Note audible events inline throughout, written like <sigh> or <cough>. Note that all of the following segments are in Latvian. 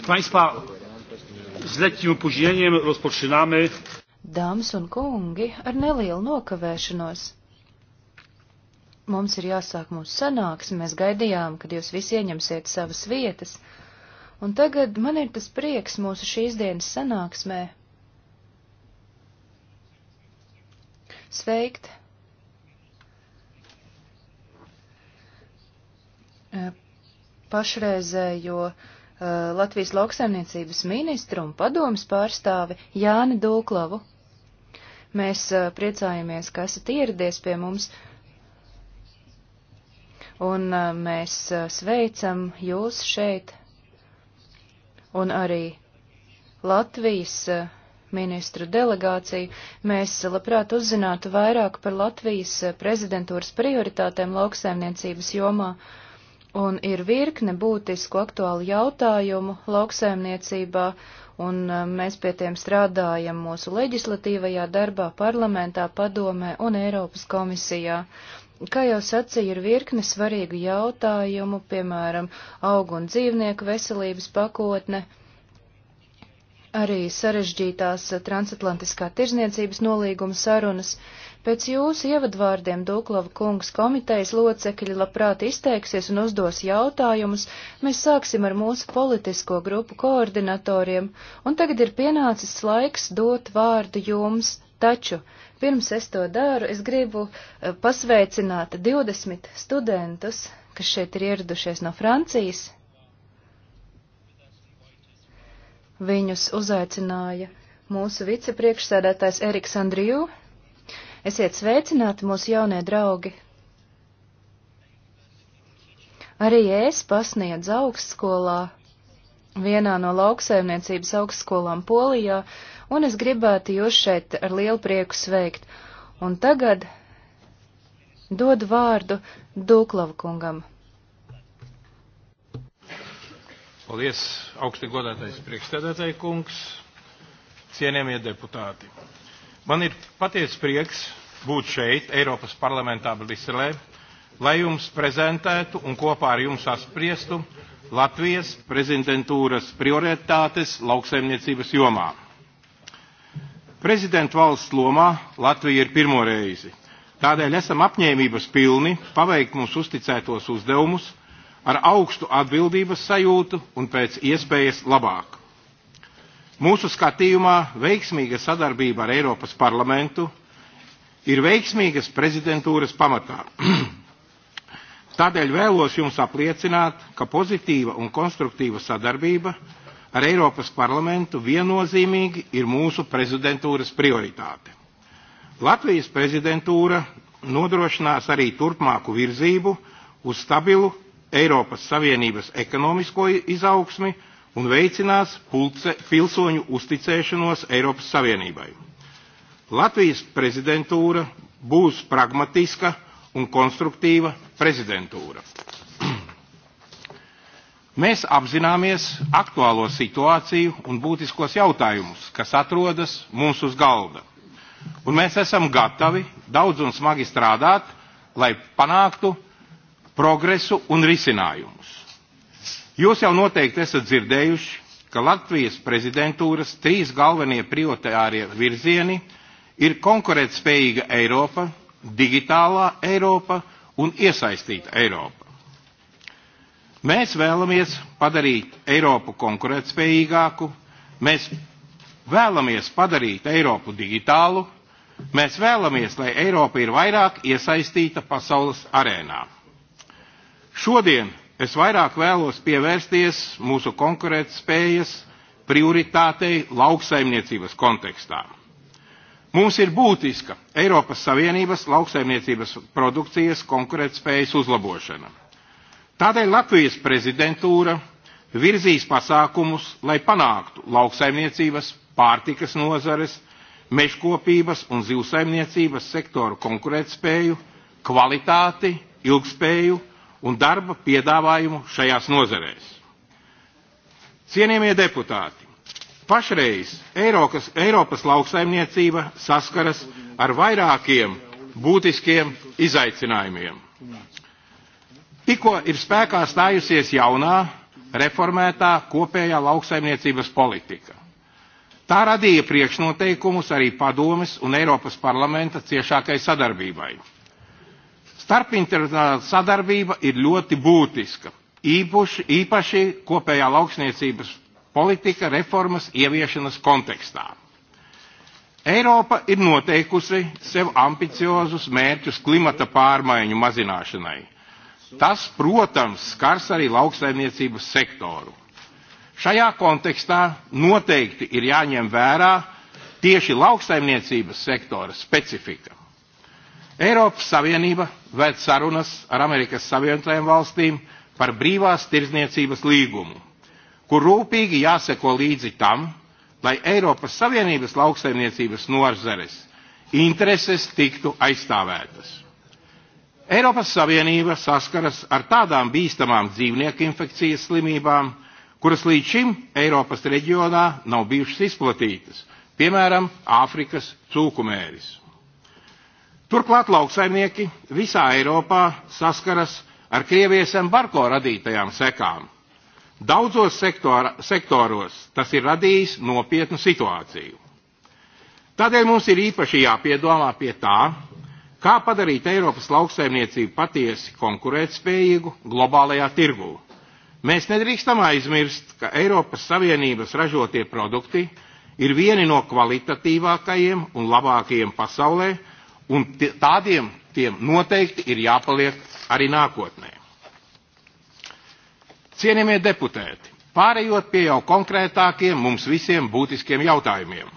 Uh, Państwa, z lekkim opóźnieniem rozpoczynamy. Dāmas un kungi, ar nelielu nokavēšanos. Mums ir jāsāk mūsu sanāksme, mēs gaidījām, kad jūs visi ieņemsiet savas vietas, un tagad man ir tas prieks mūsu šīs dienas sanāksmē sveikt E, pašreizējo e, Latvijas lauksaimniecības ministru un padomas pārstāvi Jāni Dūklavu. Mēs e, priecājamies, ka esat ieradies pie mums, un mēs sveicam jūs šeit, un arī Latvijas ministru delegāciju, mēs labprāt uzzinātu vairāk par Latvijas prezidentūras prioritātēm lauksaimniecības jomā. Uh, un ir virkne būtisku aktuālu jautājumu lauksaimniecībā, un uh, mēs pie tiem strādājam mūsu leģislatīvajā darbā, parlamentā, padomē un Eiropas komisijā. Kā jau sacīja, ir virkne svarīgu jautājumu, piemēram, augu un dzīvnieku veselības pakotne, arī sarežģītās transatlantiskā tirzniecības nolīguma sarunas. Uh, Pēc jūsu ievadvārdiem Duklava kungs komitejas locekļi labprāt izteiksies un uzdos jautājumus. Mēs sāksim ar mūsu politisko grupu koordinatoriem, un tagad ir pienācis laiks dot vārdu jums. Taču, pirms es to daru, es gribu eh, pasveicināt 20 studentus, kas šeit ir ieradušies no Francijas. Viņus uzaicināja mūsu vicepriekšsēdētājs Eriks Andriju, Esiet sveicināti, mūsu jaunie draugi! Arī es pasniedzu augstskolā, vienā no lauksaimniecības augstskolām Polijā, un es gribētu jūs šeit ar lielu prieku sveikt. Un tagad dod vārdu Dūklavu kungam. Paldies, augsti godātais priekšstādātāji kungs, cienījamie deputāti. Man ir paties prieks būt šeit, Eiropas parlamentā Briselē, lai jums prezentētu un kopā ar jums apspriestu Latvijas prezidentūras prioritātes lauksaimniecības jomā. Prezidentu valsts lomā Latvija ir pirmo reizi. Tādēļ esam apņēmības pilni paveikt mums uzticētos uzdevumus ar augstu atbildības sajūtu un pēc iespējas labāk. Mūsu skatījumā veiksmīga sadarbība ar Eiropas parlamentu ir veiksmīgas prezidentūras pamatā. <clears throat> Tādēļ vēlos jums apliecināt, ka pozitīva un konstruktīva sadarbība ar Eiropas parlamentu viennozīmīgi ir mūsu prezidentūras prioritāte. Latvijas prezidentūra nodrošinās arī turpmāku virzību uz stabilu Eiropas Savienības ekonomisko izaugsmi un veicinās pulce, pilsoņu uzticēšanos Eiropas Savienībai. Latvijas prezidentūra būs pragmatiska un konstruktīva prezidentūra. <clears throat> Mēs apzināmies aktuālo situāciju un būtiskos jautājumus, kas atrodas mums uz galda. Un mēs esam gatavi daudz un smagi strādāt, lai panāktu progresu un risinājumus. Jūs jau noteikti esat dzirdējuši, ka Latvijas prezidentūras trīs galvenie prioritārie virzieni ir konkurētspējīga Eiropa, digitālā Eiropa un iesaistīta Eiropa. Mēs vēlamies padarīt Eiropu konkurētspējīgāku, mēs vēlamies padarīt Eiropu digitālu, mēs vēlamies, lai Eiropa ir vairāk iesaistīta pasaules arēnā. Šodien Es vairāk vēlos pievērsties mūsu konkurētspējas prioritātei lauksaimniecības kontekstā. Mums ir būtiska Eiropas Savienības lauksaimniecības produkcijas konkurētspējas uzlabošana. Tādēļ Latvijas prezidentūra virzīs pasākumus, lai panāktu lauksaimniecības, pārtikas nozares, mežkopības un zivsaimniecības sektoru konkurētspēju, kvalitāti, ilgspēju un darba piedāvājumu šajās nozarēs. Cienījamie deputāti, pašreiz Eiropas, Eiropas lauksaimniecība saskaras ar vairākiem būtiskiem izaicinājumiem. Tikko ir spēkā stājusies jaunā, reformētā kopējā lauksaimniecības politika. Tā radīja priekšnoteikumus arī padomes un Eiropas parlamenta ciešākai sadarbībai Starpinternacionāla sadarbība ir ļoti būtiska, īpuši, īpaši kopējā lauksniecības politika reformas ieviešanas kontekstā. Eiropa ir noteikusi sev ambiciozus mērķus klimata pārmaiņu mazināšanai. Tas, protams, skars arī lauksaimniecības sektoru. Šajā kontekstā noteikti ir jāņem vērā tieši lauksaimniecības sektora specifika. Eiropas Savienība vēd sarunas ar Amerikas Savienotajām valstīm par brīvās tirzniecības līgumu, kur rūpīgi jāseko līdzi tam, lai Eiropas Savienības lauksaimniecības nozares intereses tiktu aizstāvētas. Eiropas Savienība saskaras ar tādām bīstamām dzīvnieku infekcijas slimībām, kuras līdz šim Eiropas reģionā nav bijušas izplatītas, piemēram, Āfrikas cūkumēris. Turklāt lauksaimnieki visā Eiropā saskaras ar Krievijas embargo radītajām sekām. Daudzos sektora, sektoros tas ir radījis nopietnu situāciju. Tādēļ mums ir īpaši jāpiedomā pie tā, kā padarīt Eiropas lauksaimniecību patiesi konkurētspējīgu globālajā tirgū. Mēs nedrīkstam aizmirst, ka Eiropas Savienības ražotie produkti ir vieni no kvalitatīvākajiem un labākajiem pasaulē, un tādiem tiem noteikti ir jāpaliek arī nākotnē. Cienījamie deputēti, pārējot pie jau konkrētākiem mums visiem būtiskiem jautājumiem.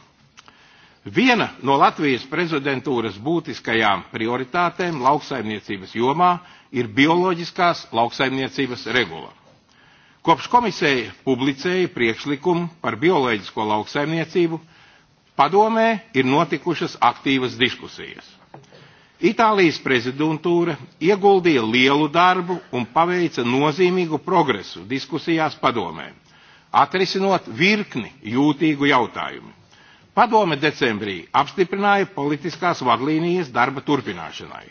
Viena no Latvijas prezidentūras būtiskajām prioritātēm lauksaimniecības jomā ir bioloģiskās lauksaimniecības regula. Kopš komisija publicēja priekšlikumu par bioloģisko lauksaimniecību, padomē ir notikušas aktīvas diskusijas. Itālijas prezidentūra ieguldīja lielu darbu un paveica nozīmīgu progresu diskusijās padomē, atrisinot virkni jūtīgu jautājumu. Padome decembrī apstiprināja politiskās vadlīnijas darba turpināšanai.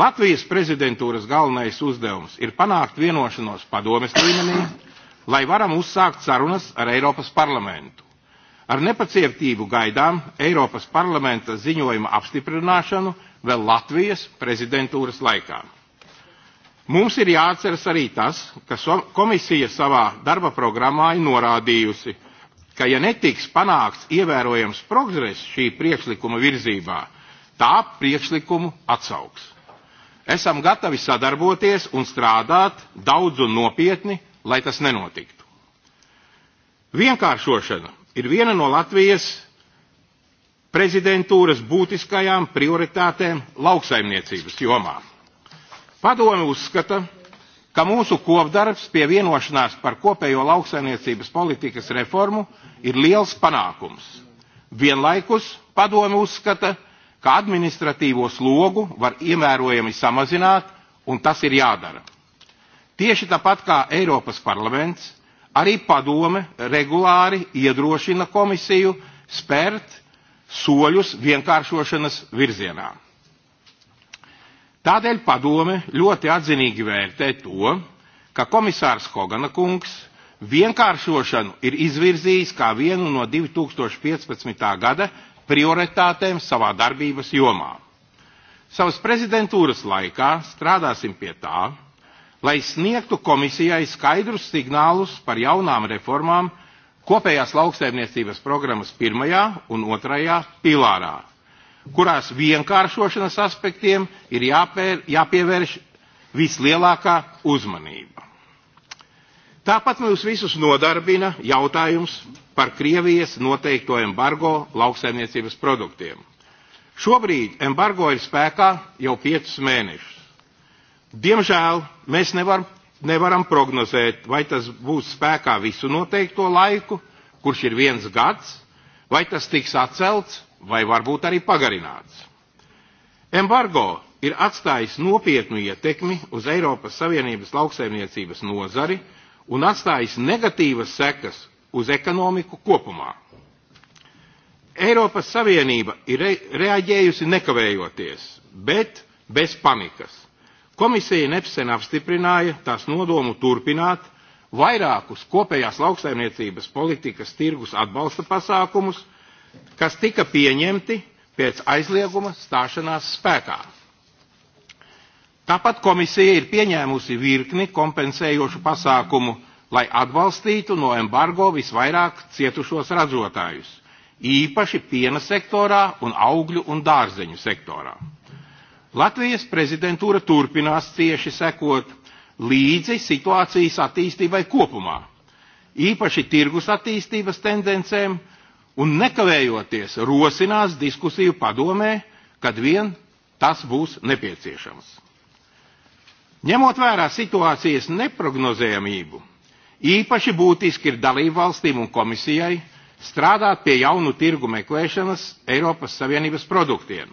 Latvijas prezidentūras galvenais uzdevums ir panākt vienošanos padomes līmenī, lai varam uzsākt sarunas ar Eiropas parlamentu Ar nepacietību gaidām Eiropas parlamenta ziņojuma apstiprināšanu vēl Latvijas prezidentūras laikā. Mums ir jāatceras arī tas, ka komisija savā darba programmā ir norādījusi, ka ja netiks panākts ievērojams progress šī priekšlikuma virzībā, tā priekšlikumu atsauks. Esam gatavi sadarboties un strādāt daudz un nopietni, lai tas nenotiktu. Vienkāršošana ir viena no Latvijas prezidentūras būtiskajām prioritātēm lauksaimniecības jomā. Padome uzskata, ka mūsu kopdarbs pie vienošanās par kopējo lauksaimniecības politikas reformu ir liels panākums. Vienlaikus padome uzskata, ka administratīvo slogu var ievērojami samazināt, un tas ir jādara. Tieši tāpat kā Eiropas parlaments, Arī padome regulāri iedrošina komisiju spērt soļus vienkāršošanas virzienā. Tādēļ padome ļoti atzinīgi vērtē to, ka komisārs Hogana kungs vienkāršošanu ir izvirzījis kā vienu no 2015. gada prioritātēm savā darbības jomā. Savas prezidentūras laikā strādāsim pie tā, lai sniegtu komisijai skaidrus signālus par jaunām reformām kopējās lauksaimniecības programmas pirmajā un otrajā pilārā, kurās vienkāršošanas aspektiem ir jāpēr, jāpievērš vislielākā uzmanība. Tāpat mūs visus nodarbina jautājums par Krievijas noteikto embargo lauksaimniecības produktiem. Šobrīd embargo ir spēkā jau piecus mēnešus. Diemžēl mēs nevar, nevaram prognozēt, vai tas būs spēkā visu noteikto laiku, kurš ir viens gads, vai tas tiks atcelts, vai varbūt arī pagarināts. Embargo ir atstājis nopietnu ietekmi uz Eiropas Savienības lauksaimniecības nozari un atstājis negatīvas sekas uz ekonomiku kopumā. Eiropas Savienība ir reaģējusi nekavējoties, bet bez panikas. Komisija nepsen apstiprināja tās nodomu turpināt vairākus kopējās lauksaimniecības politikas tirgus atbalsta pasākumus, kas tika pieņemti pēc aizlieguma stāšanās spēkā. Tāpat komisija ir pieņēmusi virkni kompensējošu pasākumu, lai atbalstītu no embargo visvairāk cietušos ražotājus, īpaši piena sektorā un augļu un dārzeņu sektorā. Latvijas prezidentūra turpinās cieši sekot līdzi situācijas attīstībai kopumā, īpaši tirgus attīstības tendencēm un nekavējoties rosinās diskusiju padomē, kad vien tas būs nepieciešams. Ņemot vērā situācijas neprognozējamību, īpaši būtiski ir dalībvalstīm un komisijai strādāt pie jaunu tirgu meklēšanas Eiropas Savienības produktiem,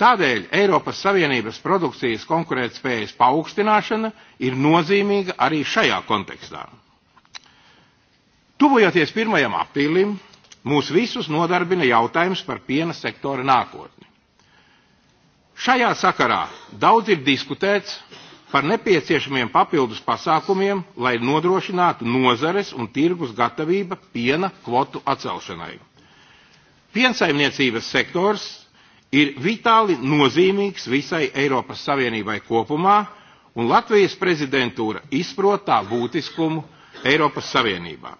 Tādēļ Eiropas Savienības produkcijas konkurētspējas paaugstināšana ir nozīmīga arī šajā kontekstā. Tuvojoties 1. aprīlim, mūs visus nodarbina jautājums par piena sektora nākotni. Šajā sakarā daudz ir diskutēts par nepieciešamiem papildus pasākumiem, lai nodrošinātu nozares un tirgus gatavība piena kvotu atcelšanai. Piensaimniecības sektors ir vitāli nozīmīgs visai Eiropas Savienībai kopumā, un Latvijas prezidentūra izprot tā būtiskumu Eiropas Savienībā.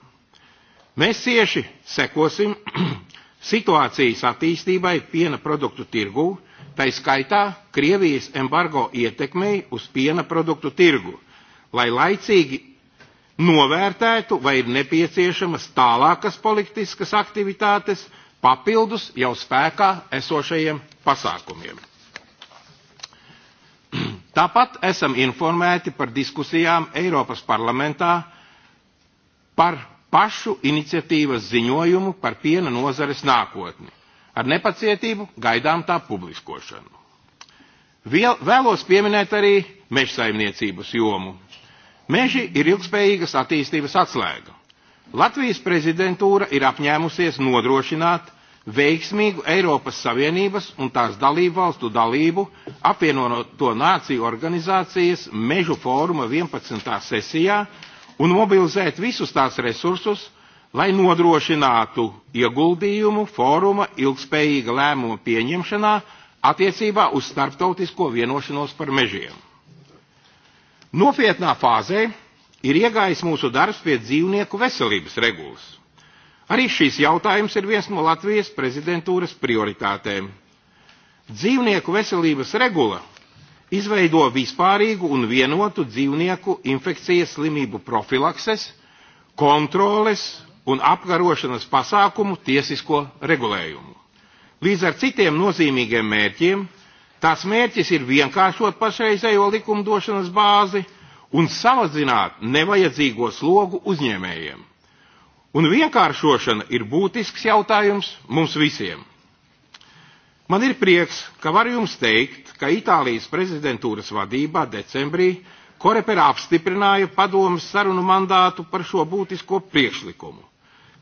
Mēs cieši sekosim <clears throat> situācijas attīstībai piena produktu tirgū, tai skaitā Krievijas embargo ietekmei uz piena produktu tirgu, lai laicīgi novērtētu, vai ir nepieciešamas tālākas politiskas aktivitātes – papildus jau spēkā esošajiem pasākumiem. <clears throat> Tāpat esam informēti par diskusijām Eiropas parlamentā par pašu iniciatīvas ziņojumu par piena nozares nākotni. Ar nepacietību gaidām tā publiskošanu. Viel, vēlos pieminēt arī mežsaimniecības jomu. Meži ir ilgspējīgas attīstības atslēga Latvijas prezidentūra ir apņēmusies nodrošināt veiksmīgu Eiropas Savienības un tās dalību valstu dalību apvienoto nāciju organizācijas mežu fóruma 11. sesijā un mobilizēt visus tās resursus, lai nodrošinātu ieguldījumu fóruma ilgspējīga lēmuma pieņemšanā attiecībā uz starptautisko vienošanos par mežiem. Nopietnā fāzē ir iegājis mūsu darbs pie dzīvnieku veselības regulas. Arī šīs jautājums ir viens no Latvijas prezidentūras prioritātēm. Dzīvnieku veselības regula izveido vispārīgu un vienotu dzīvnieku infekcijas slimību profilakses, kontroles un apkarošanas pasākumu tiesisko regulējumu. Līdz ar citiem nozīmīgiem mērķiem, tās mērķis ir vienkāršot pašreizējo likumdošanas bāzi, un samazināt nevajadzīgo slogu uzņēmējiem. Un vienkāršošana ir būtisks jautājums mums visiem. Man ir prieks, ka varu jums teikt, ka Itālijas prezidentūras vadībā decembrī Korepera apstiprināja padomas sarunu mandātu par šo būtisko priekšlikumu.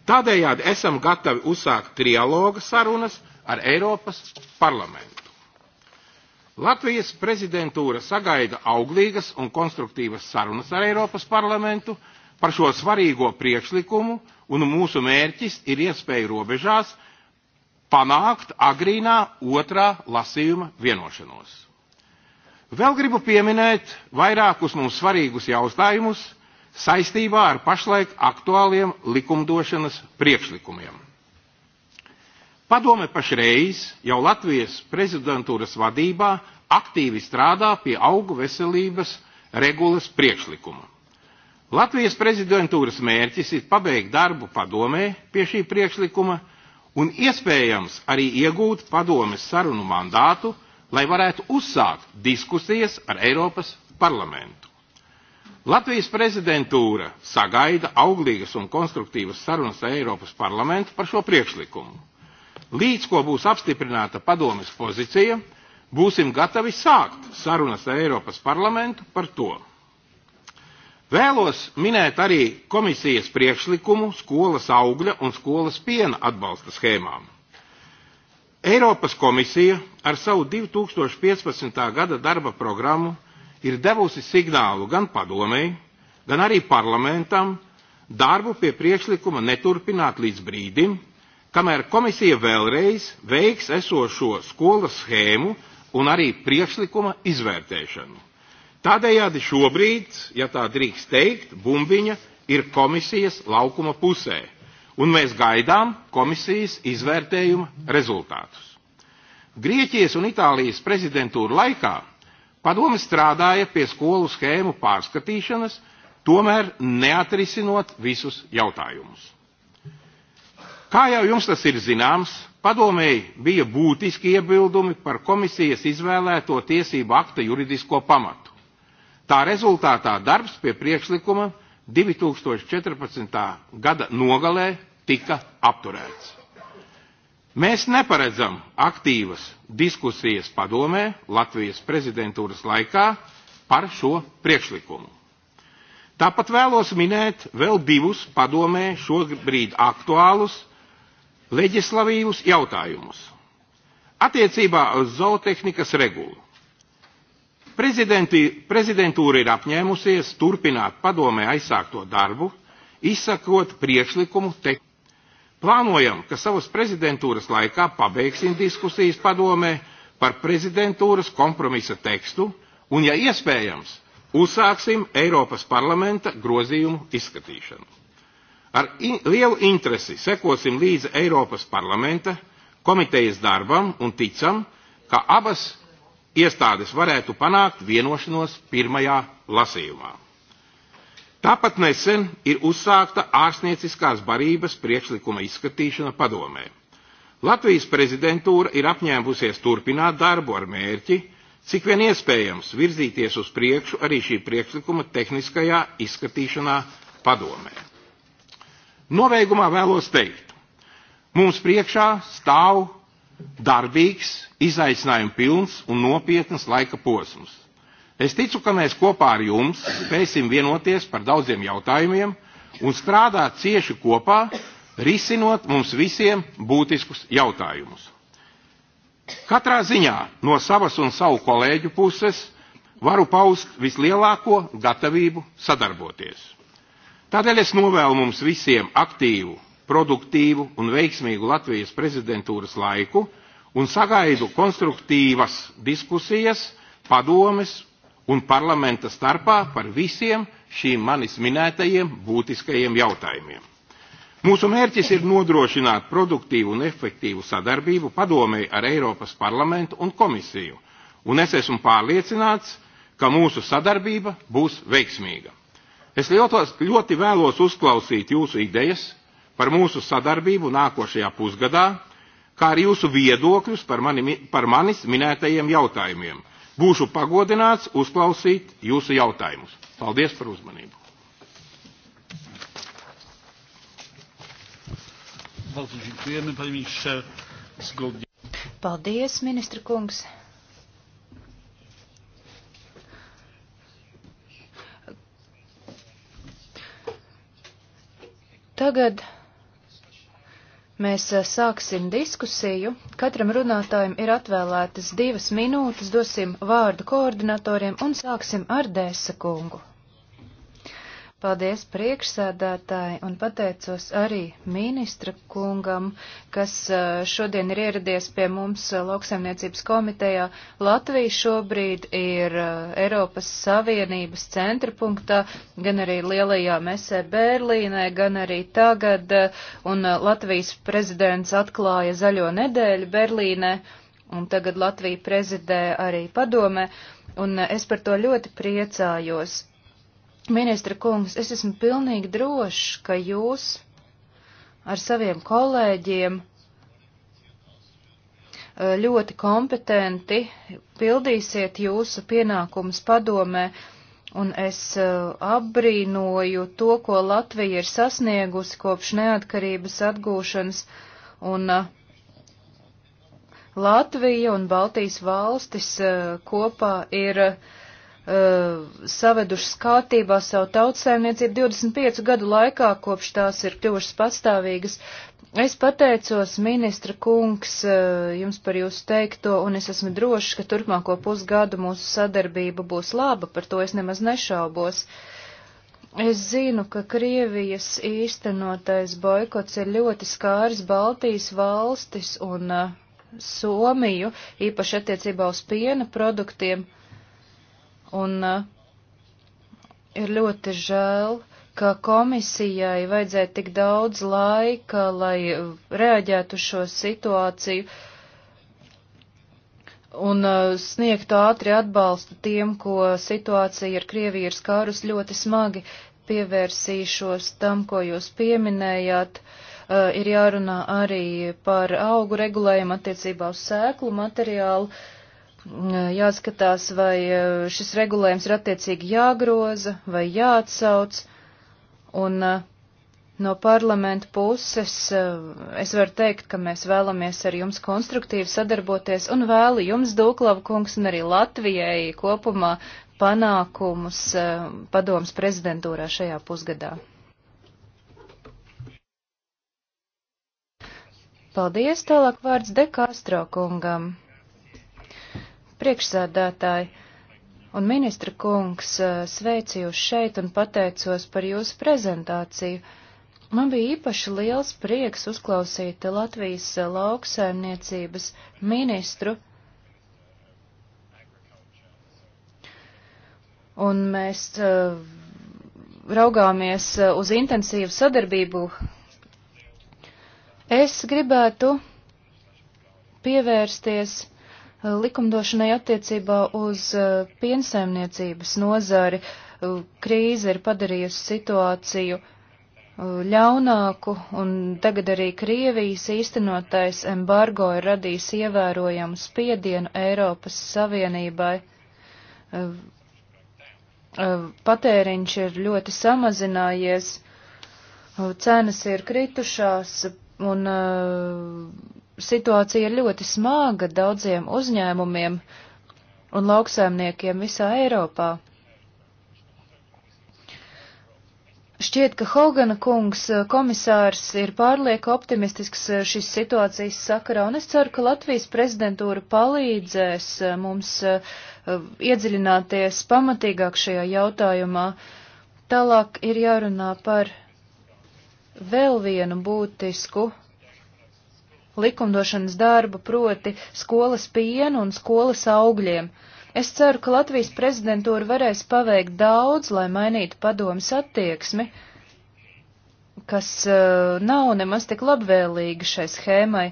Tādējādi esam gatavi uzsākt trialoga sarunas ar Eiropas parlamentu. Latvijas prezidentūra sagaida auglīgas un konstruktīvas sarunas ar Eiropas parlamentu par šo svarīgo priekšlikumu, un mūsu mērķis ir iespēja robežās panākt agrīnā otrā lasījuma vienošanos. Vēl gribu pieminēt vairākus mums svarīgus jautājumus saistībā ar pašlaik aktuāliem likumdošanas priekšlikumiem. Padome pašreiz jau Latvijas prezidentūras vadībā aktīvi strādā pie augu veselības regulas priekšlikuma. Latvijas prezidentūras mērķis ir pabeigt darbu padomē pie šī priekšlikuma un iespējams arī iegūt padomes sarunu mandātu, lai varētu uzsākt diskusijas ar Eiropas parlamentu. Latvijas prezidentūra sagaida auglīgas un konstruktīvas sarunas ar Eiropas parlamentu par šo priekšlikumu. Līdz ko būs apstiprināta padomes pozīcija, būsim gatavi sākt sarunas ar Eiropas parlamentu par to. Vēlos minēt arī komisijas priekšlikumu skolas augļa un skolas piena atbalsta schēmām. Eiropas komisija ar savu 2015. gada darba programmu ir devusi signālu gan padomēji, gan arī parlamentam darbu pie priekšlikuma neturpināt līdz brīdim, kamēr komisija vēlreiz veiks esošo skolas schēmu un arī priekšlikuma izvērtēšanu. Tādējādi šobrīd, ja tā drīkst teikt, bumbiņa ir komisijas laukuma pusē, un mēs gaidām komisijas izvērtējuma rezultātus. Grieķijas un Itālijas prezidentūra laikā padome strādāja pie skolu schēmu pārskatīšanas, tomēr neatrisinot visus jautājumus. Kā jau jums tas ir zināms, padomēji bija būtiski iebildumi par komisijas izvēlēto tiesību akta juridisko pamatu. Tā rezultātā darbs pie priekšlikuma 2014. gada nogalē tika apturēts. Mēs neparedzam aktīvas diskusijas padomē Latvijas prezidentūras laikā par šo priekšlikumu. Tāpat vēlos minēt vēl divus padomē šobrīd aktuālus leģislavīvus jautājumus. Attiecībā uz zootehnikas regulu. Prezidentūra ir apņēmusies turpināt padomē aizsākto darbu, izsakot priekšlikumu te. Plānojam, ka savas prezidentūras laikā pabeigsim diskusijas padomē par prezidentūras kompromisa tekstu un, ja iespējams, uzsāksim Eiropas parlamenta grozījumu izskatīšanu. Ar in, lielu interesi sekosim līdzi Eiropas parlamenta komitejas darbam un ticam, ka abas iestādes varētu panākt vienošanos pirmajā lasījumā. Tāpat nesen ir uzsākta ārstnieciskās barības priekšlikuma izskatīšana padomē. Latvijas prezidentūra ir apņēmusies turpināt darbu ar mērķi, cik vien iespējams virzīties uz priekšu arī šī priekšlikuma tehniskajā izskatīšanā padomē. Nobeigumā vēlos teikt, mums priekšā stāv darbīgs, izaicinājums pilns un nopietnas laika posms. Es ticu, ka mēs kopā ar jums spēsim vienoties par daudziem jautājumiem un strādāt cieši kopā, risinot mums visiem būtiskus jautājumus. Katrā ziņā no savas un savu kolēģu puses varu paust vislielāko gatavību sadarboties. Tādēļ es novēlu mums visiem aktīvu, produktīvu un veiksmīgu Latvijas prezidentūras laiku un sagaidu konstruktīvas diskusijas, padomes un parlamenta starpā par visiem šīm manis minētajiem būtiskajiem jautājumiem. Mūsu mērķis ir nodrošināt produktīvu un efektīvu sadarbību padomēji ar Eiropas parlamentu un komisiju, un es esmu pārliecināts, ka mūsu sadarbība būs veiksmīga. Es ļotos, ļoti vēlos uzklausīt jūsu idejas par mūsu sadarbību nākošajā pusgadā, kā arī jūsu viedokļus par, mani, par manis minētajiem jautājumiem. Būšu pagodināts uzklausīt jūsu jautājumus. Paldies par uzmanību. Paldies, ministra kungs. Tagad mēs eh, sāksim diskusiju. Katram runātājam ir atvēlētas divas minūtes, dosim vārdu koordinatoriem un sāksim ar Dēsa kungu. Paldies priekšsēdētāji un pateicos arī ministra kungam, kas eh, šodien ir ieradies pie mums eh, lauksaimniecības komitejā. Latvija šobrīd ir eh, Eiropas Savienības centra punktā, gan arī lielajā mesē Berlīnē, gan arī tagad, un Latvijas prezidents atklāja zaļo nedēļu Berlīnē, un tagad Latvija prezidē arī padome, un es par to ļoti priecājos. Ministra kungs, es esmu pilnīgi drošs, ka jūs ar saviem kolēģiem e, ļoti kompetenti pildīsiet jūsu pienākumus padomē, un es e, apbrīnoju to, ko Latvija ir sasniegusi kopš neatkarības atgūšanas, un e, Latvija un Baltijas valstis kopā ir uh, Uh, savedušas kārtībā savu tautsēmniecību 25 gadu laikā, kopš tās ir kļuvušas pastāvīgas. Es pateicos, ministra kungs, uh, jums par jūsu teikto, un es esmu drošs, ka turpmāko pusgadu mūsu sadarbība būs laba, par to es nemaz nešaubos. Es zinu, ka Krievijas īstenotais boikots ir ļoti skāris Baltijas valstis un uh, Somiju, īpaši attiecībā uz piena produktiem. Uh, Un uh, ir ļoti žēl, ka komisijai vajadzēja tik daudz laika, lai uh, reaģētu uz šo situāciju un uh, sniegtu ātri atbalstu tiem, ko situācija ar Krieviju ir skārus ļoti smagi. Pievērsīšos tam, ko jūs pieminējāt. Ir jārunā arī par augu regulējumu attiecībā uz sēklu materiālu. Uh, jāskatās, vai eh, šis regulējums ir attiecīgi jāgroza vai jāatsauc. Un eh, no parlamenta puses eh, es varu teikt, ka mēs vēlamies ar jums konstruktīvi sadarboties un vēlu jums, Dūklava kungs, un arī Latvijai kopumā panākumus padomas prezidentūrā šajā pusgadā. Paldies, tālāk vārds Dekastro kungam priekšsēdētāji un ministra kungs sveicu jūs šeit un pateicos par jūsu prezentāciju. Man bija īpaši liels prieks uzklausīt Latvijas lauksaimniecības ministru. Un mēs uh, raugāmies uz intensīvu sadarbību. Es gribētu pievērsties uh, likumdošanai attiecībā uz uh, piensaimniecības nozari uh, krīze ir padarījusi situāciju uh, ļaunāku, un tagad arī Krievijas īstenotais embargo ir radījis ievērojamu spiedienu Eiropas Savienībai. Patēriņš ir ļoti samazinājies, cenas ir kritušās, un uh, situācija ir ļoti smaga daudziem uzņēmumiem un lauksaimniekiem visā Eiropā. Šķiet, ka Hogana kungs eh, komisārs ir pārlieku optimistisks eh, šīs situācijas sakarā, un es ceru, ka Latvijas prezidentūra palīdzēs eh, mums iedziļināties pamatīgāk šajā jautājumā. Tālāk ir jārunā par vēl vienu būtisku likumdošanas darbu, proti skolas pienu un skolas augļiem. Es ceru, ka Latvijas prezidentūra varēs paveikt daudz, lai mainītu padomas attieksmi, kas uh, nav nemaz tik labvēlīga šai schēmai.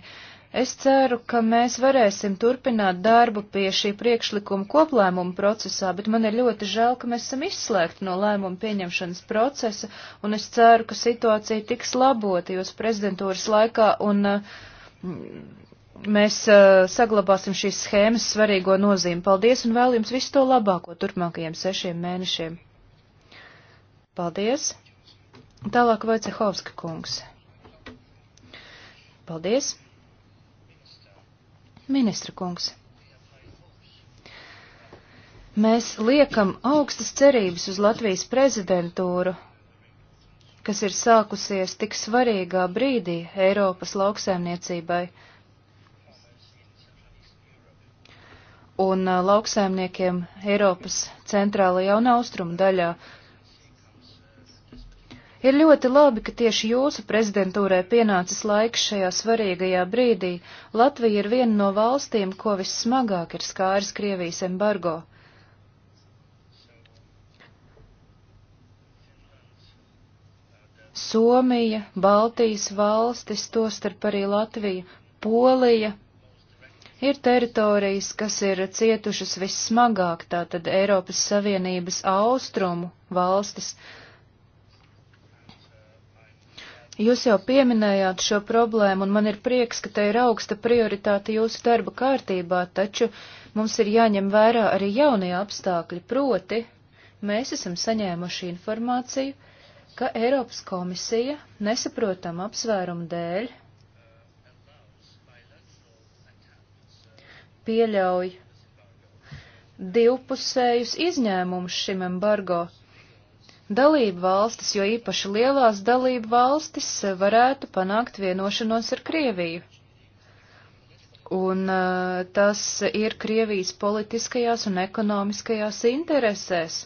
Es ceru, ka mēs varēsim turpināt darbu pie šī priekšlikuma koplēmuma procesā, bet man ir ļoti žēl, ka mēs esam izslēgti no lēmuma pieņemšanas procesa, un es ceru, ka situācija tiks labota jūsu prezidentūras laikā, un uh, mēs uh, saglabāsim šīs schēmas svarīgo nozīmi. Paldies un vēl jums visu to labāko turpmākajiem sešiem mēnešiem. Paldies. Tālāk Vojcehovska kungs. Paldies. Ministra kungs. Mēs liekam augstas cerības uz Latvijas prezidentūru kas ir sākusies tik svarīgā brīdī Eiropas lauksēmniecībai. Un lauksēmniekiem Eiropas centrālajā un austrumu daļā. Ir ļoti labi, ka tieši jūsu prezidentūrai pienācis laiks šajā svarīgajā brīdī. Latvija ir viena no valstīm, ko vissmagāk ir skāris Krievijas embargo. Somija, Baltijas valstis, tostarp arī Latvija, Polija, ir teritorijas, kas ir cietušas vissmagāk, tātad Eiropas Savienības austrumu valstis. Jūs jau pieminējāt šo problēmu, un man ir prieks, ka te ir augsta prioritāte jūsu darba kārtībā, taču mums ir jāņem vērā arī jaunie apstākļi, proti mēs esam saņēmuši informāciju, ka Eiropas komisija nesaprotam apsvērumu dēļ pieļauj divpusējus izņēmumus šim embargo. Dalību valstis, jo īpaši lielās dalību valstis, varētu panākt vienošanos ar Krieviju. Un uh, tas ir Krievijas politiskajās un ekonomiskajās interesēs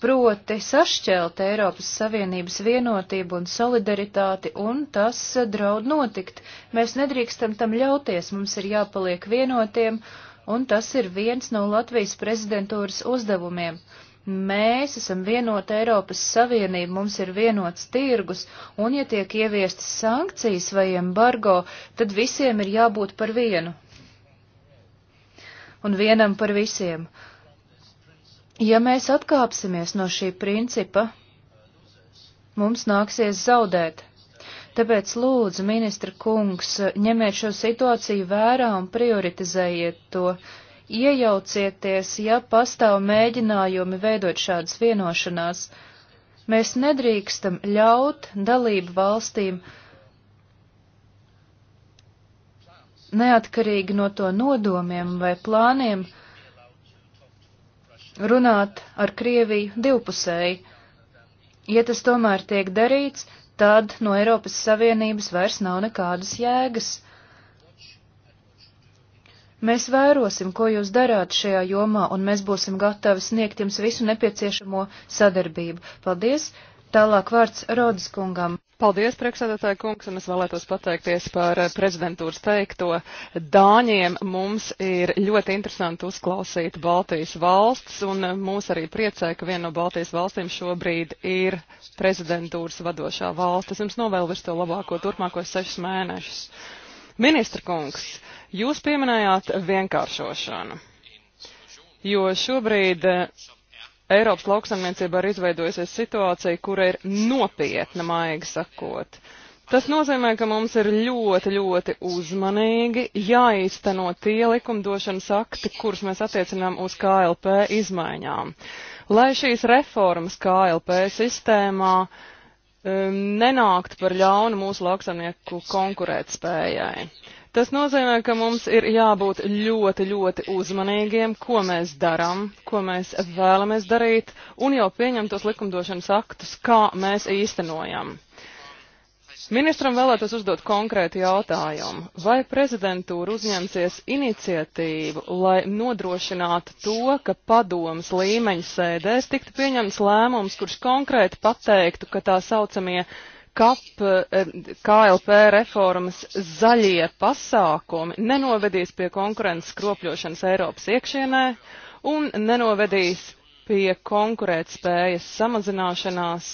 proti sašķelt Eiropas Savienības vienotību un solidaritāti, un tas draud notikt. Mēs nedrīkstam tam ļauties, mums ir jāpaliek vienotiem, un tas ir viens no Latvijas prezidentūras uzdevumiem. Mēs esam vienota Eiropas Savienība, mums ir vienots tirgus, un ja tiek ieviestas sankcijas vai embargo, tad visiem ir jābūt par vienu. Un vienam par visiem. Uh, Ja mēs atkāpsimies no šī principa, mums nāksies zaudēt. Tāpēc lūdzu, ministra kungs, ņemiet šo situāciju vērā un prioritizējiet to. Iejaucieties, ja pastāv mēģinājumi veidot šādas vienošanās. Mēs nedrīkstam ļaut dalību valstīm neatkarīgi no to nodomiem vai plāniem, runāt ar Krieviju divpusēji. Ja tas tomēr tiek darīts, tad no Eiropas Savienības vairs nav nekādas jēgas. Mēs vērosim, ko jūs darāt šajā jomā, un mēs būsim gatavi sniegt jums visu nepieciešamo sadarbību. Paldies! Tālāk vārds Rodas kungam. Paldies, priekšsēdētāji kungs, un es vēlētos pateikties par prezidentūras teikto. Dāņiem mums ir ļoti interesanti uzklausīt Baltijas valsts, un mūs arī priecē, ka viena no Baltijas valstīm šobrīd ir prezidentūras vadošā valsts. Es jums novēlu visu to labāko turpmākos sešus mēnešus. Ministra kungs, jūs pieminējāt vienkāršošanu, jo šobrīd Eiropas lauksaimniecībā ir izveidojusies situācija, kura ir nopietna, maigi sakot. Tas nozīmē, ka mums ir ļoti, ļoti uzmanīgi jāīsteno tie likumdošanas akti, kurus mēs attiecinām uz KLP izmaiņām. Lai šīs reformas KLP sistēmā um, nenākt par ļaunu mūsu lauksaimnieku konkurētspējai. Tas nozīmē, ka mums ir jābūt ļoti, ļoti uzmanīgiem, ko mēs darām, ko mēs vēlamies darīt un jau pieņemtos likumdošanas aktus, kā mēs īstenojam. Ministram vēlētos uzdot konkrētu jautājumu. Vai prezidentūra uzņemsies iniciatīvu, lai nodrošinātu to, ka padomas līmeņa sēdēs tiktu pieņemts lēmums, kurš konkrēti pateiktu, ka tā saucamie KAP, eh, KLP reformas zaļie pasākumi nenovedīs pie konkurences kropļošanas Eiropas iekšienē un nenovedīs pie konkurētspējas samazināšanās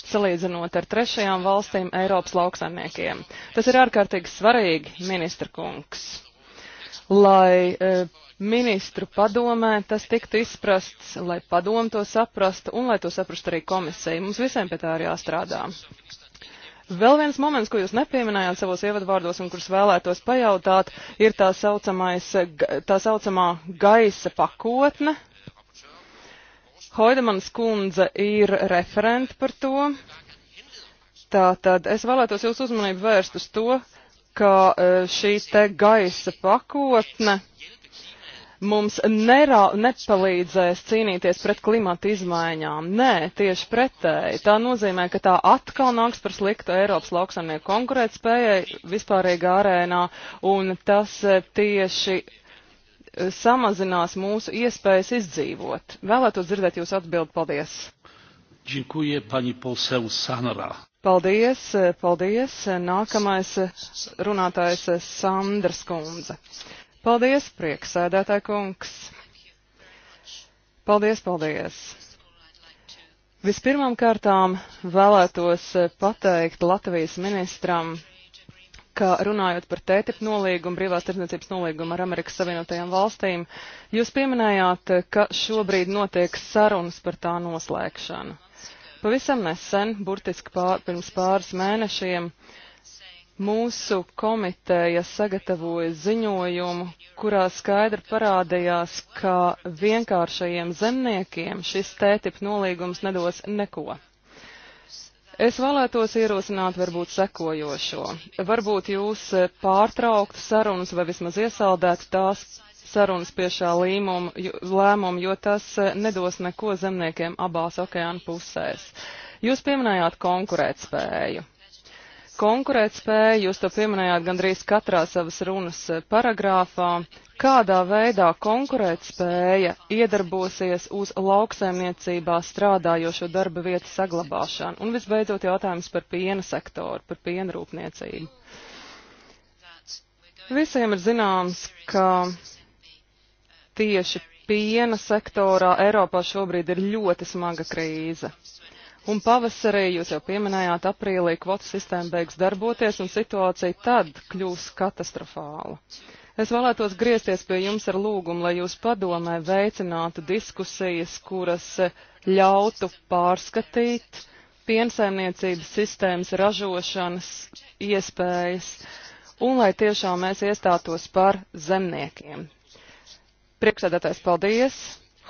salīdzinot ar trešajām valstīm Eiropas lauksaimniekiem. Tas ir ārkārtīgi svarīgi, ministra kungs, lai e, ministru padomē tas tiktu izprasts, lai padomu to saprastu un lai to saprastu arī komisija. Mums visiem pie tā ir jāstrādā. Vēl viens moments, ko jūs nepieminējāt savos ievadvārdos un kurus vēlētos pajautāt, ir tā, saucamais, tā saucamā gaisa pakotne. Hoidemans kundze ir referenti par to. Tātad es vēlētos jūs uzmanību vērst uz to, ka eh, šī te gaisa pakotne. Uh, mums nerā, nepalīdzēs cīnīties pret klimata izmaiņām. Nē, tieši pretēji. Tā nozīmē, ka tā atkal nāks par sliktu Eiropas lauksaimnieku konkurētspējai vispārīgā arēnā, un tas eh, tieši eh, samazinās mūsu iespējas izdzīvot. Vēlētos dzirdēt jūsu atbildi. Paldies! Dziękuję pani poseł Sanara. Paldies, eh, paldies. Nākamais runātājs Sandra Skundze. Paldies, prieksēdētāji kungs! Paldies, paldies! Vispirmām kārtām vēlētos eh, pateikt Latvijas ministram, ka runājot par TTIP nolīgumu, brīvās tirdzniecības nolīgumu ar Amerikas Savienotajām valstīm, jūs pieminējāt, eh, ka šobrīd notiek sarunas par tā noslēgšanu. Pavisam nesen, burtiski pār, pirms pāris mēnešiem, uh, Mūsu komiteja sagatavoja ziņojumu, kurā skaidri parādījās, ka vienkāršajiem zemniekiem šis tētip nolīgums nedos neko. Es vēlētos ierosināt varbūt sekojošo. Varbūt jūs pārtrauktu sarunas vai vismaz iesaldētu tās sarunas pie šā līmuma, lēmuma, jo tas nedos neko zemniekiem abās okeāna pusēs. Jūs pieminējāt konkurētspēju konkurētspēja, jūs to pieminējāt gandrīz katrā savas runas eh, paragrāfā. Kādā veidā konkurētspēja iedarbosies uz lauksaimniecībā strādājošo darba vietu saglabāšanu? Un visbeidzot jautājums par piena sektoru, par piena rūpniecību. Visiem ir zināms, ka tieši piena sektorā Eiropā šobrīd ir ļoti smaga krīze. Un pavasarī, jūs jau pieminējāt, aprīlī kvotu sistēma beigs darboties un situācija tad kļūs katastrofāla. Es vēlētos griezties pie jums ar lūgumu, lai jūs padomē veicinātu diskusijas, kuras ļautu pārskatīt piensaimniecības sistēmas ražošanas iespējas un lai tiešām mēs iestātos par zemniekiem. Priekšsēdētājs, paldies!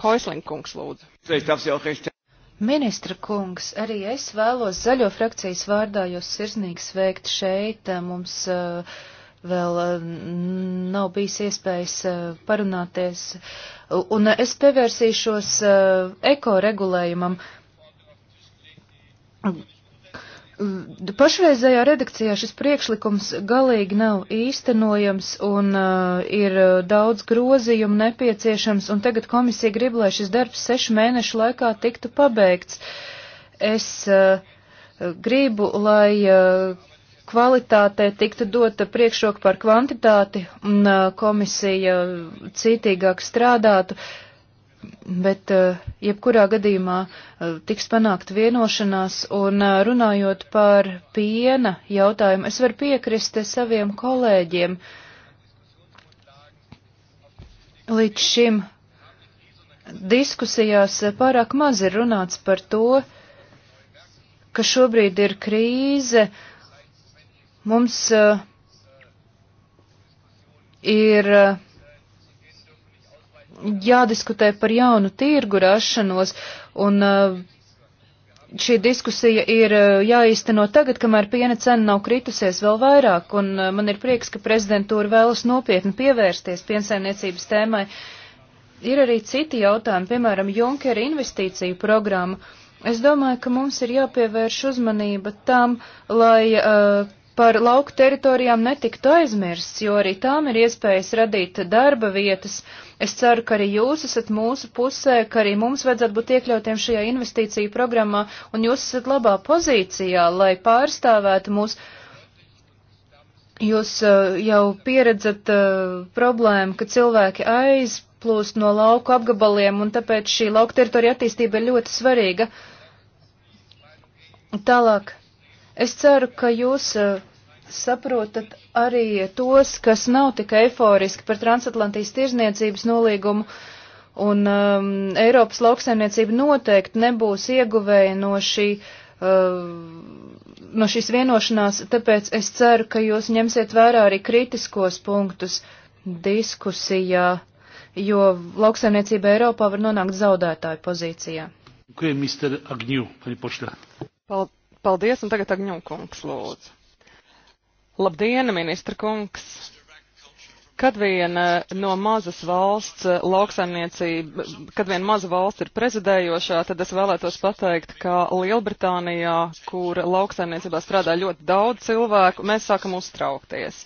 Hoislinkungs lūdzu. Ministra kungs, arī es vēlos zaļo frakcijas vārdā jūs sirsnīgi sveikt šeit. Mums uh, vēl uh, nav bijis iespējas uh, parunāties. Un es pievērsīšos ekoregulējumam. Pašreizējā redakcijā šis priekšlikums galīgi nav īstenojams un uh, ir uh, daudz grozījumu nepieciešams, un tagad komisija grib, lai šis darbs sešu mēnešu laikā tiktu pabeigts. Es uh, gribu, lai uh, kvalitātē tiktu dota priekšroka par kvantitāti un uh, komisija citīgāk strādātu. Uh, bet eh, jebkurā gadījumā eh, tiks panākt vienošanās, un eh, runājot par piena jautājumu, es varu piekrist saviem kolēģiem. Līdz šim diskusijās pārāk maz ir runāts par to, ka šobrīd ir krīze, mums ir jādiskutē par jaunu tirgu rašanos, un uh, šī diskusija ir uh, jāīsteno tagad, kamēr piena cena nav kritusies vēl vairāk, un uh, man ir prieks, ka prezidentūra vēlas nopietni pievērsties piensaimniecības tēmai. Ir arī citi jautājumi, piemēram, Junkera investīciju programma. Es domāju, ka mums ir jāpievērš uzmanība tam, lai uh, par lauku teritorijām netiktu aizmirsts, jo arī tām ir iespējas radīt darba vietas. Es ceru, ka arī jūs esat mūsu pusē, ka arī mums vajadzētu būt iekļautiem šajā investīciju programmā, un jūs esat labā pozīcijā, lai pārstāvētu mūs. Jūs uh, jau pieredzat uh, problēmu, ka cilvēki aizplūst no lauku apgabaliem, un tāpēc šī lauka teritorija attīstība ir ļoti svarīga. Tālāk Es ceru, ka jūs eh, saprotat arī tos, kas nav tik eiforiski par transatlantijas tirzniecības nolīgumu, un um, Eiropas lauksaimniecība noteikti nebūs ieguvēja no, šī, uh, no šīs vienošanās, tāpēc es ceru, ka jūs ņemsiet vērā arī kritiskos punktus diskusijā, jo lauksaimniecība Eiropā var nonākt zaudētāju pozīcijā. Paldies, Paldies, un tagad Agņūkungs lūdzu. Labdien, ministra kungs! Kad vien eh, no mazas valsts eh, lauksaimniecība, kad vien maza valsts ir prezidējošā, tad es vēlētos pateikt, ka Lielbritānijā, kur lauksaimniecībā strādā ļoti daudz cilvēku, mēs sākam uztraukties.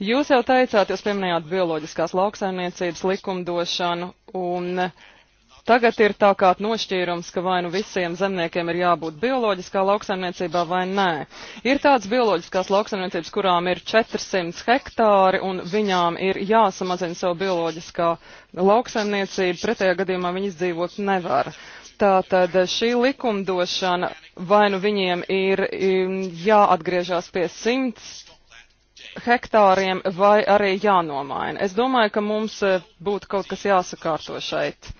Jūs jau teicāt, jūs pieminējāt bioloģiskās lauksaimniecības likumdošanu un uh, Tagad ir tā kā nošķīrums, ka vai nu visiem zemniekiem ir jābūt bioloģiskā lauksaimniecībā vai nē. Ir tādas bioloģiskās lauksaimniecības, kurām ir 400 hektāri un viņām ir jāsamazina savu bioloģiskā lauksaimniecību, pretējā gadījumā viņi izdzīvot nevar. Tātad šī likumdošana vai nu viņiem ir mm, jāatgriežās pie 100 hektāriem vai arī jānomaina. Es domāju, ka mums eh, būtu kaut kas jāsakārto šeit.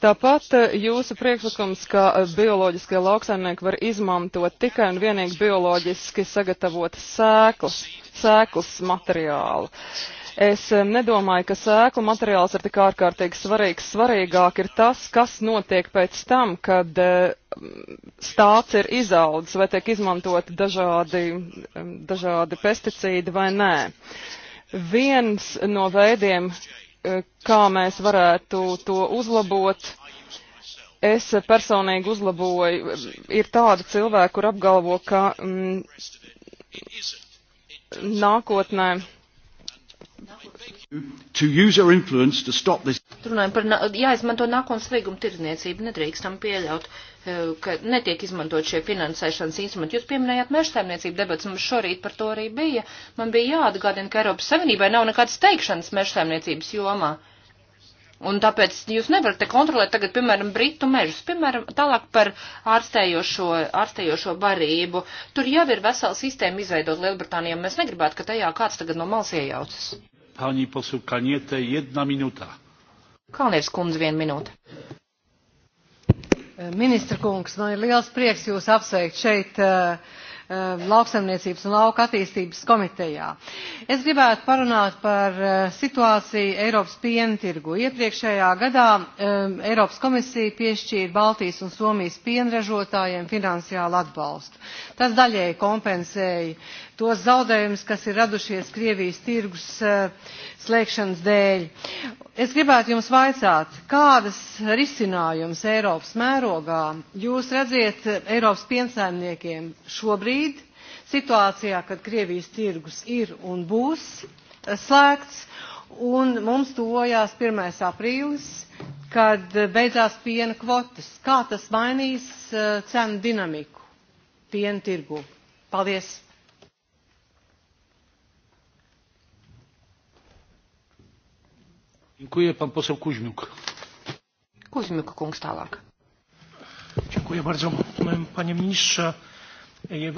Tāpat eh, jūsu priekšlikums, ka eh, bioloģiskie lauksaimnieki var izmantot tikai un vienīgi bioloģiski sagatavotas sēklas, sēklas materiālu. Es eh, nedomāju, ka sēklu materiāls ir tik ārkārtīgi svarīgs. Svarīgāk ir tas, kas notiek pēc tam, kad stāsts ir izaudzis vai tiek izmantoti dažādi, dažādi pesticīdi vai nē. Viens no veidiem, Eh, kā mēs varētu to uzlabot. Es personīgi uzlaboju, ir tāda cilvēka, kur apgalvo, ka mm, nākotnē Runājam par, jāizmanto nākotnes līguma tirdzniecību, nedrīkstam pieļaut ka netiek izmantot šie finansēšanas instrumenti. Jūs pieminējāt mežsaimniecību debats, mums šorīt par to arī bija. Man bija jāatgādina, ka Eiropas Savienībai nav nekādas teikšanas mežsaimniecības jomā. Un tāpēc jūs nevarat te kontrolēt tagad, piemēram, britu mežus, piemēram, tālāk par ārstējošo, ārstējošo barību. Tur jau ir vesela sistēma izveidot Lielbritānijā. Mēs negribētu, ka tajā kāds tagad no malas iejaucas. Pani posūkaniete, jedna minūtā. Kalnieks kundze, viena minūte. Ministra kungs, man ir liels prieks jūs apsveikt šeit eh, Uh, lauksaimniecības un lauka attīstības komitejā. Es gribētu parunāt par uh, situāciju Eiropas piena tirgu. Iepriekšējā gadā um, Eiropas komisija piešķīra Baltijas un Somijas pienražotājiem finansiālu atbalstu. Tas daļēji kompensēja tos zaudējumus, kas ir radušies Krievijas tirgus uh, slēgšanas dēļ. Es gribētu jums vaicāt, kādas risinājumus Eiropas mērogā jūs redziet Eiropas piensaimniekiem šobrīd, šobrīd situācijā, kad Krievijas tirgus ir un būs eh, slēgts, un mums tuvojās 1. aprīlis, kad eh, beidzās piena kvotas. Kā tas mainīs eh, cenu dinamiku piena tirgu? Paldies! Dziękuję. Pan poseł Kuźmiuk. Kuźmiuk, kungs tālāk. Dziękuję bardzo. Panie ministrze,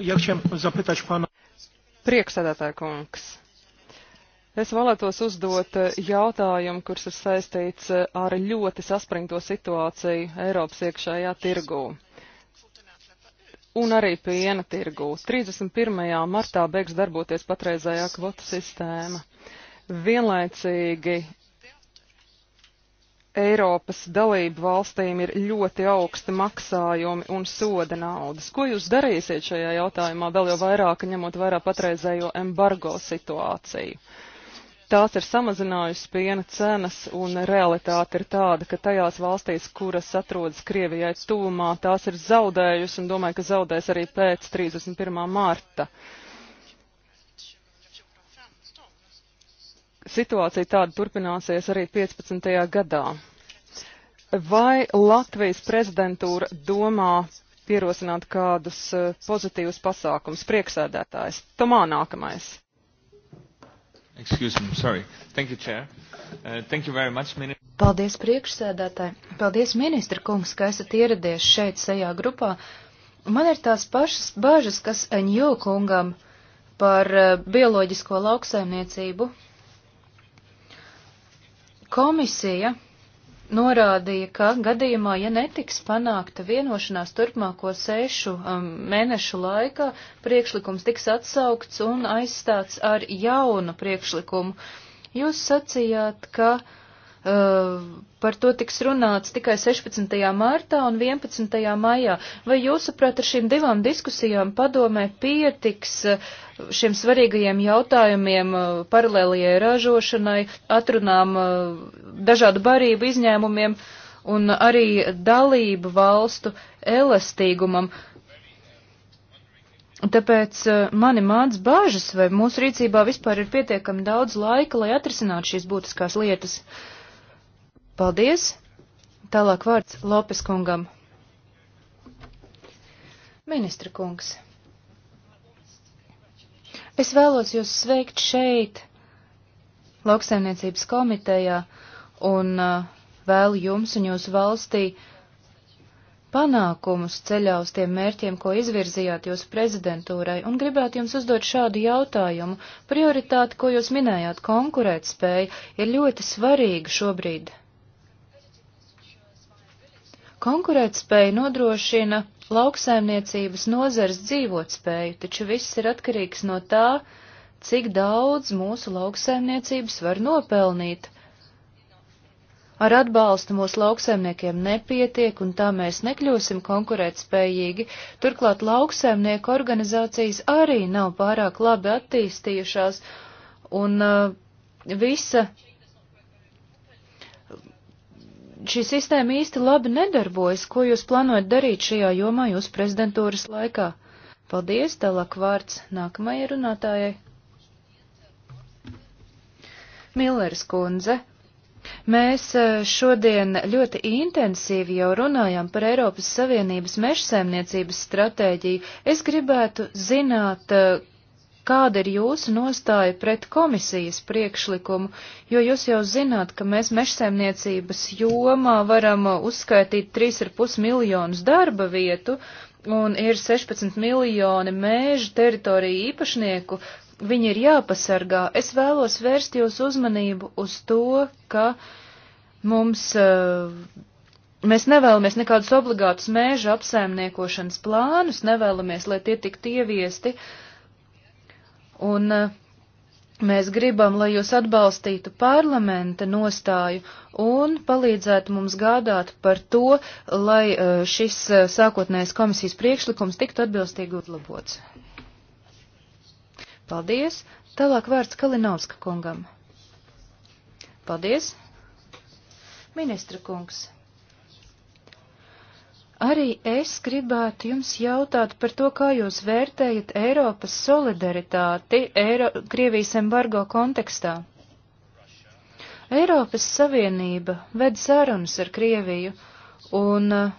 Ja šiem zapytać pana. Prieksēdētāja kungs. Es vēlētos uzdot jautājumu, kurš ir saistīts ar ļoti saspringto situāciju Eiropas iekšējā tirgū. Un arī piena tirgū. 31. martā beigs darboties patreizējā kvotu sistēma. Vienlaicīgi Eiropas dalību valstīm ir ļoti augsti maksājumi un soda naudas. Ko jūs darīsiet šajā jautājumā, vēl jau vairāk ņemot vērā patreizējo embargo situāciju? Tās ir samazinājusi piena cenas, un realitāte ir tāda, ka tajās valstīs, kuras atrodas Krievijai tuvumā, tās ir zaudējusi un domāju, ka zaudēs arī pēc 31. marta. Uh, situācija tāda turpināsies arī 15. gadā. Vai Latvijas prezidentūra domā pierosināt kādus eh, pozitīvus pasākums? Prieksēdētājs. Tomā nākamais. Excuse me, sorry. Thank you, Chair. Uh, thank you very much, Minister. Paldies priekšsēdētāji. Paldies, ministra kungs, ka esat ieradies šeit sajā grupā. Man ir tās pašas bažas, kas Aņjo kungam par eh, bioloģisko lauksaimniecību Komisija norādīja, ka gadījumā, ja netiks panākta vienošanās turpmāko sešu um, mēnešu laikā, priekšlikums tiks atsaukts un aizstāts ar jaunu priekšlikumu. Jūs sacījāt, ka uh, par to tiks runāts tikai 16. martā un 11. maijā. Vai jūsuprāt, ar šīm divām diskusijām padomē pietiks eh, šiem svarīgajiem jautājumiem eh, paralēlajai ražošanai, atrunām eh, dažādu barību izņēmumiem un arī dalību valstu elastīgumam? Tāpēc mani māc bāžas, vai mūsu rīcībā vispār ir pietiekami daudz laika, lai atrisinātu šīs būtiskās lietas. Uh, Paldies! Tālāk vārds Lopes kungam. Ministra kungs, es vēlos jūs sveikt šeit, lauksaimniecības komitejā, un uh, vēlu jums un jūsu valstī panākumus ceļā uz tiem mērķiem, ko izvirzījāt jūsu prezidentūrai, un gribētu jums uzdot šādu jautājumu. Prioritāte, ko jūs minējāt, konkurētspēja, ir ļoti svarīga šobrīd Konkurētspēja nodrošina lauksaimniecības nozars dzīvotspēju, taču viss ir atkarīgs no tā, cik daudz mūsu lauksaimniecības var nopelnīt. Ar atbalstu mūsu lauksaimniekiem nepietiek, un tā mēs nekļūsim konkurētspējīgi, turklāt lauksaimnieku organizācijas arī nav pārāk labi attīstījušās, un uh, visa šī sistēma īsti labi nedarbojas. Ko jūs plānojat darīt šajā jomā jūsu prezidentūras laikā? Paldies, tālāk vārds nākamajai runātājai. Millers kundze. Mēs e, šodien ļoti intensīvi jau runājam par Eiropas Savienības mežsēmniecības stratēģiju. Es gribētu zināt, e, Kāda ir jūsu nostāja pret komisijas priekšlikumu, jo jūs jau zināt, ka mēs mežsēmniecības jomā varam uzskaitīt 3,5 miljonus darba vietu un ir 16 miljoni mēžu teritoriju īpašnieku, viņi ir jāpasargā. Es vēlos vērst jūs uzmanību uz to, ka mums. Uh, Mēs nevēlamies nekādus obligātus mēža apsaimniekošanas plānus, nevēlamies, lai tie tiktu ieviesti, uh, Un eh, mēs gribam, lai jūs atbalstītu parlamenta nostāju un palīdzētu mums gādāt par to, lai eh, šis eh, sākotnējais komisijas priekšlikums tiktu atbilstīgi uzlabots. Paldies! Tālāk vārds Kalinovska kungam. Paldies! Ministra kungs! Arī es gribētu jums jautāt par to, kā jūs vērtējat Eiropas solidaritāti Eiro Krievijas embargo kontekstā. Eiropas Savienība ved sarunas ar Krieviju, un uh,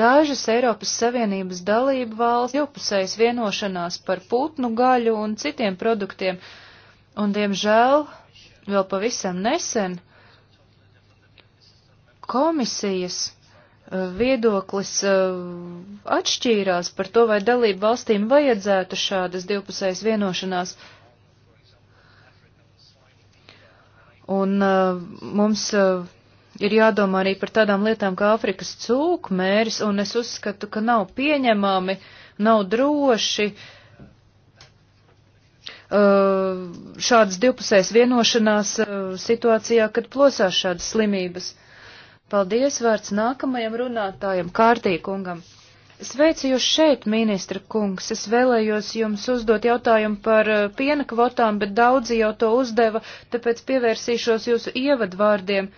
dažas Eiropas Savienības dalību valsts divpusējas vienošanās par putnu gaļu un citiem produktiem, un, diemžēl, vēl pavisam nesen, uh, komisijas eh, viedoklis eh, atšķīrās par to, vai dalību valstīm vajadzētu šādas divpusējas vienošanās. Un eh, mums ir jādomā arī par tādām lietām kā Āfrikas cūkmēris, un es uzskatu, ka nav pieņemami, nav droši šādas divpusējas vienošanās situācijā, kad plosās šādas slimības. Paldies vārds nākamajam runātājam, Kārtīkungam. Sveicu jūs šeit, ministra kungs. Es vēlējos jums uzdot jautājumu par eh, piena kvotām, bet daudzi jau to uzdeva, tāpēc pievērsīšos jūsu ievadvārdiem.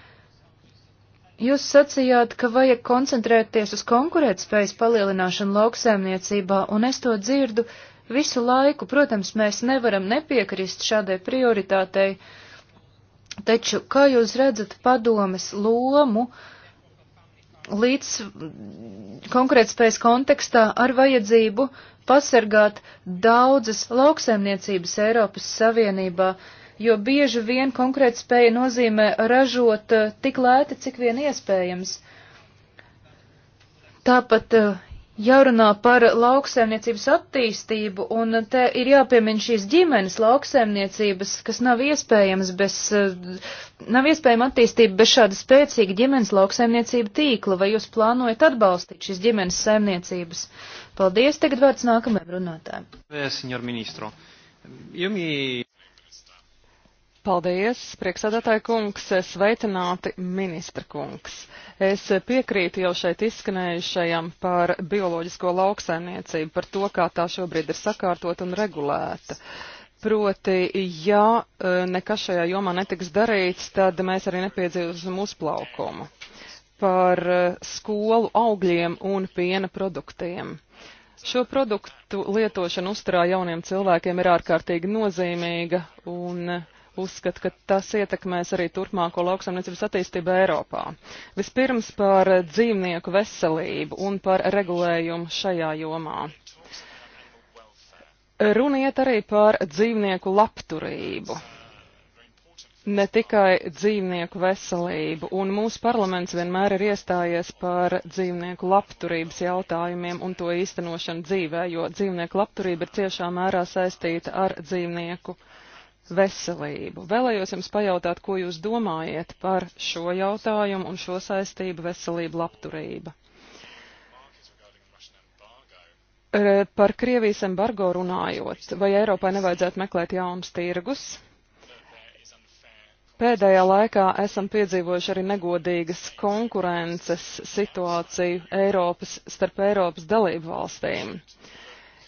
Jūs sacījāt, ka vajag koncentrēties uz konkurētspējas palielināšanu lauksēmniecībā, un es to dzirdu visu laiku. Protams, mēs nevaram nepiekrist šādai prioritātei. Uh, Taču, kā jūs redzat padomes lomu līdz konkrētspējas kontekstā ar vajadzību pasargāt daudzas lauksaimniecības Eiropas Savienībā, jo bieži vien konkrētspēja nozīmē ražot eh, tik lēti, cik vien iespējams. Tāpat uh, Jārunā par lauksēmniecības attīstību, un te ir jāpiemina šīs ģimenes lauksēmniecības, kas nav iespējams bez, eh, nav iespējama attīstība bez šāda spēcīga ģimenes lauksēmniecība tīkla, vai jūs plānojat atbalstīt šīs ģimenes saimniecības? Paldies, tagad vērts nākamajam runātājam. Jumi... Paldies, prieksēdētāji kungs, sveicināti ministra kungs. Es piekrītu jau šeit izskanējušajam par bioloģisko lauksaimniecību, par to, kā tā šobrīd ir sakārtot un regulēta. Proti, ja e, nekas šajā jomā netiks darīts, tad mēs arī nepiedzīvosim uzplaukumu par e, skolu augļiem un piena produktiem. Šo produktu lietošana uzturā jauniem cilvēkiem ir ārkārtīgi nozīmīga un uh, uzskata, ka tas ietekmēs arī turpmāko lauksaimniecības attīstību Eiropā. Vispirms par dzīvnieku veselību un par regulējumu šajā jomā. Runiet arī par dzīvnieku labturību, ne tikai dzīvnieku veselību, un mūsu parlaments vienmēr ir iestājies par dzīvnieku labturības jautājumiem un to īstenošanu dzīvē, jo dzīvnieku labturība ir ciešā mērā saistīta ar dzīvnieku veselību veselību. Vēlējos jums pajautāt, ko jūs domājat par šo jautājumu un šo saistību veselību labturība. Par Krievijas embargo runājot, vai Eiropai nevajadzētu meklēt jaunus tirgus? Pēdējā laikā esam piedzīvojuši arī negodīgas konkurences situāciju Eiropas, starp Eiropas dalību valstīm. Uh,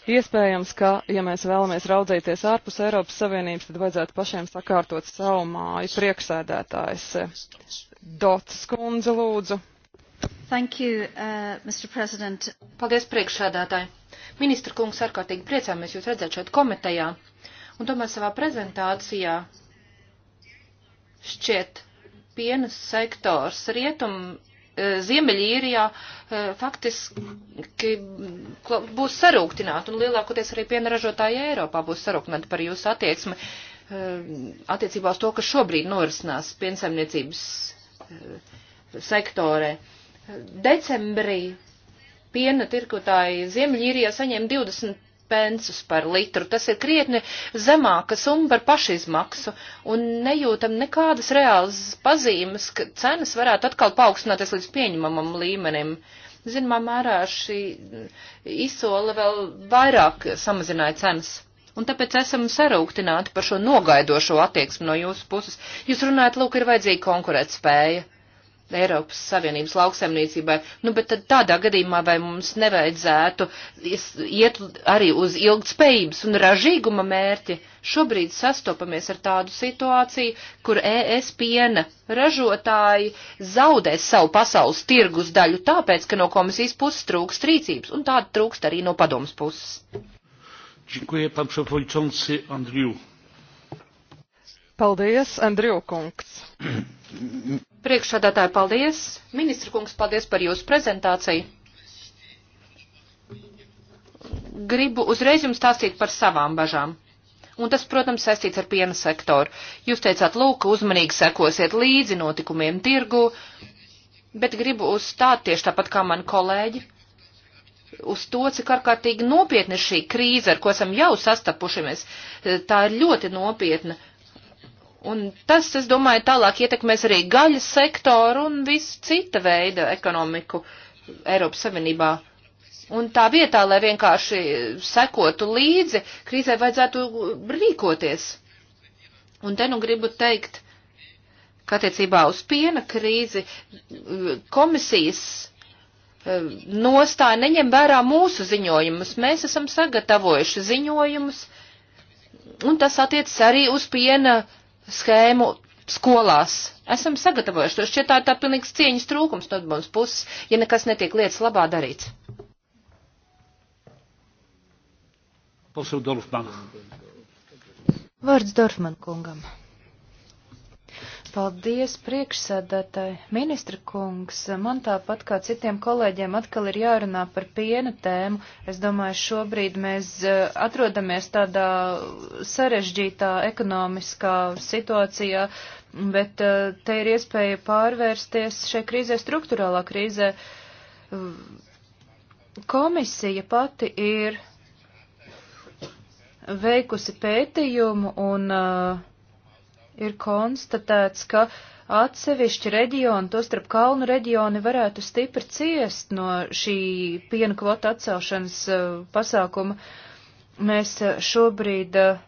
Iespējams, ka, ja mēs vēlamies raudzīties ārpus Eiropas Savienības, tad vajadzētu pašiem sakārtot savu māju priekšsēdētājs. Eh, Dots kundze, lūdzu. Thank you, uh, Mr. President. Paldies priekšsēdētāji. Ministra kungs, ārkārtīgi priecāmies jūs redzēt šeit komitejā. Un tomēr savā prezentācijā šķiet pienas sektors rietum Eh, Ziemeļīrijā eh, faktiski būs sarūktināti, un lielākoties arī pienražotāji Eiropā būs sarūktināti par jūsu attieksmi eh, attiecībā uz to, kas šobrīd norisinās piensaimniecības sektorē. Decembrī piena tirkotāji Ziemeļīrijā saņēma 20 pensus par litru. Tas ir krietni zemāka summa par pašizmaksu, un nejūtam nekādas reālas pazīmes, ka cenas varētu atkal paaugstināties līdz pieņemamam līmenim. Zināmā mērā šī izsola vēl vairāk samazināja cenas un tāpēc esam sarūktināti par šo nogaidošo attieksmi no jūsu puses. Jūs runājat, lūk, ir vajadzīga konkurētspēja. Eiropas Savienības lauksaimniecībai. Nu, bet tad tādā gadījumā vai mums nevajadzētu iet arī uz ilgtspējības un ražīguma mērķi? Šobrīd sastopamies ar tādu situāciju, kur ES piena ražotāji zaudēs savu pasaules tirgus daļu tāpēc, ka no komisijas puses trūkst rīcības, un tāda trūkst arī no padomas puses. Dziękuję, pan przewodniczący Andriu. Paldies, Andriu kungs. <clears throat> Priekšsādātāji, paldies! Ministra kungs, paldies par jūsu prezentāciju! Gribu uzreiz jums stāstīt par savām bažām un tas, protams, saistīts ar piena sektoru. Jūs teicāt, lūk, uzmanīgi sekosiet līdzi notikumiem tirgu, bet gribu uzstāt tieši tāpat kā mani kolēģi uz to, cik ārkārtīgi nopietna ir šī krīze, ar ko esam jau sastapušamies. Tā ir ļoti nopietna Un tas, es domāju, tālāk ietekmēs arī gaļas sektoru un visu cita veida ekonomiku Eiropas Savienībā. Un tā vietā, lai vienkārši sekotu līdzi, krīzē vajadzētu rīkoties. Un te nu gribu teikt, ka attiecībā uz piena krīzi eh, komisijas eh, nostāja neņem vērā mūsu ziņojumus. Mēs esam sagatavojuši ziņojumus, un tas attiecas arī uz piena uh, schēmu skolās. Esam sagatavojuši to. Šķiet, tā ir tā pilnīgs cieņas trūkums no mums puses, ja nekas netiek lietas labā darīts. Vārds Dorfman kungam. Paldies priekšsēdētāji. Ministra kungs, man tāpat kā citiem kolēģiem atkal ir jārunā par piena tēmu. Es domāju, šobrīd mēs eh, atrodamies tādā sarežģītā ekonomiskā situācijā, bet eh, te ir iespēja pārvērsties šai krīzē struktūrālā krīzē. Komisija pati ir veikusi pētījumu un uh, ir konstatēts, ka atsevišķi reģioni, tostarp kalnu reģioni, varētu stipri ciest no šī piena kvota atcelšanas eh, pasākuma. Mēs eh, šobrīd eh,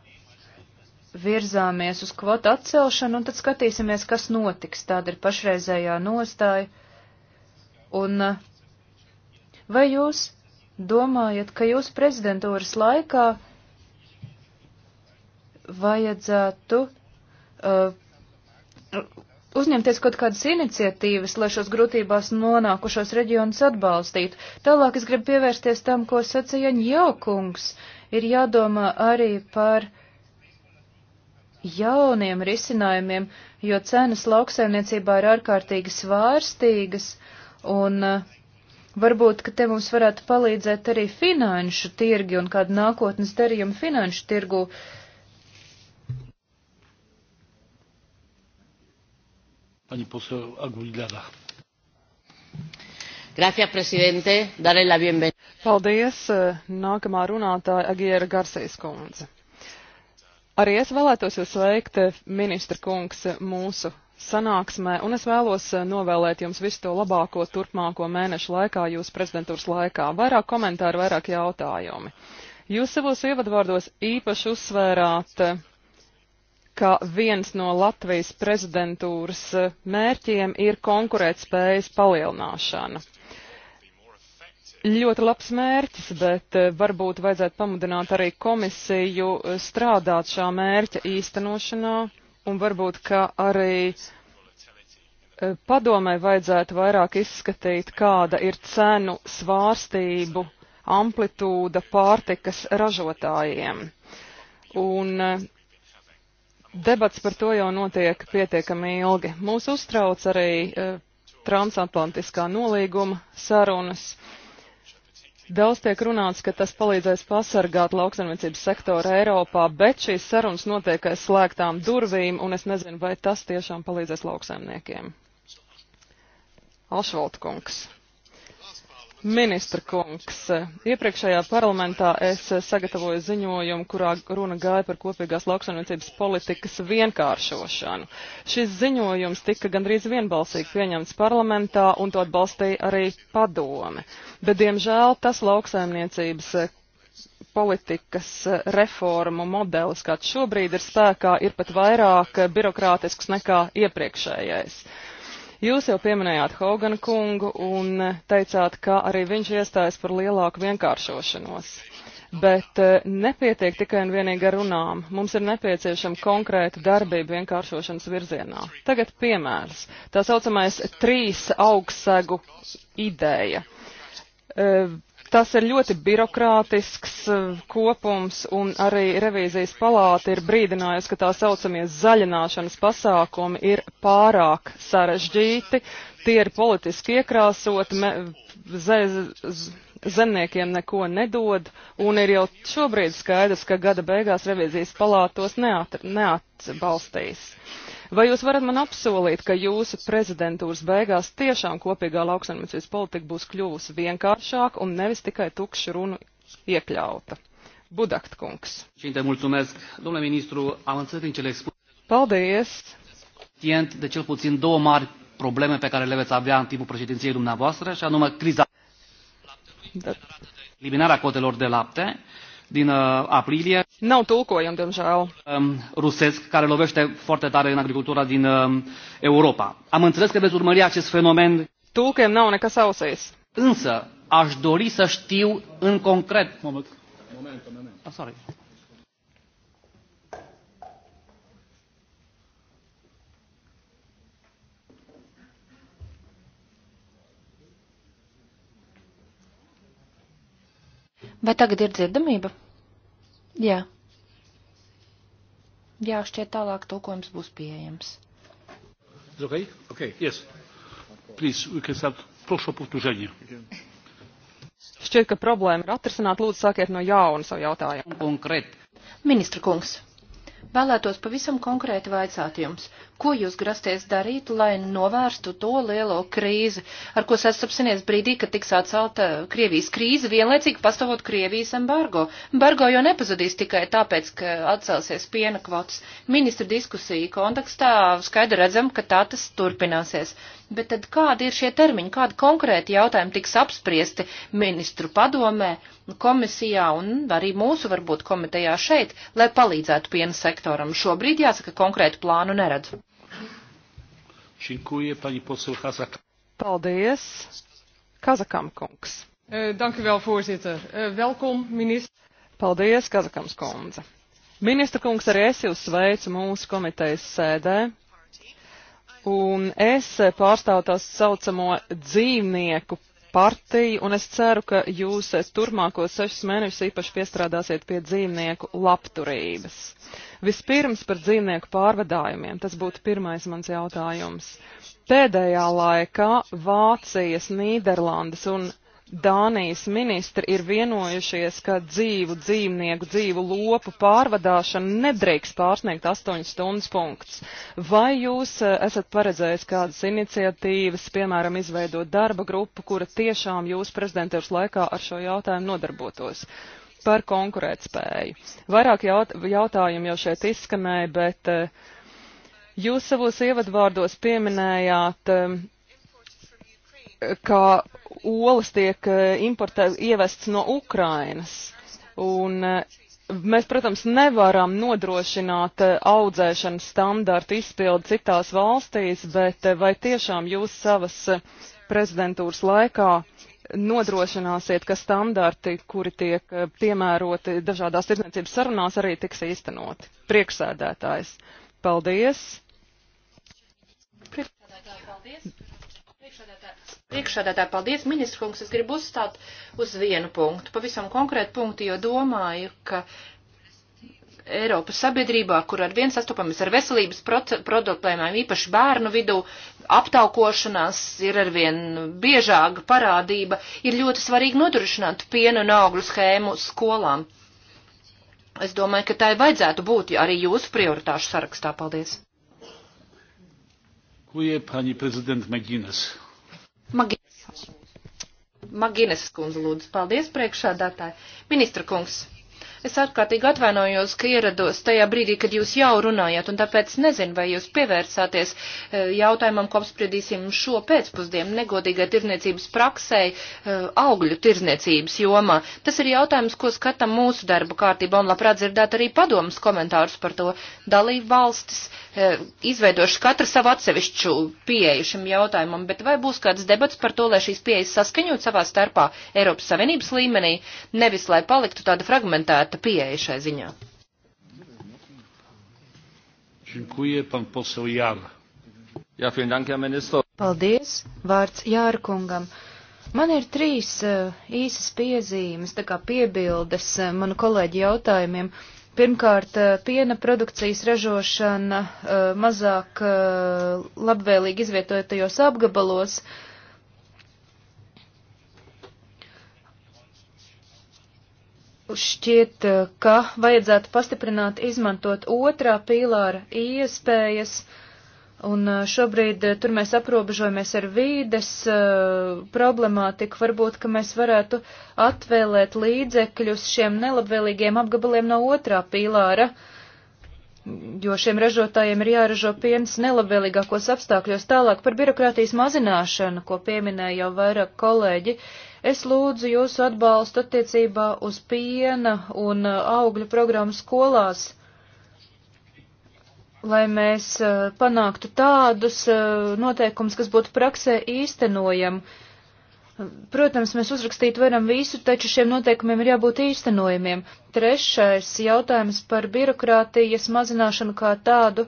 virzāmies uz kvotu atcelšanu un tad skatīsimies, kas notiks. Tāda ir pašreizējā nostāja. Un vai jūs domājat, ka jūs prezidentūras laikā vajadzētu uh, uzņemties kaut kādas iniciatīvas, lai šos grūtībās nonākušos reģionus atbalstītu. Tālāk es gribu pievērsties tam, ko sacīja Jaukungs. Ir jādomā arī par jauniem risinājumiem, jo cenas lauksaimniecībā ir ārkārtīgi svārstīgas un uh, Varbūt, ka te mums varētu palīdzēt arī finanšu tirgi un kāda nākotnes darījuma finanšu tirgu. Uh, Gracias, presidente. Daré la bienvenida. Paldies. Eh, nākamā runātāja Agiera Garsejas kundze. Arī es vēlētos jūs sveikt, eh, ministra kungs, eh, mūsu sanāksmē, un es vēlos novēlēt jums visu to labāko turpmāko mēnešu laikā, jūsu prezidentūras laikā. Vairāk komentāru, vairāk jautājumi. Jūs savos ievadvārdos īpaši uzsvērāt ka viens no Latvijas prezidentūras eh, mērķiem ir konkurētspējas palielināšana. Ļoti labs mērķis, bet eh, varbūt vajadzētu pamudināt arī komisiju eh, strādāt šā mērķa īstenošanā un varbūt, ka arī padomai vajadzētu vairāk izskatīt, kāda ir cenu svārstību amplitūda pārtikas ražotājiem. Un Debats par to jau notiek pietiekami ilgi. Mūs uztrauc arī e, transatlantiskā nolīguma sarunas. Daudz tiek runāts, ka tas palīdzēs pasargāt lauksaimniecības sektoru Eiropā, bet šīs sarunas notiek aiz slēgtām durvīm, un es nezinu, vai tas tiešām palīdzēs lauksaimniekiem. Alšvaltkungs. Ministra kungs, iepriekšējā parlamentā es sagatavoju ziņojumu, kurā runa gāja par kopīgās lauksaimniecības politikas vienkāršošanu. Šis ziņojums tika gandrīz vienbalsīgi pieņemts parlamentā un to atbalstīja arī padome. Bet, diemžēl, tas lauksaimniecības politikas reformu modelis, kāds šobrīd ir spēkā, ir pat vairāk birokrātisks nekā iepriekšējais. Jūs jau pieminējāt Hogan kungu un teicāt, ka arī viņš iestājas par lielāku vienkāršošanos. Bet eh, nepietiek tikai un vienīgi ar runām. Mums ir nepieciešama konkrēta darbība vienkāršošanas virzienā. Tagad piemērs. Tā saucamais trīs augsegu ideja eh, Tas ir ļoti birokrātisks e, kopums, un arī revīzijas palāta ir brīdinājusi, ka tā saucamie zaļināšanas pasākumi ir pārāk sarežģīti, tie ir politiski iekrāsoti, zemniekiem neko nedod, un ir jau šobrīd skaidrs, ka gada beigās revīzijas palāta tos neat, neatbalstīs. Neat Vai jūs varat man apsolīt, ka jūsu prezidentūras beigās tiešām kopīgā lauksaimniecības politika būs kļuvusi vienkāršāka un nevis tikai tukšu runu iekļauta? Budakt kungs. Paldies! Tient de cel puțin două mari probleme pe care le veți avea în timpul președinției dumneavoastră, și anume criza laptelui, eliminarea cotelor de lapte din uh, aprilie. N-au tulcoiam, demžēl. Um, rusesc, care lovește foarte tare în agricultura din uh, Europa. Am înțeles că veți urmări acest fenomen. Tulcoiam n-au nekas ausīs. Însă, aș dori să știu în concret... Moment, moment, moment. Ah, sorry. Vai tagad ir dzirdamība? Jā. Jā, šķiet tālāk tulkojums būs pieejams. Is okay? Okay, yes. Please, we can start. Prošu повторение. Šķiet, ka problēma ir atrisināt. Lūdzu, sākiet no jauna savu jautājumu. Konkrēt. Ministra kungs. Vēlētos pavisam konkrēti vaicāt jums, ko jūs grasties darīt, lai novērstu to lielo krīzi, ar ko sastapsinies brīdī, kad tiks atcelta Krievijas krīze, vienlaicīgi pastāvot Krievijas embargo. Embargo jau nepazudīs tikai tāpēc, ka atcelsies piena kvotas. Ministra diskusija kontekstā skaidri redzam, ka tā tas turpināsies. Bet tad kādi ir šie termiņi, kādi konkrēti jautājumi tiks apspriesti ministru padomē, komisijā un arī mūsu varbūt komitejā šeit, lai palīdzētu piena sektoru? sektoram. Šobrīd jāsaka konkrētu plānu neredzu. Paldies. Kazakam kungs. E, dank u wel, voorzitter. E, welkom, minister. Paldies, Kazakams kundze. Ministra kungs, arī es jūs sveicu mūsu komitejas sēdē. Un es pārstāvu tās saucamo dzīvnieku partiju, un es ceru, ka jūs turmāko sešus mēnešus īpaši piestrādāsiet pie dzīvnieku labturības. Vispirms par dzīvnieku pārvadājumiem, tas būtu pirmais mans jautājums. Pēdējā laikā Vācijas, Nīderlandes un Dānijas ministri ir vienojušies, ka dzīvu dzīvnieku, dzīvu lopu pārvadāšana nedrīkst pārsniegt 8 stundas punkts. Vai jūs eh, esat paredzējis kādas iniciatīvas, piemēram, izveidot darba grupu, kura tiešām jūs prezidentūras laikā ar šo jautājumu nodarbotos? Par konkurētspēju. Vairāk jaut jautājumu jau šeit izskanēja, bet eh, jūs savos ievadvārdos pieminējāt eh, kā olas tiek eh, importē, ievests no Ukrainas. Un eh, mēs, protams, nevaram nodrošināt eh, audzēšanas standartu izpildu citās valstīs, bet vai tiešām jūs savas prezidentūras laikā nodrošināsiet, ka standarti, kuri tiek piemēroti dažādās tirdzniecības sarunās, arī tiks īstenoti? Priekšsēdētājs. Paldies! Priekšsēdētāji, paldies! Priekšādātāji, paldies, ministra kungs, es gribu uzstāt uz vienu punktu, pavisam konkrētu punktu, jo domāju, ka Eiropas sabiedrībā, kur ar vien sastopamies ar veselības problēmām, īpaši bērnu vidū, aptaukošanās ir ar vien biežāka parādība, ir ļoti svarīgi nodrošināt pienu un augļu schēmu skolām. Es domāju, ka tai vajadzētu būt arī jūsu prioritāšu sarakstā. Paldies! Kurie, pani prezident Meginas? Magines, Magines skundze lūdzu. Paldies priekšādātāji. Ministra kungs. Es ārkārtīgi atvainojos, ka ierados tajā brīdī, kad jūs jau runājāt, un tāpēc nezinu, vai jūs pievērsāties eh, jautājumam, ko apspriedīsim šo pēcpusdienu negodīgai tirzniecības praksē eh, augļu tirzniecības jomā. Tas ir jautājums, ko skatām mūsu darba kārtībā, un labprāt dzirdēt arī padomas komentārus par to dalību valstis E, izveidoši katru savu atsevišķu pieeju šim jautājumam, bet vai būs kāds debats par to, lai šīs pieejas saskaņot savā starpā Eiropas Savienības līmenī, nevis lai paliktu tāda fragmentēta pieeja šai ziņā? Paldies, vārds Jārkungam. Man ir trīs e, īsas piezīmes, tā kā piebildes e, manu kolēģi jautājumiem. Uh, Pirmkārt, eh, piena produkcijas ražošana eh, mazāk eh, labvēlīgi izvietotajos apgabalos. Šķiet, ka vajadzētu pastiprināt izmantot otrā pīlāra iespējas. Uh, Un eh, šobrīd eh, tur mēs aprobežojamies ar vīdes eh, problemātiku. Varbūt, ka mēs varētu atvēlēt līdzekļus šiem nelabvēlīgiem apgabaliem no otrā pīlāra, jo šiem ražotājiem ir jāražo piens nelabvēlīgākos apstākļos. Tālāk par birokrātijas mazināšanu, ko pieminēja jau vairāk kolēģi. Es lūdzu jūsu atbalstu attiecībā uz piena un augļu programmu skolās lai mēs panāktu tādus noteikumus, kas būtu praksē īstenojami. Protams, mēs uzrakstīt varam visu, taču šiem noteikumiem ir jābūt īstenojumiem. Trešais jautājums par birokrātijas mazināšanu kā tādu.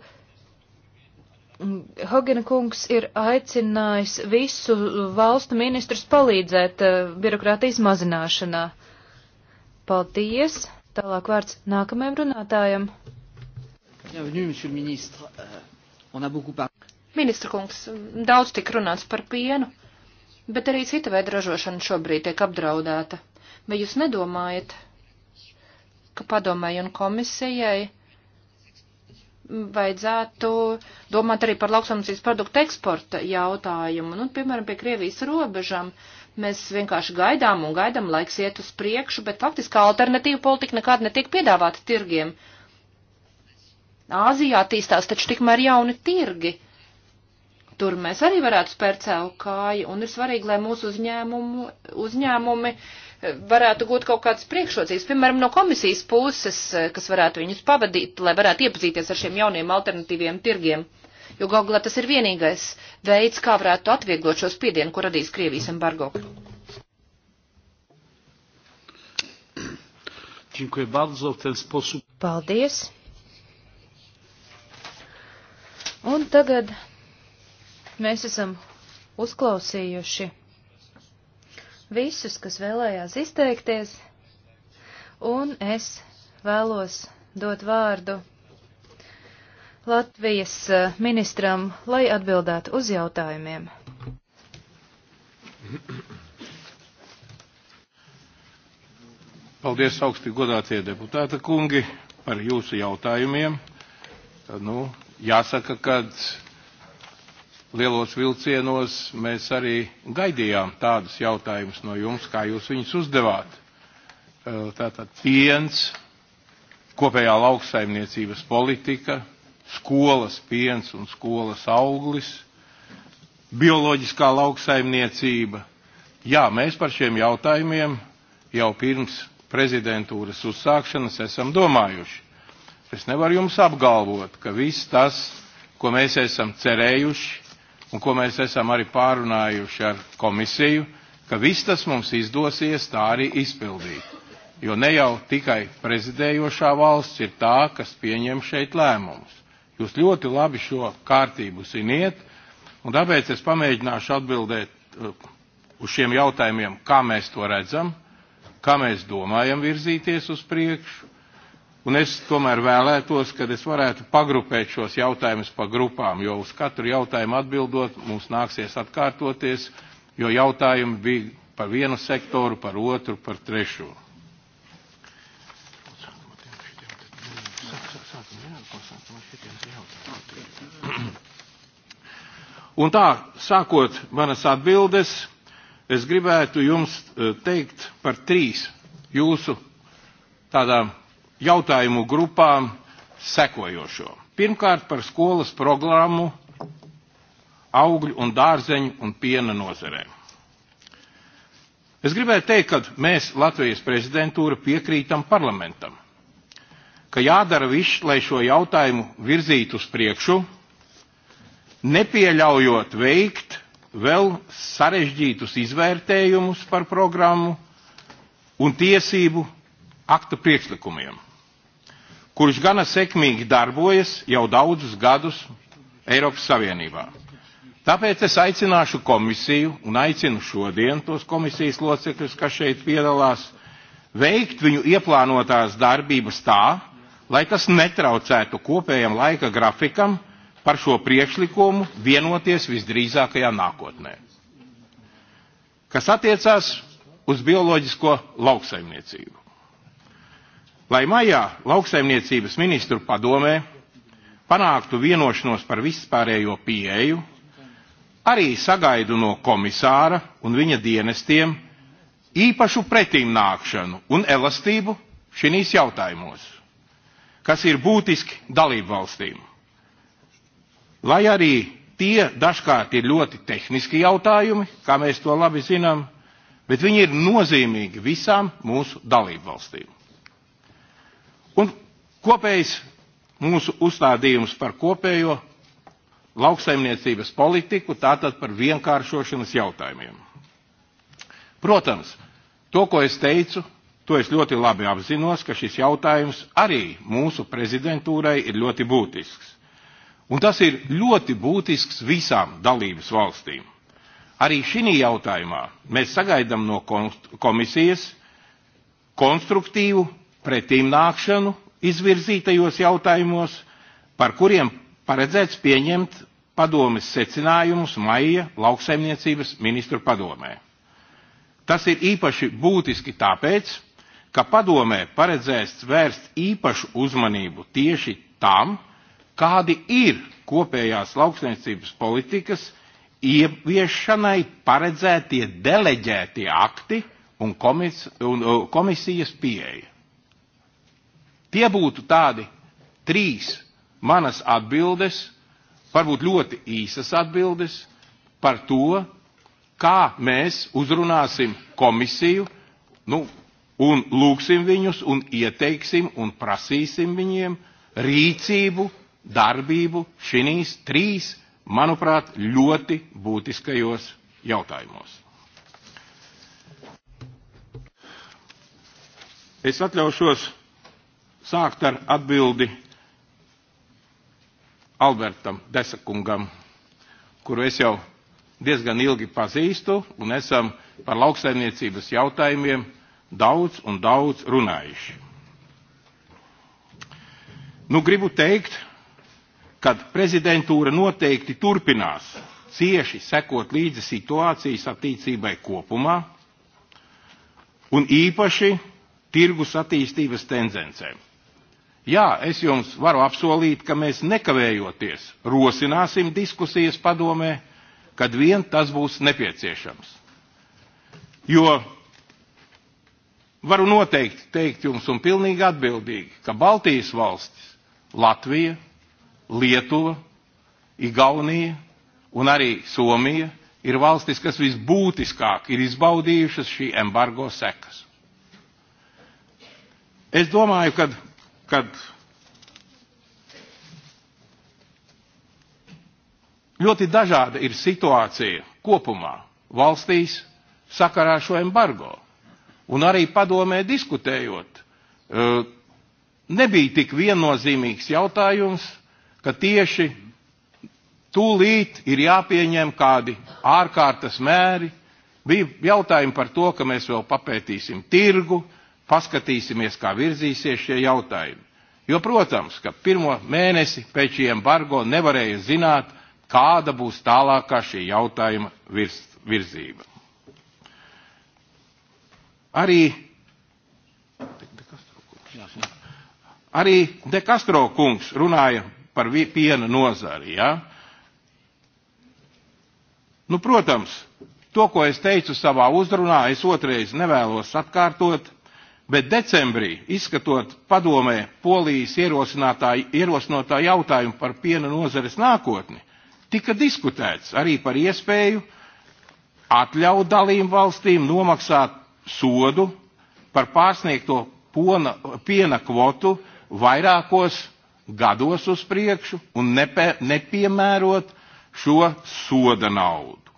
Hogina kungs ir aicinājis visu valstu ministrus palīdzēt birokrātijas mazināšanā. Paldies! Tālāk vārds nākamajam runātājam. Bienvenue, monsieur le ministre. Euh, on a beaucoup par... Ministra kungs, daudz tik runāts par pienu, bet arī cita veida ražošana šobrīd tiek apdraudēta. Vai jūs nedomājat, ka padomēji un komisijai vajadzētu domāt arī par lauksaimniecības produktu eksporta jautājumu. Nu, piemēram, pie Krievijas robežām mēs vienkārši gaidām un gaidām, laiks iet uz priekšu, bet faktiski alternatīva politika nekad netiek piedāvāta tirgiem. Uh, Āzijā attīstās taču tikmēr jauni tirgi. Tur mēs arī varētu spērt savu kāju, un ir svarīgi, lai mūsu uzņēmumu, uzņēmumi eh, varētu gūt kaut kādas priekšrocības, piemēram, no komisijas puses, eh, kas varētu viņus pavadīt, lai varētu iepazīties ar šiem jauniem alternatīviem tirgiem. Jo Google tas ir vienīgais veids, kā varētu atvieglot šo spiedienu, ko radīs Krievijas embargo. Paldies! Un tagad mēs esam uzklausījuši visus, kas vēlējās izteikties, un es vēlos dot vārdu Latvijas eh, ministram, lai atbildētu uz jautājumiem. Paldies augsti godātie deputāta kungi par jūsu jautājumiem. Nu, jāsaka, ka lielos vilcienos mēs arī gaidījām tādus jautājumus no jums, kā jūs viņus uzdevāt. Tātad piens, kopējā lauksaimniecības politika, skolas piens un skolas auglis, bioloģiskā lauksaimniecība. Jā, mēs par šiem jautājumiem jau pirms prezidentūras uzsākšanas esam domājuši. Es nevaru jums apgalvot, ka viss tas, ko mēs esam cerējuši un ko mēs esam arī pārunājuši ar komisiju, ka viss tas mums izdosies tā arī izpildīt. Jo ne jau tikai prezidējošā valsts ir tā, kas pieņem šeit lēmumus. Jūs ļoti labi šo kārtību ziniet, un tāpēc es pamēģināšu atbildēt uh, uz šiem jautājumiem, kā mēs to redzam, kā mēs domājam virzīties uz priekšu, Un es tomēr vēlētos, ka es varētu pagrupēt šos jautājumus pa grupām, jo uz katru jautājumu atbildot mums nāksies atkārtoties, jo jautājumi bija par vienu sektoru, par otru, par trešo. Un tā, sākot manas atbildes, es gribētu jums eh, teikt par trīs jūsu tādām jautājumu grupām sekojošo. Pirmkārt par skolas programmu augļu un dārzeņu un piena nozarēm. Es gribēju teikt, ka mēs Latvijas prezidentūra piekrītam parlamentam, ka jādara viss, lai šo jautājumu virzītu uz priekšu, nepieļaujot veikt vēl sarežģītus izvērtējumus par programmu un tiesību akta priekšlikumiem kurš gana sekmīgi darbojas jau daudzus gadus Eiropas Savienībā. Tāpēc es aicināšu komisiju un aicinu šodien tos komisijas locekļus, kas šeit piedalās, veikt viņu ieplānotās darbības tā, lai tas netraucētu kopējam laika grafikam par šo priekšlikumu vienoties visdrīzākajā nākotnē. Kas attiecās uz bioloģisko lauksaimniecību lai maijā lauksaimniecības ministru padomē panāktu vienošanos par vispārējo pieeju, arī sagaidu no komisāra un viņa dienestiem īpašu pretimnākšanu un elastību šinīs jautājumos, kas ir būtiski dalību valstīm. Lai arī tie dažkārt ir ļoti tehniski jautājumi, kā mēs to labi zinām, bet viņi ir nozīmīgi visām mūsu dalību valstīm. Un kopējs mūsu uzstādījums par kopējo lauksaimniecības politiku, tātad par vienkāršošanas jautājumiem. Protams, to, ko es teicu, to es ļoti labi apzinos, ka šis jautājums arī mūsu prezidentūrai ir ļoti būtisks. Un tas ir ļoti būtisks visām dalības valstīm. Arī šī jautājumā mēs sagaidām no komisijas konstruktīvu pretīm nākšanu izvirzītajos jautājumos, par kuriem paredzēts pieņemt padomes secinājumus maija lauksaimniecības ministru padomē. Tas ir īpaši būtiski tāpēc, ka padomē paredzēts vērst īpašu uzmanību tieši tam, kādi ir kopējās lauksaimniecības politikas ieviešanai paredzētie deleģētie akti un, komis, un komisijas pieeja. Tie būtu tādi trīs manas atbildes, varbūt ļoti īsas atbildes par to, kā mēs uzrunāsim komisiju nu, un lūksim viņus un ieteiksim un prasīsim viņiem rīcību, darbību šīs trīs, manuprāt, ļoti būtiskajos jautājumos. Es atļaušos sākt ar atbildi Albertam Desakungam, kuru es jau diezgan ilgi pazīstu un esam par lauksaimniecības jautājumiem daudz un daudz runājuši. Nu, gribu teikt, ka prezidentūra noteikti turpinās cieši sekot līdzi situācijas attīstībai kopumā un īpaši tirgus attīstības tendencēm. Jā, es jums varu apsolīt, ka mēs nekavējoties rosināsim diskusijas padomē, kad vien tas būs nepieciešams. Jo varu noteikti teikt jums un pilnīgi atbildīgi, ka Baltijas valstis - Latvija, Lietuva, Igaunija un arī Somija - ir valstis, kas visbūtiskāk ir izbaudījušas šī embargo sekas. Es domāju, ka kad ļoti dažāda ir situācija kopumā valstīs sakarā ar šo embargo. Un arī padomē diskutējot, eh, nebija tik viennozīmīgs jautājums, ka tieši tūlīt ir jāpieņem kādi ārkārtas mēri. Bija jautājumi par to, ka mēs vēl papētīsim tirgu, paskatīsimies, kā virzīsies šie jautājumi. Jo, protams, ka pirmo mēnesi pēc šī embargo nevarēja zināt, kāda būs tālākā šī jautājuma virs, virzība. Arī, arī De Castro kungs runāja par piena nozari. Ja? Nu, protams, to, ko es teicu savā uzrunā, es otrais nevēlos atkārtot, Bet decembrī, izskatot padomē Polijas ierosinātā jautājumu par piena nozares nākotni, tika diskutēts arī par iespēju atļaut dalību valstīm nomaksāt sodu par pārsniegto pona, piena kvotu vairākos gados uz priekšu un nepie, nepiemērot šo soda naudu.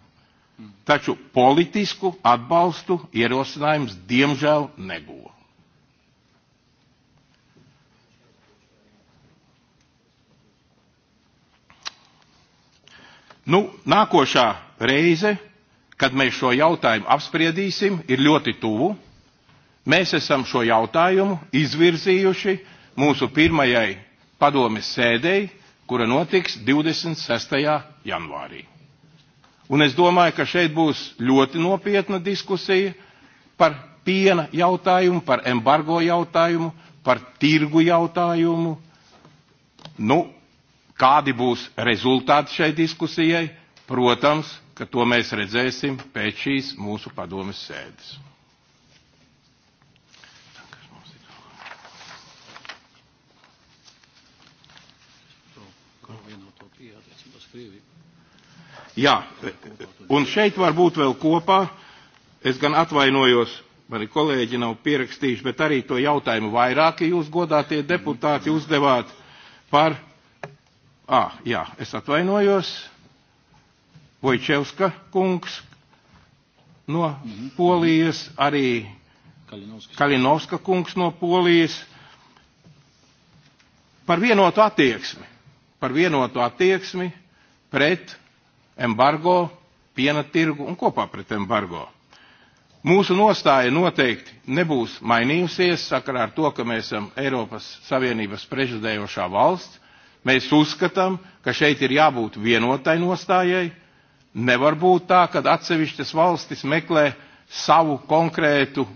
Taču politisku atbalstu ierosinājums diemžēl negūst. Nu, nākošā reize, kad mēs šo jautājumu apspriedīsim, ir ļoti tuvu. Mēs esam šo jautājumu izvirzījuši mūsu pirmajai padomes sēdēji, kura notiks 26. janvārī. Un es domāju, ka šeit būs ļoti nopietna diskusija par piena jautājumu, par embargo jautājumu, par tirgu jautājumu. Nu, Kādi būs rezultāti šai diskusijai? Protams, ka to mēs redzēsim pēc šīs mūsu padomes sēdes. Jā, un šeit varbūt vēl kopā, es gan atvainojos, mani kolēģi nav pierakstījuši, bet arī to jautājumu vairāki jūs godātie deputāti uzdevāt par Ah, jā, es atvainojos. Vojčevska kungs no mhm. Polijas, arī Kalinovska kungs no Polijas. Par vienotu attieksmi, par vienotu attieksmi pret embargo, piena tirgu un kopā pret embargo. Mūsu nostāja noteikti nebūs mainījusies sakarā ar to, ka mēs esam Eiropas Savienības prezidējošā valsts, Mēs uzskatām, ka šeit ir jābūt vienotai nostājai. Nevar būt tā, ka atsevišķas valstis meklē savu konkrētu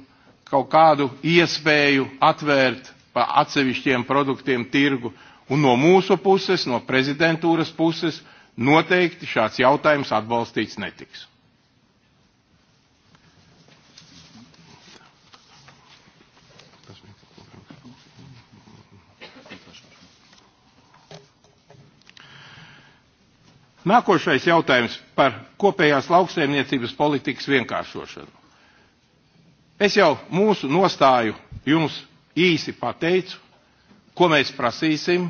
kaut kādu iespēju atvērt pa atsevišķiem produktiem tirgu. Un no mūsu puses, no prezidentūras puses, noteikti šāds jautājums atbalstīts netiks. Nākošais jautājums par kopējās lauksaimniecības politikas vienkāršošanu. Es jau mūsu nostāju jums īsi pateicu, ko mēs prasīsim,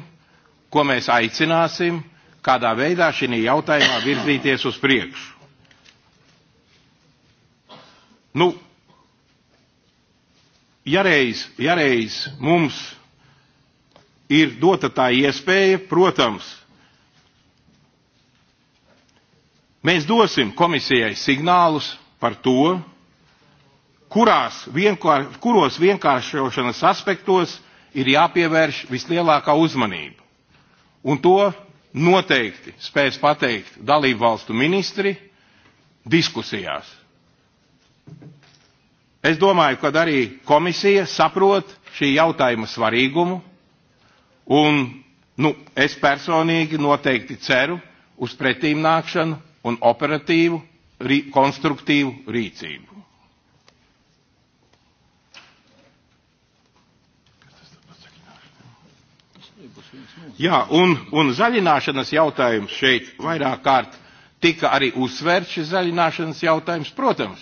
ko mēs aicināsim, kādā veidā šī jautājumā virzīties uz priekšu. Nu, jareiz, jareiz mums ir dota tā iespēja, protams, Mēs dosim komisijai signālus par to, kurās vienkār, kuros vienkāršošanas aspektos ir jāpievērš vislielākā uzmanība. Un to noteikti spēs pateikt dalību valstu ministri diskusijās. Es domāju, ka arī komisija saprot šī jautājuma svarīgumu, un nu, es personīgi noteikti ceru uz pretīmnākšanu un operatīvu, rī, konstruktīvu rīcību. Jā, un, un zaļināšanas jautājums šeit vairāk kārt tika arī uzsvērts šis zaļināšanas jautājums. Protams,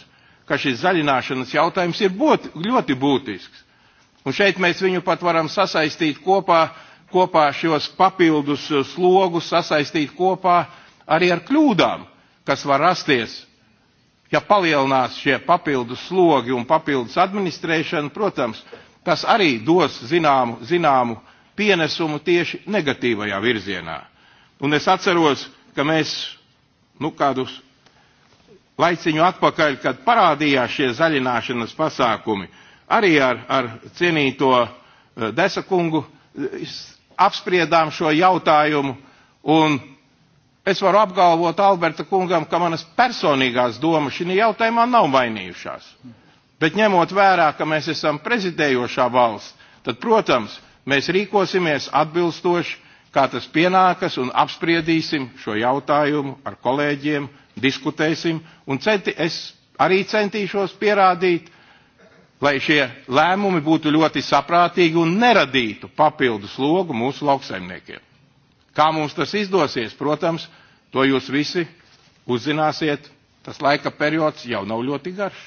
ka šis zaļināšanas jautājums ir būt, ļoti būtisks. Un šeit mēs viņu pat varam sasaistīt kopā, kopā šos papildus slogus sasaistīt kopā arī ar kļūdām, kas var rasties, ja palielinās šie papildus slogi un papildus administrēšana, protams, tas arī dos zināmu, zināmu pienesumu tieši negatīvajā virzienā. Un es atceros, ka mēs, nu, kādus laiciņu atpakaļ, kad parādījās šie zaļināšanas pasākumi, arī ar, ar cienīto eh, Desakungu eh, apspriedām šo jautājumu, un Es varu apgalvot Alberta kungam, ka manas personīgās domas šī jautājumā nav mainījušās. Bet ņemot vērā, ka mēs esam prezidējošā valsts, tad, protams, mēs rīkosimies atbilstoši, kā tas pienākas, un apspriedīsim šo jautājumu ar kolēģiem, diskutēsim, un centi, es arī centīšos pierādīt, lai šie lēmumi būtu ļoti saprātīgi un neradītu papildus logu mūsu lauksaimniekiem. Kā mums tas izdosies, protams, to jūs visi uzzināsiet. Tas laika periods jau nav ļoti garš.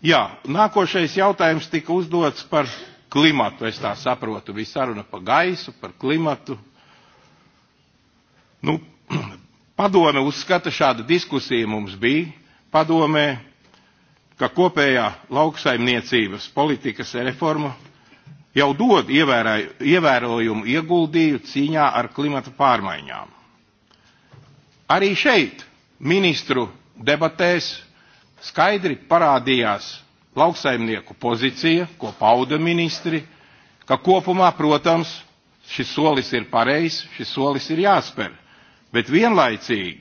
Jā, nākošais jautājums tika uzdots par klimatu. Es tā saprotu, bija saruna par gaisu, par klimatu. Nu, <clears throat> padome uzskata, šāda diskusija mums bija padomē, ka kopējā lauksaimniecības politikas reforma jau dod ievērojumu ieguldīju cīņā ar klimata pārmaiņām. Arī šeit ministru debatēs skaidri parādījās lauksaimnieku pozīcija, ko pauda ministri, ka kopumā, protams, šis solis ir pareizs, šis solis ir jāspēr, bet vienlaicīgi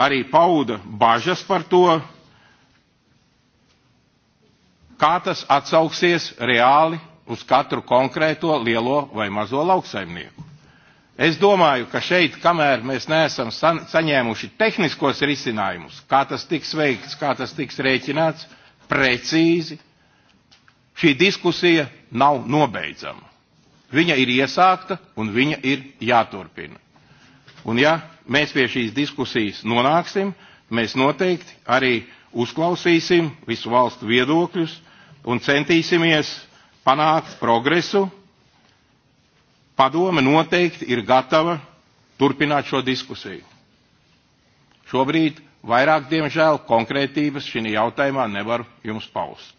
arī pauda bažas par to, kā tas atsauksies reāli uz katru konkrēto lielo vai mazo lauksaimnieku. Es domāju, ka šeit, kamēr mēs neesam saņēmuši tehniskos risinājumus, kā tas tiks veikts, kā tas tiks rēķināts, precīzi, šī diskusija nav nobeidzama. Viņa ir iesākta un viņa ir jāturpina. Un ja mēs pie šīs diskusijas nonāksim, mēs noteikti arī uzklausīsim visu valstu viedokļus un centīsimies panākt progresu. Padome noteikti ir gatava turpināt šo diskusiju. Šobrīd vairāk, diemžēl, konkrētības šī jautājumā nevar jums paust.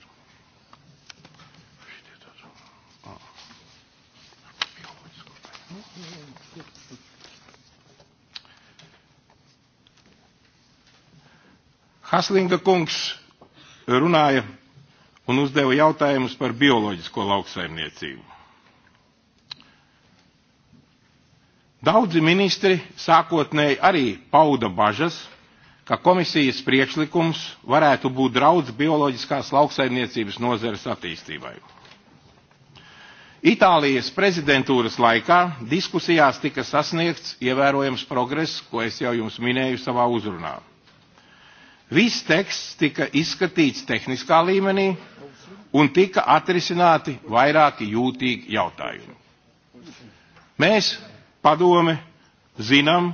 Haslinga kungs runāja un uzdeva jautājumus par bioloģisko lauksaimniecību. Daudzi ministri sākotnēji arī pauda bažas, ka komisijas priekšlikums varētu būt draudz bioloģiskās lauksaimniecības nozares attīstībai. Itālijas prezidentūras laikā diskusijās tika sasniegts ievērojams progress, ko es jau jums minēju savā uzrunā. Viss teksts tika izskatīts tehniskā līmenī un tika atrisināti vairāki jūtīgi jautājumi. Mēs, padome, zinām,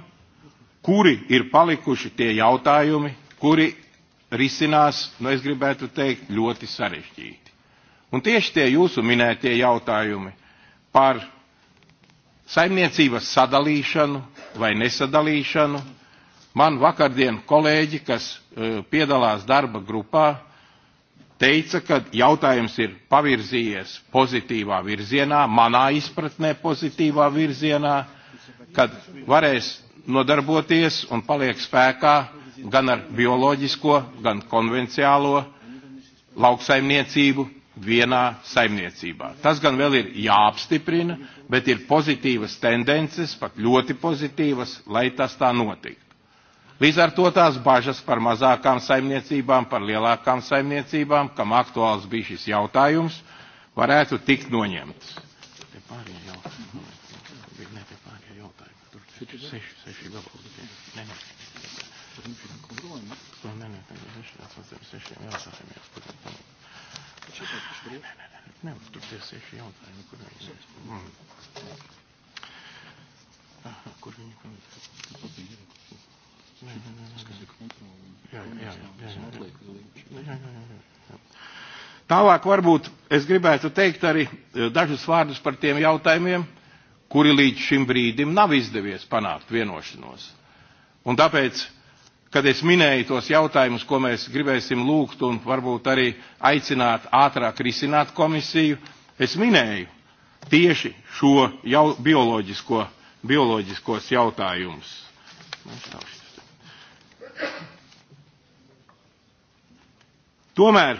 kuri ir palikuši tie jautājumi, kuri risinās, nu es gribētu teikt, ļoti sarežģīti. Un tieši tie jūsu minētie jautājumi par saimniecības sadalīšanu vai nesadalīšanu, Man vakardien kolēģi, kas uh, piedalās darba grupā, teica, ka jautājums ir pavirzījies pozitīvā virzienā, manā izpratnē pozitīvā virzienā, kad varēs nodarboties un paliek spēkā gan ar bioloģisko, gan konvenciālo lauksaimniecību vienā saimniecībā. Tas gan vēl ir jāapstiprina, bet ir pozitīvas tendences, pat ļoti pozitīvas, lai tas tā notiktu. Līdz ar to tās bažas par mazākām saimniecībām, par lielākām saimniecībām, kam aktuāls bija šis jautājums, varētu tikt noņemts. Kur viņi kaut kādā veidā Nee, nee, nee. nee, nee. Jā, jā, jā, jā, jā. jā, jā, jā. Tālāk varbūt es gribētu teikt arī eh, dažus vārdus par tiem jautājumiem, kuri līdz šim brīdim nav izdevies panākt vienošanos. Un tāpēc kad es minēju tos jautājumus, ko mēs gribēsim lūgt un varbūt arī aicināt ātrāk risināt komisiju, es minēju tieši šo jau bioloģisko, bioloģiskos jautājumus. Tomēr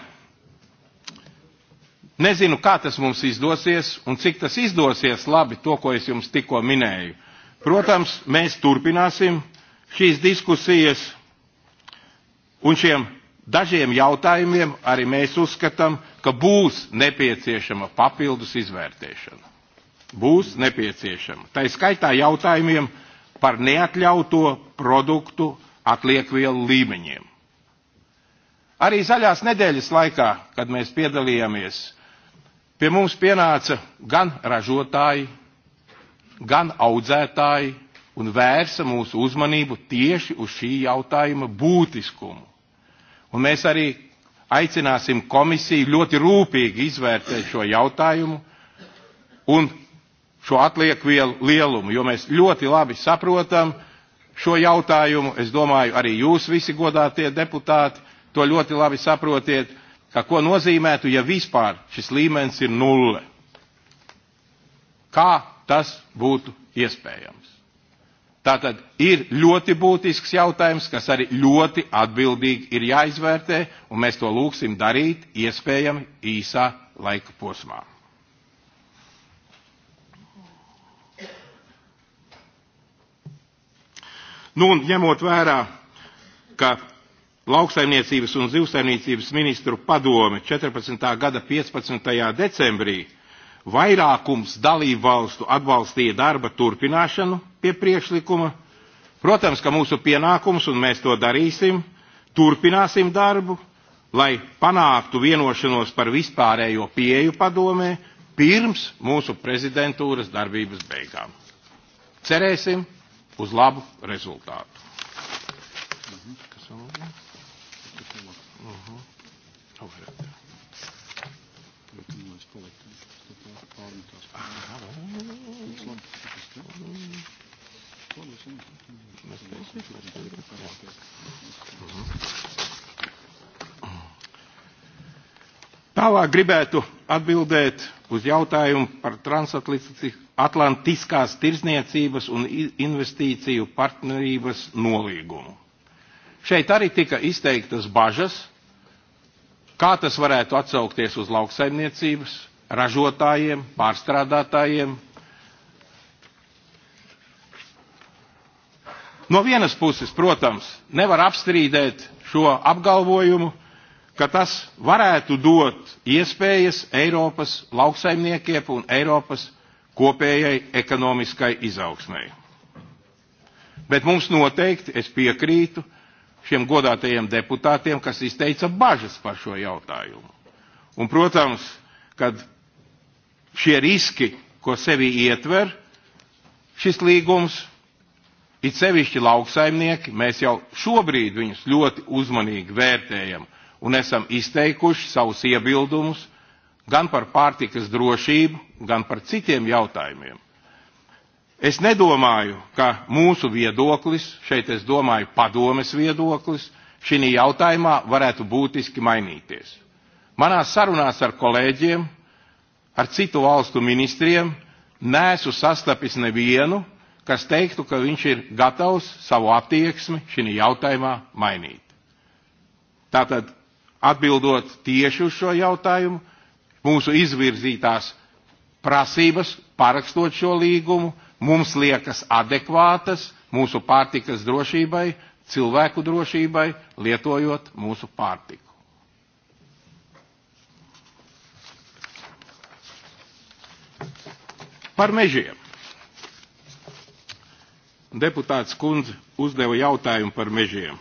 nezinu, kā tas mums izdosies un cik tas izdosies labi to, ko es jums tikko minēju. Protams, mēs turpināsim šīs diskusijas un šiem dažiem jautājumiem arī mēs uzskatām, ka būs nepieciešama papildus izvērtēšana. Būs nepieciešama. Tā ir skaitā jautājumiem par neatļauto produktu atliekvielu līmeņiem. Arī zaļās nedēļas laikā, kad mēs piedalījāmies, pie mums pienāca gan ražotāji, gan audzētāji un vērsa mūsu uzmanību tieši uz šī jautājuma būtiskumu. Un mēs arī aicināsim komisiju ļoti rūpīgi izvērtēt šo jautājumu un šo atliekvielu lielumu, jo mēs ļoti labi saprotam, šo jautājumu. Es domāju, arī jūs visi godātie deputāti to ļoti labi saprotiet, ka ko nozīmētu, ja vispār šis līmenis ir nulle. Kā tas būtu iespējams? Tātad ir ļoti būtisks jautājums, kas arī ļoti atbildīgi ir jāizvērtē, un mēs to lūksim darīt iespējami īsā laika posmā. Nu, un ņemot vērā, ka lauksaimniecības un zivsaimniecības ministru padome 14. gada 15. decembrī vairākums dalību valstu atbalstīja darba turpināšanu pie priekšlikuma. Protams, ka mūsu pienākums, un mēs to darīsim, turpināsim darbu, lai panāktu vienošanos par vispārējo pieju padomē pirms mūsu prezidentūras darbības beigām. Cerēsim, uz labu rezultātu. Tālāk gribētu atbildēt uz jautājumu par transatlantiskās Atlantiskās tirzniecības un investīciju partnerības nolīgumu. Šeit arī tika izteiktas bažas, kā tas varētu atsaukties uz lauksaimniecības, ražotājiem, pārstrādātājiem. No vienas puses, protams, nevar apstrīdēt šo apgalvojumu, ka tas varētu dot iespējas Eiropas lauksaimniekiem un Eiropas kopējai ekonomiskai izaugsmai. Bet mums noteikti, es piekrītu šiem godātajiem deputātiem, kas izteica bažas par šo jautājumu. Un, protams, kad šie riski, ko sevi ietver šis līgums, it sevišķi lauksaimnieki, mēs jau šobrīd viņus ļoti uzmanīgi vērtējam un esam izteikuši savus iebildumus gan par pārtikas drošību, gan par citiem jautājumiem. Es nedomāju, ka mūsu viedoklis, šeit es domāju padomes viedoklis, šī jautājumā varētu būtiski mainīties. Manās sarunās ar kolēģiem, ar citu valstu ministriem, nesu sastapis nevienu, kas teiktu, ka viņš ir gatavs savu attieksmi šī jautājumā mainīt. Tātad, atbildot tieši uz šo jautājumu, mūsu izvirzītās prasības, parakstot šo līgumu, mums liekas adekvātas mūsu pārtikas drošībai, cilvēku drošībai, lietojot mūsu pārtiku. Par mežiem. Deputāts kundze uzdeva jautājumu par mežiem.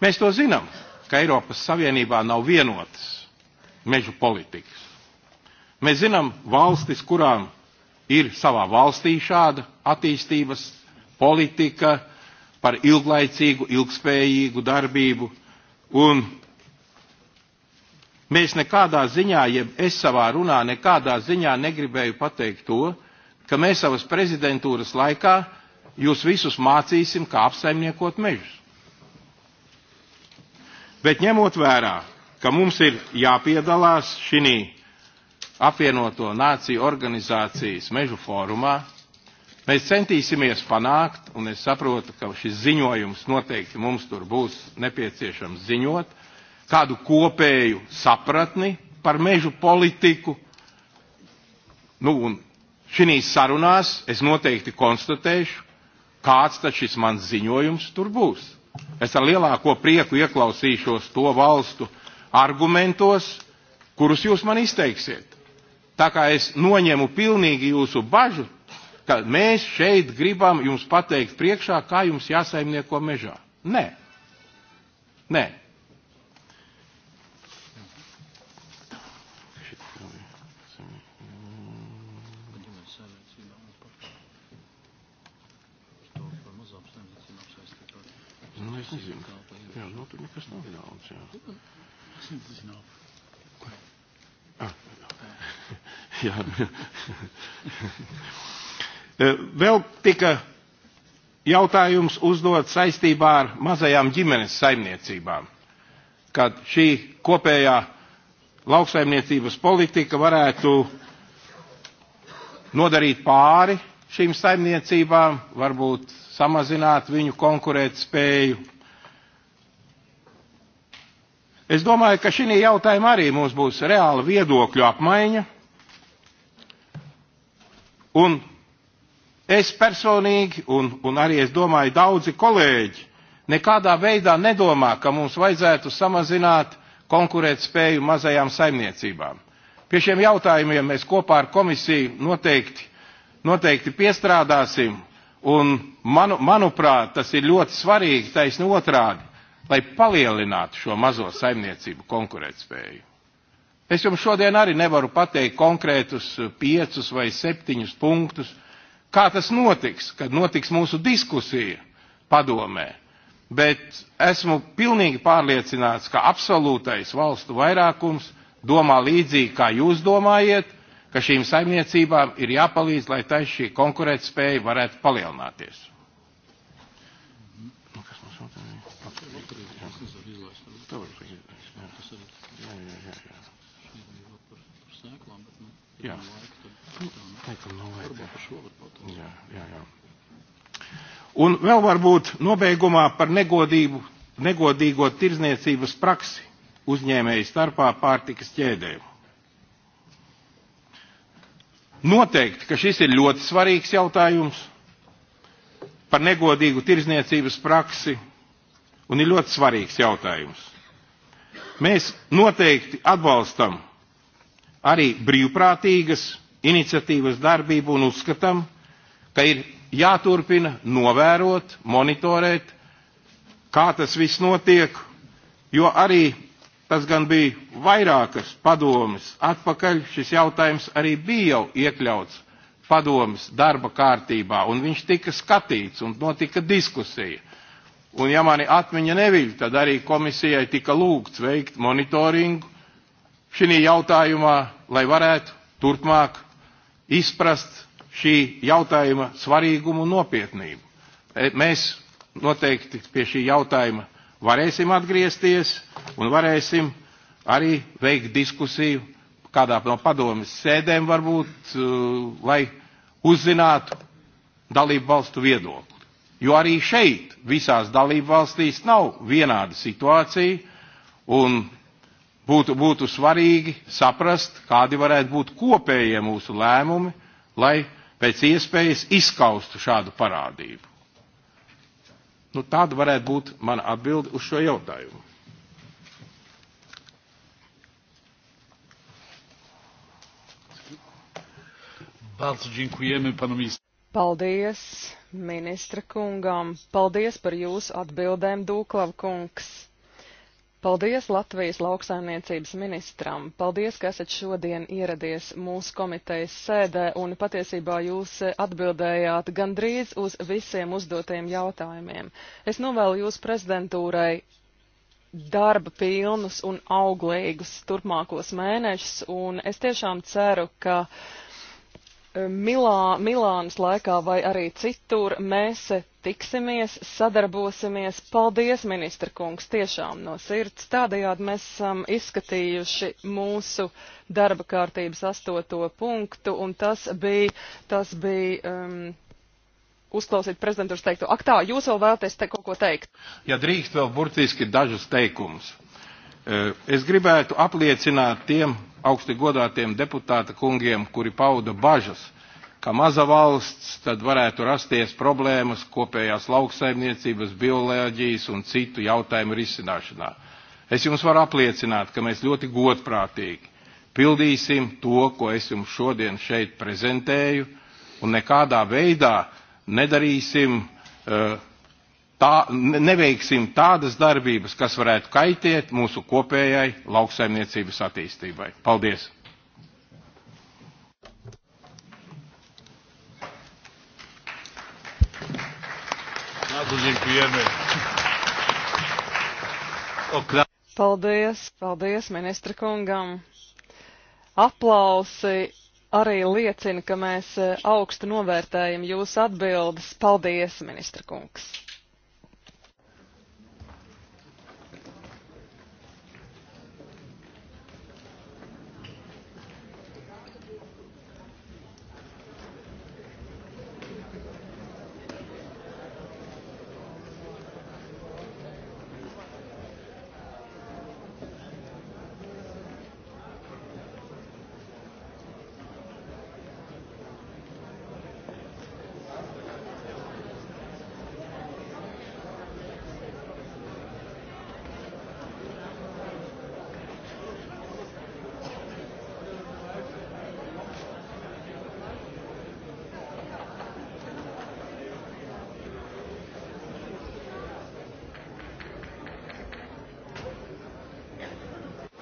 Mēs to zinām, ka Eiropas Savienībā nav vienotas mežu politikas. Mēs zinām valstis, kurām ir savā valstī šāda attīstības politika par ilglaicīgu, ilgspējīgu darbību, un mēs nekādā ziņā, jeb es savā runā nekādā ziņā negribēju pateikt to, ka mēs savas prezidentūras laikā jūs visus mācīsim, kā apsaimniekot mežus. Bet ņemot vērā ka mums ir jāpiedalās šī apvienoto nāciju organizācijas mežu fórumā. Mēs centīsimies panākt, un es saprotu, ka šis ziņojums noteikti mums tur būs nepieciešams ziņot, kādu kopēju sapratni par mežu politiku. Nu, un šīs sarunās es noteikti konstatēšu, kāds tad šis mans ziņojums tur būs. Es ar lielāko prieku ieklausīšos to valstu argumentos, kurus jūs man izteiksiet. Tā kā es noņemu pilnīgi jūsu bažu, ka mēs šeit gribam jums pateikt priekšā, kā jums jāsaimnieko mežā. Nē. Nē. Nu, es nezinu. Jā, nu, tur nekas nav daudz. Jā. Ja. Eh, vēl tika jautājums uzdot saistībā ar mazajām ģimenes saimniecībām, kad šī kopējā lauksaimniecības politika varētu nodarīt pāri šīm saimniecībām, varbūt samazināt viņu konkurētspēju Es domāju, ka šī jautājuma arī mums būs reāla viedokļu apmaiņa. Un es personīgi, un, un arī es domāju daudzi kolēģi, nekādā veidā nedomā, ka mums vajadzētu samazināt konkurētspēju mazajām saimniecībām. Pie šiem jautājumiem mēs kopā ar komisiju noteikti, noteikti piestrādāsim, un manu, manuprāt, tas ir ļoti svarīgi taisni otrādi lai palielinātu šo mazo saimniecību konkurētspēju. Es jums šodien arī nevaru pateikt konkrētus eh, piecus vai septiņus punktus, kā tas notiks, kad notiks mūsu diskusija padomē. Bet esmu pilnīgi pārliecināts, ka absolūtais valstu vairākums domā līdzīgi, kā jūs domājat, ka šīm saimniecībām ir jāpalīdz, lai taisa šī konkurētspēja varētu palielināties. Ja. Jā, jā, jā. Un vēl varbūt nobeigumā par negodību, negodīgo tirzniecības praksi uzņēmēju starpā pārtikas ķēdē. Noteikti, ka šis ir ļoti svarīgs jautājums par negodīgu tirzniecības praksi un ir ļoti svarīgs jautājums. Mēs noteikti atbalstam arī brīvprātīgas iniciatīvas darbību un uzskatām, ka ir jāturpina novērot, monitorēt, kā tas viss notiek, jo arī tas gan bija vairākas padomes atpakaļ, šis jautājums arī bija jau iekļauts padomes darba kārtībā, un viņš tika skatīts, un notika diskusija. Un ja mani atmiņa neviļ, tad arī komisijai tika lūgts veikt monitoringu šī jautājumā, lai varētu turpmāk izprast šī jautājuma svarīgumu un nopietnību. E, mēs noteikti pie šī jautājuma varēsim atgriezties un varēsim arī veikt diskusiju kādā no padomjas sēdēm varbūt, e, lai uzzinātu dalību valstu viedokli. Jo arī šeit visās dalību valstīs nav vienāda situācija, un būtu, būtu svarīgi saprast, kādi varētu būt kopējie mūsu lēmumi, lai pēc iespējas izskaustu šādu parādību. Nu, tāda varētu būt mana atbilde uz šo jautājumu. Paldies ministra kungam, paldies par jūsu atbildēm, Dūklav kungs. Paldies Latvijas lauksaimniecības ministram. Paldies, ka esat šodien ieradies mūsu komitejas sēdē un patiesībā jūs atbildējāt gandrīz uz visiem uzdotajiem jautājumiem. Es novēlu jūs prezidentūrai darba pilnus un auglīgus turpmākos mēnešus un es tiešām ceru, ka. Eh, Milā, Milānas laikā vai arī citur mēs tiksimies, sadarbosimies. Paldies, ministra kungs, tiešām no sirds. Tādējādi mēs esam izskatījuši mūsu darba kārtības astoto punktu, un tas bija, tas bija um, uzklausīt prezidentūras teikto. Ak tā, jūs vēl vēlaties te kaut ko teikt? Ja drīkst vēl burtiski dažus teikumus. Eh, es gribētu apliecināt tiem augsti godātiem deputāta kungiem, kuri pauda bažas ka maza valsts tad varētu rasties problēmas kopējās lauksaimniecības, bioloģijas un citu jautājumu risināšanā. Es jums varu apliecināt, ka mēs ļoti godprātīgi pildīsim to, ko es jums šodien šeit prezentēju, un nekādā veidā nedarīsim uh, tā, neveiksim tādas darbības, kas varētu kaitēt mūsu kopējai lauksaimniecības attīstībai. Paldies! Bardzo dziękujemy. Paldies, paldies ministra kungam. Aplausi arī liecina, ka mēs eh, augstu novērtējam jūsu atbildes. Paldies, ministra kungs.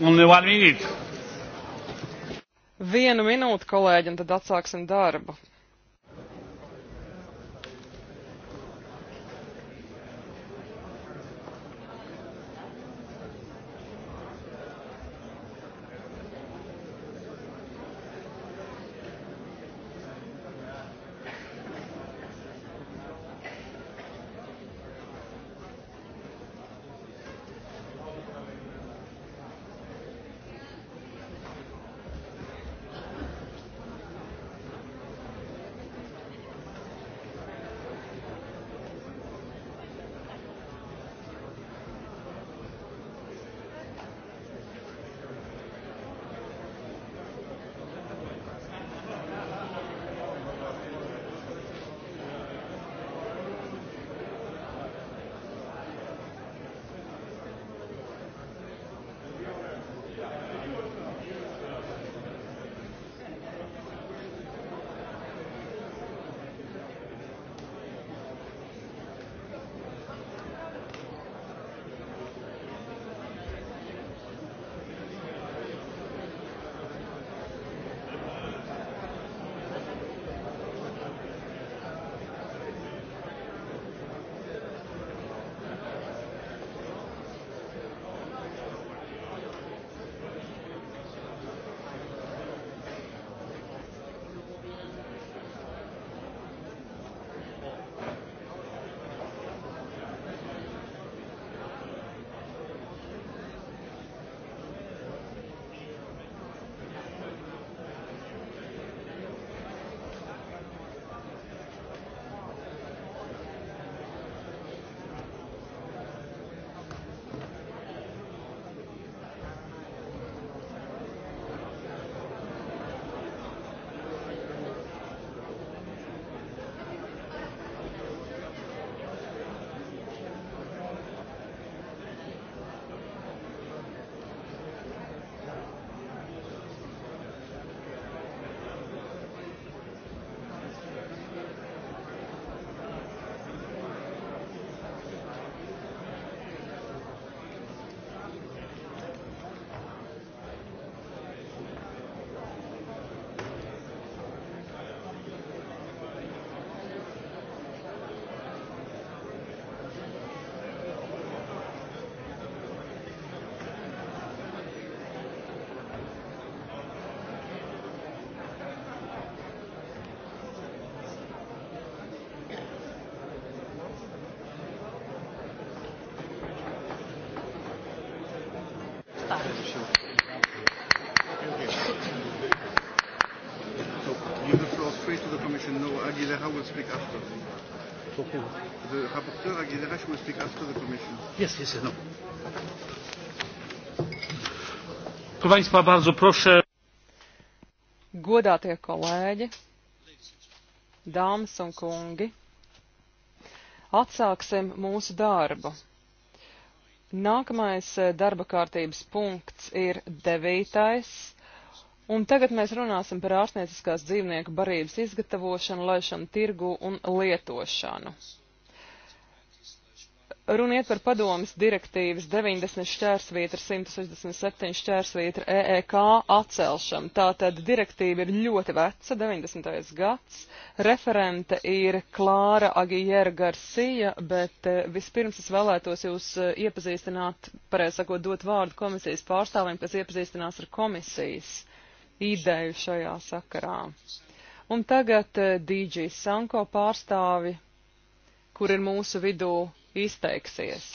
Un one minute. Vienu minūti, kolēģi, un tad atsāksim darbu. Jakie są? Proszę Państwa, bardzo proszę. Godātie kolēģi, dāmas un kungi, atsāksim mūsu darbu. Nākamais eh, darba kārtības punkts ir devītais, un tagad mēs runāsim par ārstnieciskās dzīvnieku barības izgatavošanu, laišanu tirgu un lietošanu. Runa iet par padomas direktīvas 90 šķērsvietra 167 šķērsvietra EEK atcelšanu. Tātad direktīva ir ļoti veca, 90. gads. Referente ir Klāra Agijera Garcia, bet eh, vispirms es vēlētos jūs eh, iepazīstināt, pareizi sakot, dot vārdu komisijas pārstāvim, kas iepazīstinās ar komisijas ideju šajā sakarā. Un tagad eh, DG Sanko pārstāvi, kur ir mūsu vidū izteiksies.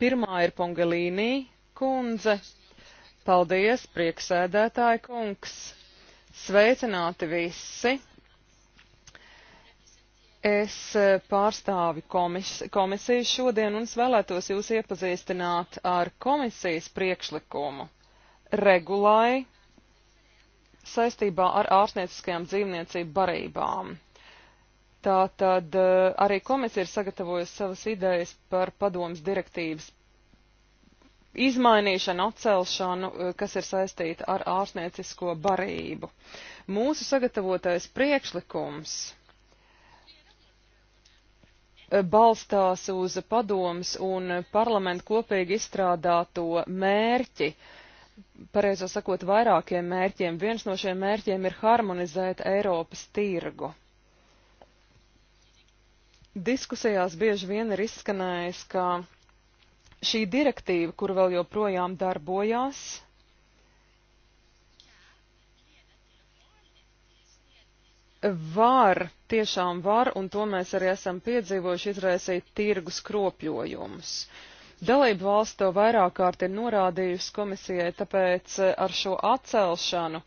Pirmā ir Pongelīnī kundze. Paldies, prieksēdētāji kungs. Sveicināti visi. Es pārstāvu komis komisiju šodien un es vēlētos jūs iepazīstināt ar komisijas priekšlikumu regulai saistībā ar ārstnieciskajām dzīvniecību barībām. Tā tad eh, arī komisija ir sagatavojusi savas idejas par padomas direktīvas izmainīšanu, atcelšanu, eh, kas ir saistīta ar ārstniecisko barību. Mūsu sagatavotais priekšlikums eh, balstās uz padomas un parlamentu kopīgi izstrādāto mērķi, pareizo sakot, vairākiem mērķiem. Viens no šiem mērķiem ir harmonizēt Eiropas tirgu. Diskusijās bieži vien ir izskanējis, ka šī direktīva, kur vēl joprojām darbojās, var, tiešām var, un to mēs arī esam piedzīvojuši, izraisīt tirgus kropļojumus. Dalību valsts to vairāk kārt ir norādījusi komisijai, tāpēc eh, ar šo atcelšanu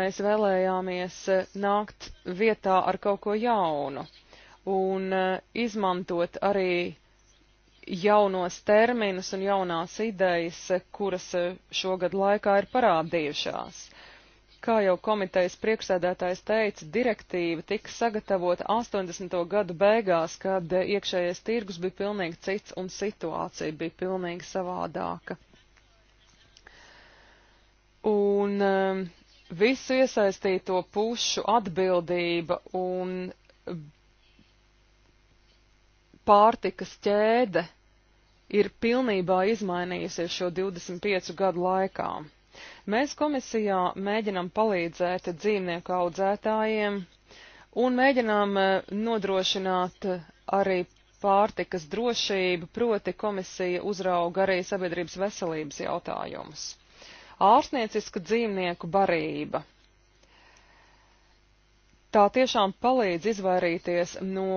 mēs vēlējāmies eh, nākt vietā ar kaut ko jaunu un eh, izmantot arī jaunos terminus un jaunās idejas, eh, kuras eh, šogad laikā ir parādījušās. Kā jau komitejas priekšsēdētājs teica, direktīva tika sagatavota 80. gadu beigās, kad iekšējais tirgus bija pilnīgi cits un situācija bija pilnīgi savādāka. Un visu iesaistīto pušu atbildība un pārtikas ķēde ir pilnībā izmainījusies šo 25 gadu laikā. Mēs komisijā mēģinam palīdzēt dzīvnieku audzētājiem un mēģinām eh, nodrošināt arī pārtikas drošību, proti komisija uzrauga arī sabiedrības veselības jautājumus. Ārstnieciska dzīvnieku barība. Tā tiešām palīdz izvairīties no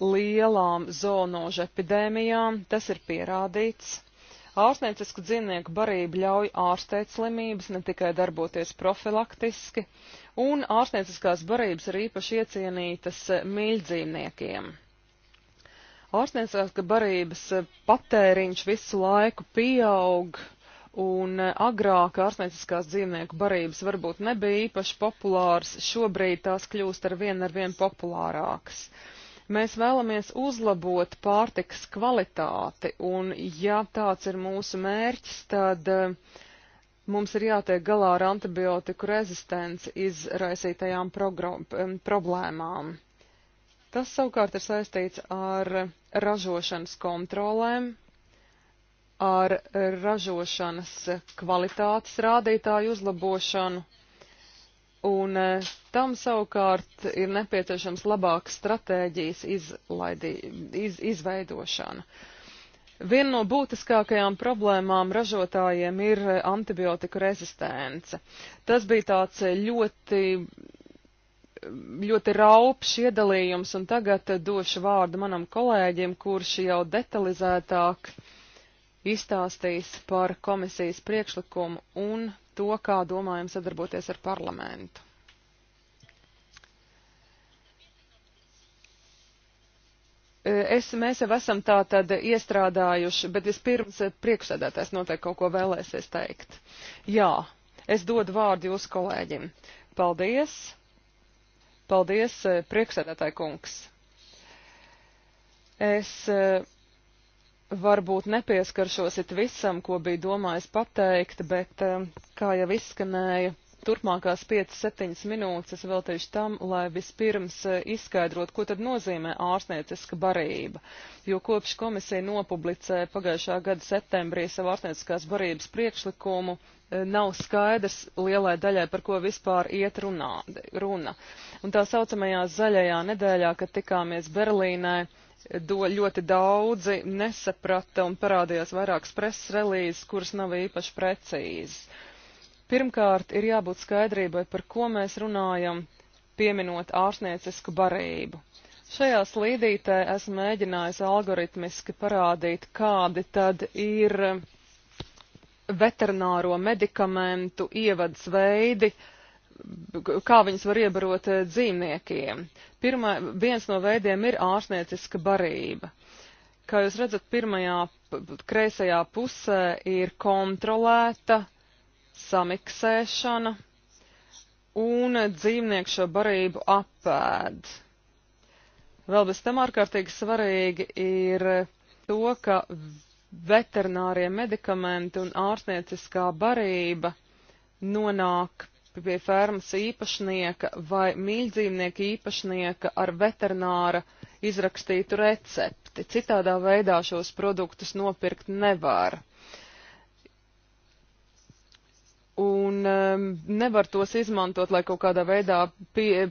lielām zoonožu epidēmijām, tas ir pierādīts. Ārstniecisku dzīvnieku barību ļauj ārstēt slimības, ne tikai darboties profilaktiski, un ārstnieciskās barības ir īpaši iecienītas eh, mīļdzīvniekiem. Ārstnieciskās barības eh, patēriņš visu laiku pieaug, un eh, agrāk ārstnieciskās dzīvnieku barības varbūt nebija īpaši populāras, šobrīd tās kļūst ar vien ar vien populārākas. Uh, Mēs vēlamies uzlabot pārtikas kvalitāti, un ja tāds ir mūsu mērķis, tad eh, mums ir jātiek galā ar antibiotiku rezistenci izraisītajām problēmām. Tas savukārt ir saistīts ar ražošanas kontrolēm, ar ražošanas kvalitātes rādītāju uzlabošanu un eh, tam savukārt ir nepieciešams labāks stratēģijas izlaidī, iz, izveidošana. Viena no būtiskākajām problēmām ražotājiem ir eh, antibiotiku rezistence. Tas bija tāds eh, ļoti, ļoti raupšs iedalījums, un tagad došu vārdu manam kolēģim, kurš jau detalizētāk izstāstīs par komisijas priekšlikumu un to, kā domājam sadarboties ar parlamentu. E, es, mēs jau esam tā tad iestrādājuši, bet vispirms e, priekšsēdētājs noteikti kaut ko vēlēsies teikt. Jā, es dodu vārdu jūsu kolēģim. Paldies! Paldies, e, priekšsēdētāji kungs! Es varbūt nepieskaršos it visam, ko bija domājis pateikt, bet, eh, kā jau izskanēja, turpmākās 5-7 minūtes es veltīšu tam, lai vispirms eh, izskaidrot, ko tad nozīmē ārstnieciska barība. Jo kopš komisija nopublicēja pagājušā gada septembrī savu ārstnieciskās barības priekšlikumu, eh, nav skaidrs lielai daļai, par ko vispār iet runā, runa. Un tā saucamajā zaļajā nedēļā, kad tikāmies Berlīnē, do ļoti daudzi nesaprata un parādījās vairākas preses relīzes, kuras nav īpaši precīzas. Pirmkārt, ir jābūt skaidrībai, par ko mēs runājam, pieminot ārstniecisku barību. Šajā slīdītē esmu mēģinājis algoritmiski parādīt, kādi tad ir veterināro medikamentu ievads veidi, uh, kā viņas var iebarot eh, dzīvniekiem. Pirmā, viens no veidiem ir ārsnieciska barība. Kā jūs redzat, pirmajā kreisajā pusē ir kontrolēta samiksēšana, un dzīvnieks šo barību apēd. Vēl bez tam ārkārtīgi svarīgi ir to, ka veterinārie medikamenti un ārstnieciskā barība nonāk pie fermas īpašnieka vai mīļdzīvnieka īpašnieka ar veterināra izrakstītu recepti. Citādā veidā šos produktus nopirkt nevar. Un um, nevar tos izmantot, lai kaut kādā veidā pie, m,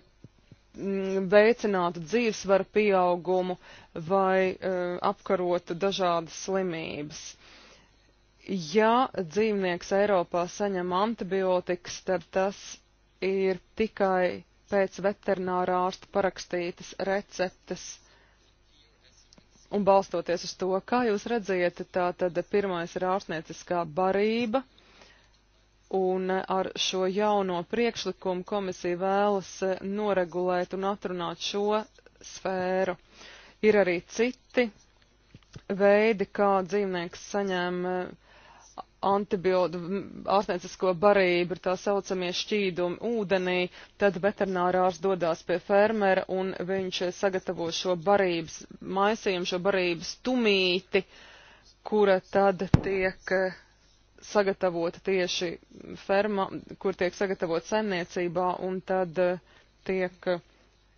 mm, veicinātu dzīvesvaru pieaugumu vai uh, apkarotu dažādas slimības ja dzīvnieks Eiropā saņem antibiotikas, tad tas ir tikai pēc veterinārā ārsta parakstītas receptes. Un balstoties uz to, kā jūs redziet, tā tad pirmais ir ārstnieciskā barība, un ar šo jauno priekšlikumu komisija vēlas noregulēt un atrunāt šo sfēru. Ir arī citi veidi, kā dzīvnieks saņem uh, antibiotu ārstniecisko barību, tā saucamie šķīdumi ūdenī, tad veterinārārs dodās pie fermera un viņš sagatavo šo barības maisījumu, šo barības tumīti, kura tad tiek eh, sagatavota tieši ferma, kur tiek sagatavota saimniecībā un tad eh, tiek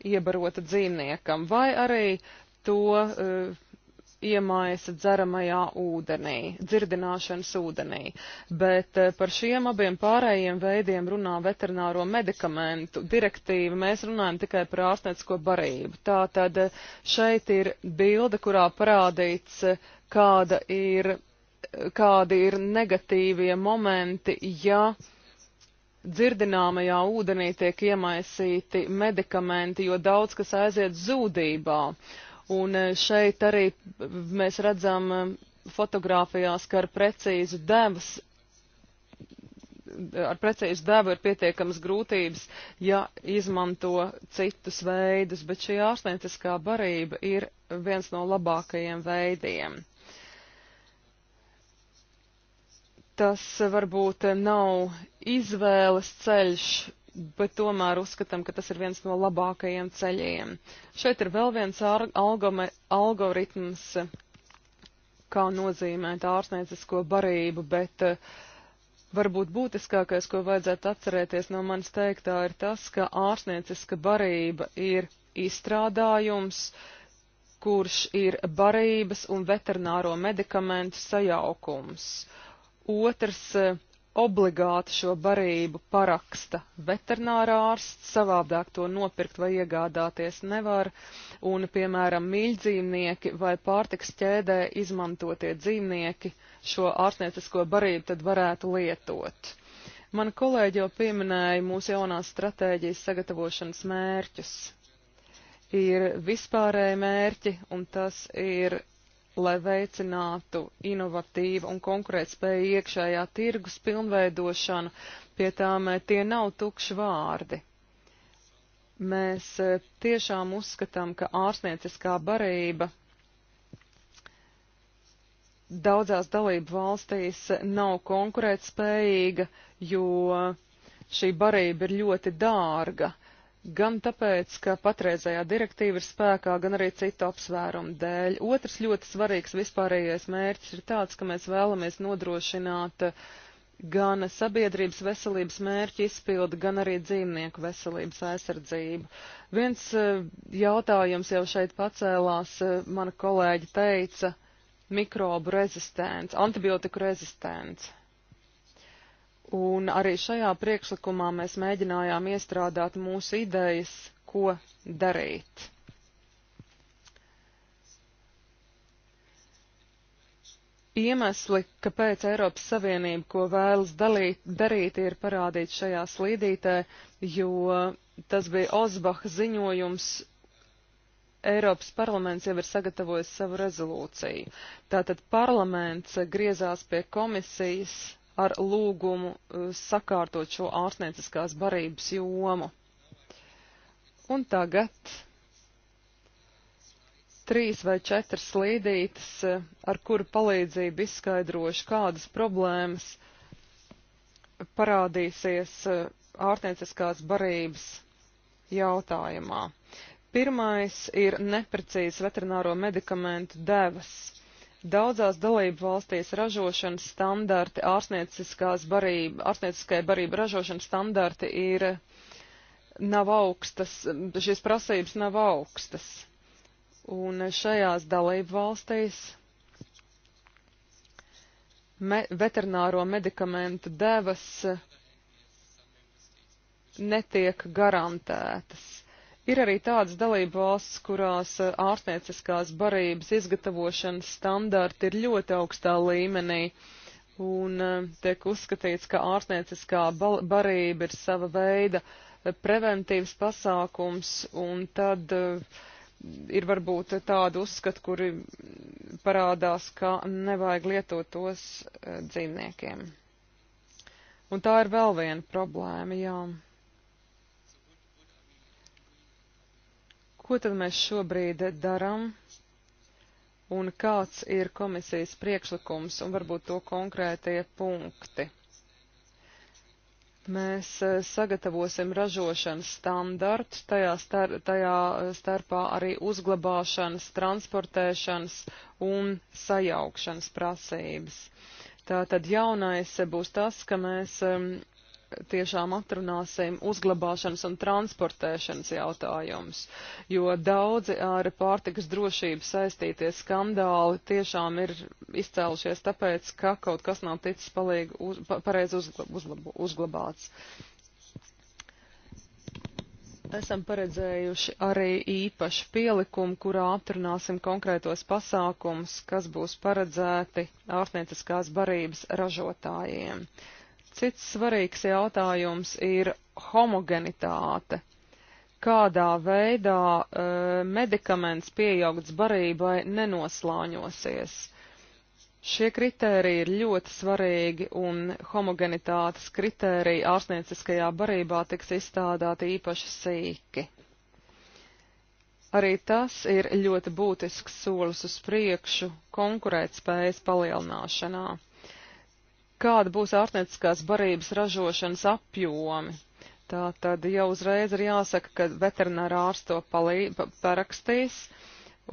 iebarota dzīvniekam. Vai arī to uh, iemaisa dzeramajā ūdenī, dzirdināšanas ūdenī, bet eh, par šiem abiem pārējiem veidiem runā veterināro medikamentu direktīva, mēs runājam tikai par ārstniecisko barību. Tātad eh, šeit ir bilde, kurā parādīts, eh, kāda ir, kādi ir negatīvie momenti, ja dzirdināmajā ūdenī tiek iemaisīti medikamenti, jo daudz kas aiziet zūdībā. Un eh, šeit arī mēs redzam eh, fotogrāfijās, ka ar precīzu devas ar precīzu devu ir pietiekamas grūtības, ja izmanto citus veidus, bet šī ārstnieciskā barība ir viens no labākajiem veidiem. Tas varbūt nav izvēles ceļš, bet tomēr uzskatām, ka tas ir viens no labākajiem ceļiem. Šeit ir vēl viens algome, algoritms, kā nozīmēt ārstniecisko barību, bet eh, varbūt būtiskākais, ko vajadzētu atcerēties no manis teiktā, ir tas, ka ārstnieciska barība ir izstrādājums, kurš ir barības un veterināro medikamentu sajaukums. Otrs eh, obligāti šo barību paraksta veterinārārsts, savādāk to nopirkt vai iegādāties nevar, un, piemēram, mīļdzīvnieki vai pārtiks ķēdē izmantotie dzīvnieki šo ārstniecisko barību tad varētu lietot. Mana kolēģi jau pieminēja mūsu jaunās stratēģijas sagatavošanas mērķus. Ir vispārēji mērķi, un tas ir lai veicinātu inovatīvu un konkurētspēju iekšējā tirgus pilnveidošanu, pie tām eh, tie nav tukši vārdi. Mēs eh, tiešām uzskatām, ka ārstnieciskā barība daudzās dalību valstīs nav konkurētspējīga, jo šī barība ir ļoti dārga gan tāpēc, ka patreizējā direktīva ir spēkā, gan arī citu apsvērumu dēļ. Otrs ļoti svarīgs vispārējais mērķis ir tāds, ka mēs vēlamies nodrošināt gan sabiedrības veselības mērķu izpildi, gan arī dzīvnieku veselības aizsardzību. Viens e, jautājums jau šeit pacēlās, e, mana kolēģi teica, mikrobu rezistents, antibiotiku rezistents. Un arī šajā priekšlikumā mēs mēģinājām iestrādāt mūsu idejas, ko darīt. Iemesli, kāpēc Eiropas Savienība, ko vēlas dalīt, darīt, ir parādīts šajā slīdītē, jo tas bija Ozbaha ziņojums. Eiropas parlaments jau ir sagatavojis savu rezolūciju. Tātad parlaments griezās pie komisijas ar lūgumu e, sakārtot šo ārstnieciskās barības jomu. Un tagad trīs vai četras slīdītes, e, ar kuru palīdzību izskaidrošu, kādas problēmas parādīsies e, ārstnieciskās barības jautājumā. Pirmais ir neprecīzs veterināro medikamentu devas. Daudzās dalību valstīs ražošanas standarti, barība, ārstnieciskai barība ražošanas standarti ir nav augstas, šīs prasības nav augstas. Un šajās dalību valstīs me, veterināro medikamentu devas netiek garantētas. Ir arī tādas dalību valsts, kurās eh, ārstnieciskās barības izgatavošanas standarti ir ļoti augstā līmenī, un eh, tiek uzskatīts, ka ārstnieciskā barība ir sava veida eh, preventīvs pasākums, un tad ir varbūt tāda uzskata, kuri parādās, ka nevajag lietot tos dzīvniekiem. Un tā ir vēl viena problēma, jā. Ko tad mēs šobrīd darām? Un kāds ir komisijas priekšlikums un varbūt to konkrētie punkti? Mēs eh, sagatavosim ražošanas standartus, tajā, star, tajā eh, starpā arī uzglabāšanas, transportēšanas un sajaukšanas prasības. Tātad jaunais būs tas, ka mēs tiešām atrunāsim uzglabāšanas un transportēšanas jautājumus, jo daudzi ar pārtikas drošību saistītie skandāli tiešām ir izcēlušies tāpēc, ka kaut kas nav ticis palīgi uz, pa, pareizi uzglab, uzglab, uzglabāts. Esam paredzējuši arī īpašu pielikumu, kurā atrunāsim konkrētos pasākums, kas būs paredzēti ārstnieciskās barības ražotājiem. Uh, Cits svarīgs jautājums ir homogenitāte. Kādā veidā e, medikaments pieaugts barībai nenoslāņosies? Šie kritēriji ir ļoti svarīgi, un homogenitātes kritēriji ārstnieciskajā barībā tiks izstādāti īpaši sīki. Arī tas ir ļoti būtisks solis uz priekšu konkurētspējas palielināšanā kāda būs ārstnieciskās barības ražošanas apjomi. Tā tad jau uzreiz ir jāsaka, ka veterinārā ārsts to parakstīs,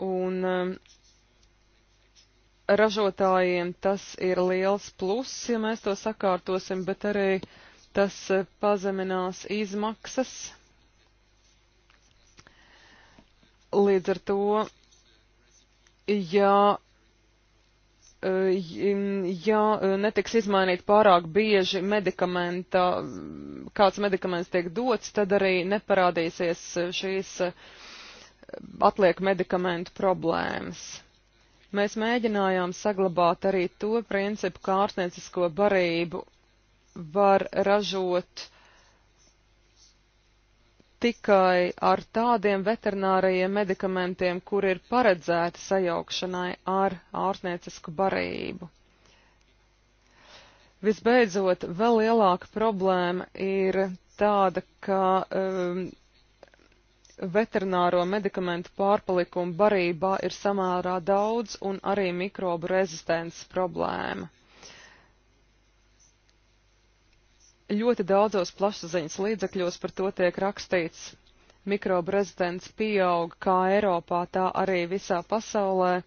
un um, ražotājiem tas ir liels pluss, ja mēs to sakārtosim, bet arī tas uh, pazeminās izmaksas. Līdz ar to, ja ja e, netiks izmainīt pārāk bieži medikamenta, kāds medikaments tiek dots, tad arī neparādīsies šīs e, atliek medikamentu problēmas. Mēs mēģinājām saglabāt arī to principu, kā ārstniecisko barību var ražot uh, tikai ar tādiem veterinārajiem medikamentiem, kur ir paredzēti sajaukšanai ar ārstniecisku barību. Visbeidzot, vēl lielāka problēma ir tāda, ka um, veterināro medikamentu pārpalikumu barībā ir samērā daudz un arī mikrobu rezistences problēma. ļoti daudzos plašsaziņas līdzekļos par to tiek rakstīts. Mikrobu rezistents pieaug kā Eiropā, tā arī visā pasaulē.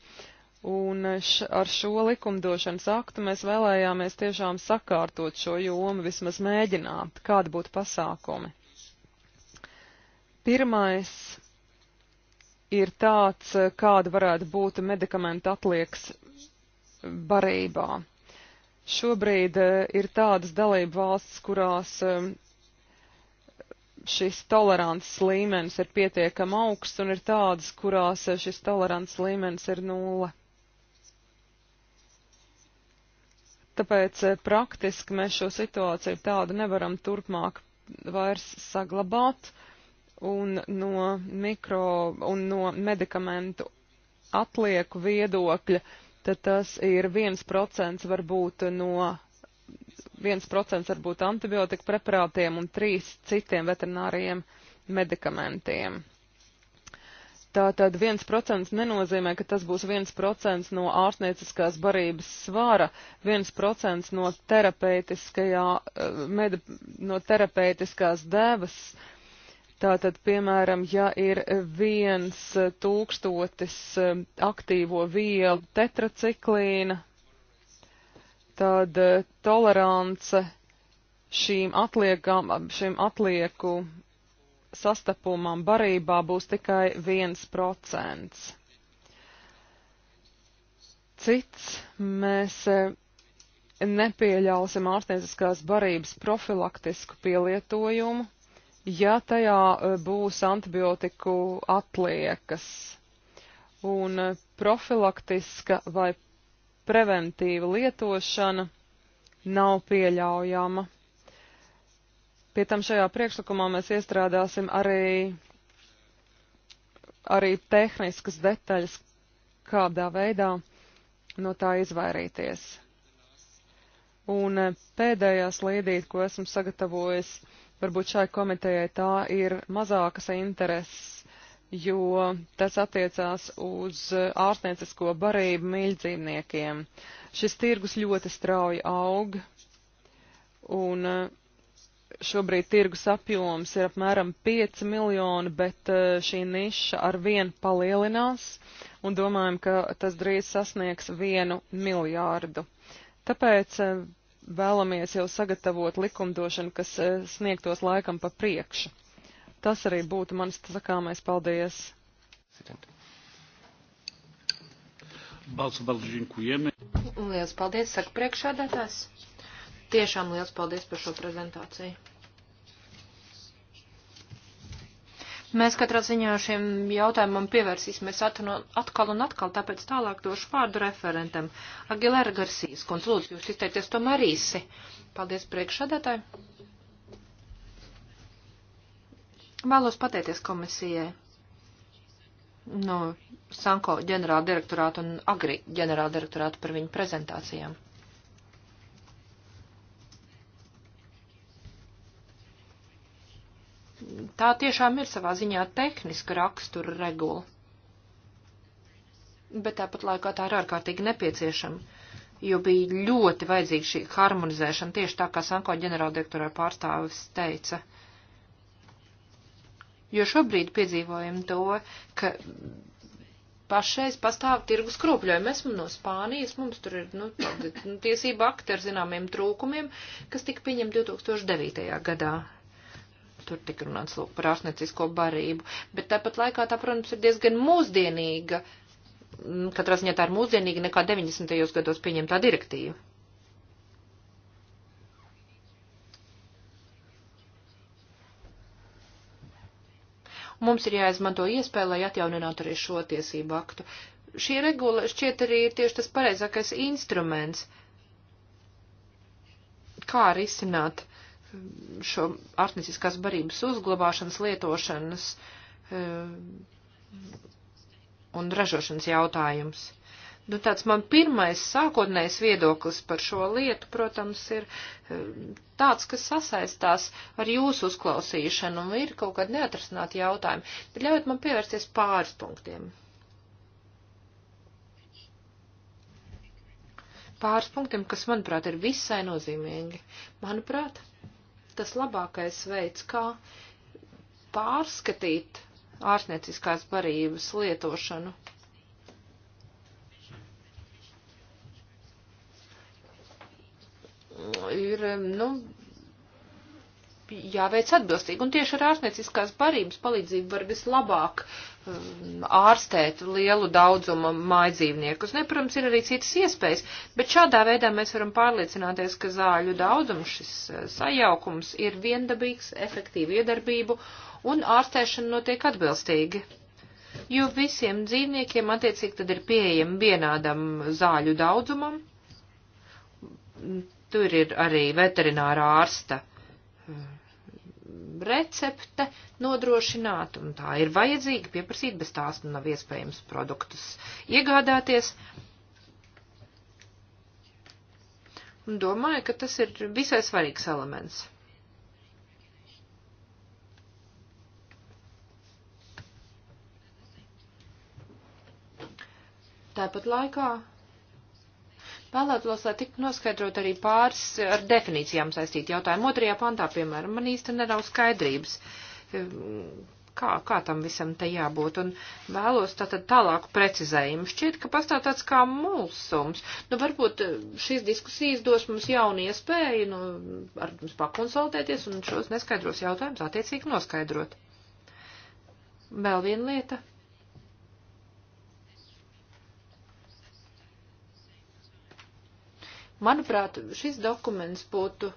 Un š, ar šo likumdošanas aktu mēs vēlējāmies tiešām sakārtot šo jomu, vismaz mēģināt, kāda būtu pasākumi. Pirmais ir tāds, kāda varētu būt medikamentu atlieks barībā. Šobrīd eh, ir tādas dalību valstis, kurās eh, šis tolerants līmenis ir pietiekami augsts, un ir tādas, kurās eh, šis tolerants līmenis ir nulle. Tāpēc praktiski mēs šo situāciju tādu nevaram turpmāk vairs saglabāt, un no mikro un no medikamentu atlieku viedokļa tad tas ir 1% varbūt no 1% varbūt antibiotika preparātiem un 3 citiem veterināriem medikamentiem. Tātad 1% nenozīmē, ka tas būs 1% no ārstnieciskās barības svara, 1% no terapeitiskajā, eh, med, no terapeitiskās devas, Tātad, piemēram, ja ir viens tūkstotis eh, aktīvo vielu tetraciklīna, tad eh, tolerance šīm, atliekam, šīm atlieku sastapumam barībā būs tikai viens procents. Cits mēs eh, nepieļausim ārstnieciskās barības profilaktisku pielietojumu, ja tajā e, būs antibiotiku atliekas. Un e, profilaktiska vai preventīva lietošana nav pieļaujama. Pie tam šajā priekšlikumā mēs iestrādāsim arī, arī tehniskas detaļas, kādā veidā no tā izvairīties. Un e, pēdējā slīdīt, ko esmu sagatavojis, uh, Varbūt šai komitejai tā ir mazākas intereses, jo tas attiecās uz ārstniecisko barību mīļdzīvniekiem. Šis tirgus ļoti strauji aug, un eh, šobrīd tirgus apjoms ir apmēram 5 miljoni, bet eh, šī niša ar vien palielinās un domājam, ka tas drīz sasniegs vienu miljārdu. Tāpēc eh, vēlamies jau sagatavot likumdošanu, kas e, sniegtos laikam pa priekšu. Tas arī būtu mans sakāmais paldies. Balsu, balsu, džinkujemi. Liels paldies, saka priekšādātājs. Tiešām liels paldies par šo prezentāciju. Mēs katrā ziņā šiem jautājumam pievērsīsimies atkal un atkal, tāpēc tālāk došu vārdu referentam. Agilēra Garsīs, kundz, lūdzu, jūs izteikties tomēr īsi. Paldies priekšsādātāji. Vēlos pateikties komisijai no Sanko ģenerāla direktorāta un Agri ģenerāla direktorāta par viņu prezentācijām. tā tiešām ir savā ziņā tehniska rakstura regula. Bet tāpat laikā tā ir ārkārtīgi nepieciešama, jo bija ļoti vajadzīga šī harmonizēšana, tieši tā kā Sanko ģenerāldirektorā pārstāvis teica. Jo šobrīd piedzīvojam to, ka pašreiz pastāv tirgus kropļojumi. Esmu no Spānijas, mums tur ir nu, tāda, nu, tiesība akti ar zināmiem trūkumiem, kas tika pieņemti 2009. gadā. Tur tika runāts lūk par ārstniecisko barību, bet tāpat laikā tā, protams, ir diezgan mūsdienīga. Mm, katrā ziņā tā ir mūsdienīga nekā 90. gados pieņemtā direktīva. mums ir jāizmanto iespēja, lai atjauninātu arī šo tiesību aktu. Šī regula šķiet arī ir tieši tas pareizākais instruments, kā risināt šo ārstnieciskās barības uzglabāšanas, lietošanas e, un ražošanas jautājums. Nu, tāds man pirmais sākotnējs viedoklis par šo lietu, protams, ir e, tāds, kas sasaistās ar jūsu uzklausīšanu un ir kaut kādi neatrasināti jautājumi. Bet ļaujiet man pievērsties pāris punktiem. Pāris punktiem, kas, manuprāt, ir visai nozīmīgi. Manuprāt, tas labākais veids, kā pārskatīt ārstnieciskās barības lietošanu. Ir, nu, jāveic atbilstīgi. Un tieši ar ārstnieciskās barības palīdzību var vislabāk um, ārstēt lielu daudzumu mājdzīvniekus. Ne, protams, ir arī citas iespējas, bet šādā veidā mēs varam pārliecināties, ka zāļu daudzums, šis uh, sajaukums ir viendabīgs, efektīvi iedarbību un ārstēšana notiek atbilstīgi. Jo visiem dzīvniekiem attiecīgi tad ir pieejami vienādam zāļu daudzumam. Tur ir arī veterinārā ārsta um, recepte nodrošināt, un tā ir vajadzīga pieprasīt, bez tās nu nav iespējams produktus iegādāties. Un domāju, ka tas ir visai svarīgs elements. Tāpat laikā Vēlētos, lai tiktu noskaidrot arī pāris eh, ar definīcijām saistīti jautājumi. Otrajā pantā, piemēram, man īsti nedaudz skaidrības eh, kā, kā tam visam te jābūt, un vēlos tātad tālāku precizējumu. Šķiet, ka pastāv tāds kā mulsums. Nu, varbūt eh, šīs diskusijas dos mums jaunu iespēju, nu, ar mums pakonsultēties un šos neskaidros jautājumus attiecīgi noskaidrot. Vēl viena lieta Manuprāt, šis dokuments būtu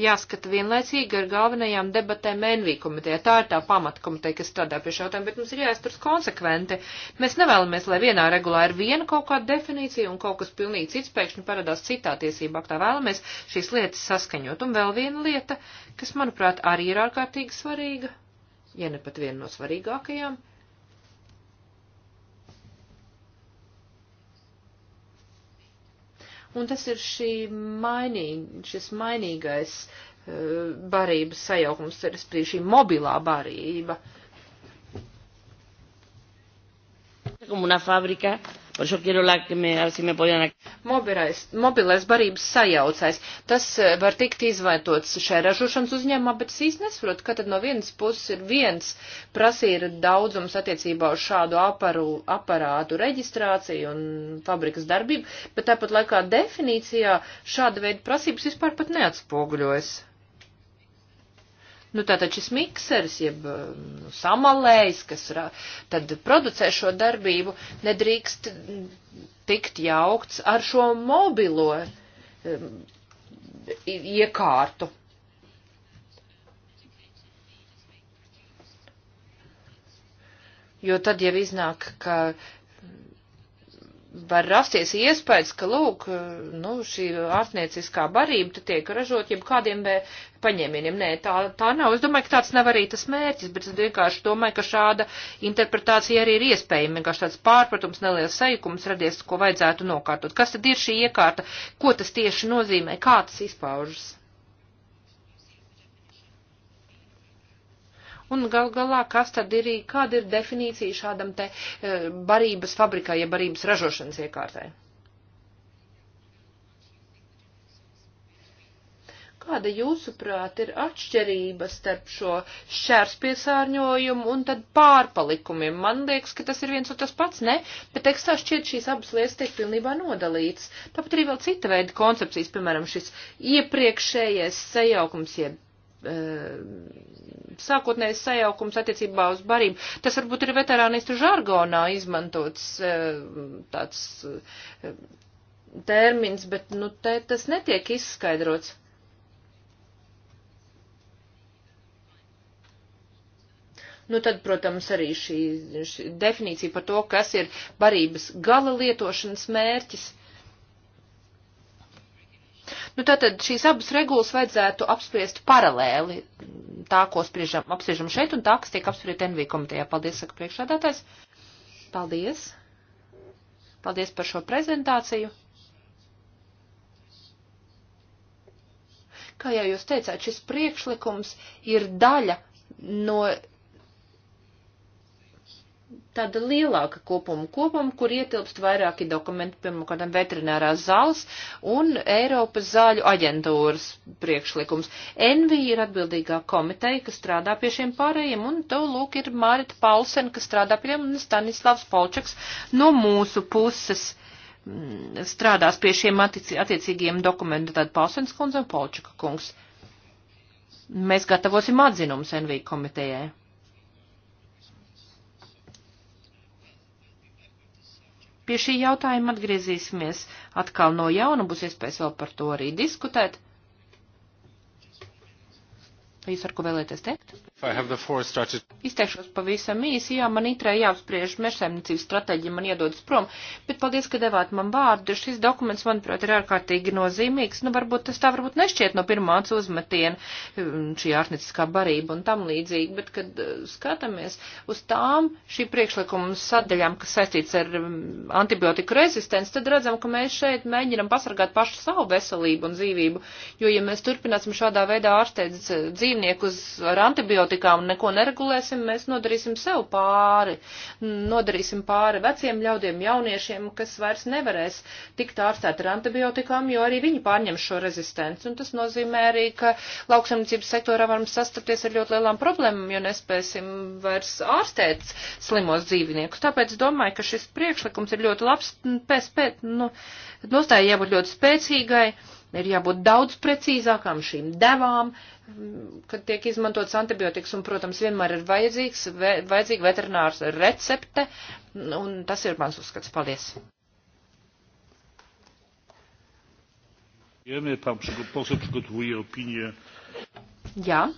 jāskata vienlaicīgi ar galvenajām debatēm NV komitejā. Tā ir tā pamatkomiteja, kas strādā pie šā jautājuma, bet mums ir jāizturas konsekventi. Mēs nevēlamies, lai vienā regulā ir viena kaut kāda definīcija un kaut kas pilnīgi cits pēkšņi parādās citā tiesība aktā. Vēlamies šīs lietas saskaņot. Un vēl viena lieta, kas, manuprāt, arī ir ārkārtīgi svarīga, ja ne pat viena no svarīgākajām, un tas ir šī mainīga, šis mainīgais uh, barības sajaukums, respektīvi šī mobilā barība. Como una fábrica Par šo quiero la, que me, a ver si me podían... Mobilais, mobilais barības sajaucais. Tas eh, var tikt izvaitots šai ražošanas uzņēmumā, bet es īsti nesaprotu, ka tad no vienas puses ir viens prasīra daudzums attiecībā uz šādu aparu, aparātu reģistrāciju un fabrikas darbību, bet tāpat laikā definīcijā šāda veida prasības vispār pat neatspoguļojas. Nu, tātad šis mikseris, jeb nu, samalējs, kas ra, tad producē šo darbību, nedrīkst tikt jaukts ar šo mobilo um, iekārtu. Jo tad jau iznāk, ka var rasties iespējas, ka, lūk, nu, šī ārstnieciskā barība te tiek ražot jau kādiem paņēmieniem. Nē, tā, tā nav. Es domāju, ka tāds nav arī tas mērķis, bet es vienkārši domāju, ka šāda interpretācija arī ir iespējama. Vienkārši tāds pārpratums, neliels sajukums radies, ko vajadzētu nokārtot. Kas tad ir šī iekārta? Ko tas tieši nozīmē? Kā tas izpaužas? un gal galā, kas tad ir, kāda ir definīcija šādam te e, barības fabrikā, ja barības ražošanas iekārtai? Kāda jūsuprāt ir atšķirība starp šo šķērs piesārņojumu un tad pārpalikumiem? Man liekas, ka tas ir viens un tas pats, ne? Bet tekstā šķiet šīs abas lietas tiek pilnībā nodalītas. Tāpat arī vēl cita veida koncepcijas, piemēram, šis iepriekšējais sajaukums, jeb Eh, sākotnējais sajaukums attiecībā uz barību. Tas varbūt ir veterānistu žargonā izmantots eh, tāds eh, termins, bet nu, te tas netiek izskaidrots. Nu, tad, protams, arī šī, šī definīcija par to, kas ir barības gala lietošanas mērķis. Nu, tātad šīs abas regulas vajadzētu apspriest paralēli tā, ko spriežam, apspriežam šeit, un tā, kas tiek apspriest NV komitejā. Paldies, saka priekšādātais. Paldies. Paldies par šo prezentāciju. Kā jau jūs teicāt, šis priekšlikums ir daļa no tāda lielāka kopuma, kopuma, kur ietilpst vairāki dokumenti, piemēram, veterinārās zāles un Eiropas zāļu aģentūras priekšlikums. Envi ir atbildīgā komiteja, kas strādā pie šiem pārējiem, un to lūk ir Mārita Paulsen, kas strādā pie viņiem, un Stanislavs Polčaks no mūsu puses mm, strādās pie šiem attiecīgiem dokumentiem, tad Pausens kundze un Polčaka kungs. Mēs gatavosim atzinumus NV komitejai. Pie šī jautājuma atgriezīsimies atkal no jauna, būs iespējas vēl par to arī diskutēt. Jūs ar ko vēlēties teikt? Izteikšos pavisam īsi, jā, man itrē jāapspriež mežsaimniecības stratēģija, man iedodas prom, bet paldies, ka devāt man vārdu. Šis dokuments, manuprāt, ir ārkārtīgi nozīmīgs. Nu, varbūt tas tā varbūt nešķiet no pirmāts uzmetiena mm, šī ārniciskā barība un tam līdzīgi, bet, kad eh, skatāmies uz tām šī priekšlikuma sadaļām, kas saistīts ar mm, antibiotiku rezistenci, tad redzam, ka mēs šeit mēģinam pasargāt pašu savu veselību un dzīvību, jo, ja mēs turpināsim šādā veidā ārsteidzes dzīvi, dzīvniekus ar antibiotikām un neko neregulēsim, mēs nodarīsim sev pāri. Nodarīsim pāri veciem ļaudiem, jauniešiem, kas vairs nevarēs tikt ārstēt ar antibiotikām, jo arī viņi pārņem šo rezistenci. Un tas nozīmē arī, ka lauksaimniecības sektorā varam sastapties ar ļoti lielām problēmām, jo nespēsim vairs ārstēt slimos dzīvniekus. Tāpēc domāju, ka šis priekšlikums ir ļoti labs, pēc, pēc, nu, nostāja jābūt ļoti spēcīgai ir jābūt daudz precīzākām šīm devām, mm, kad tiek izmantots antibiotikas, un, protams, vienmēr ir vajadzīgs, vajadzīga veterinārs recepte, un tas ir mans uzskats. Paldies! Wiemy, pan poseł przygotowuje opinię. Ja.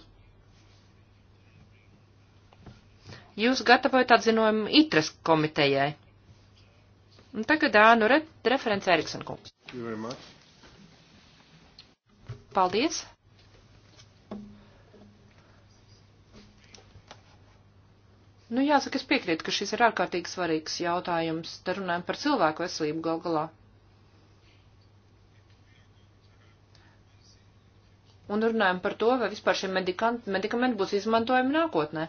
Jūs gatavojat atzinumu ITRES komitejai. Un tagad ānu re referents Eriksen kungs. Thank you very much. Paldies! Nu, jāsaka, es piekrītu, ka šis ir ārkārtīgi svarīgs jautājums. Te runājam par cilvēku veselību gal galā. Un runājam par to, vai vispār šie medikamenti būs izmantojami nākotnē.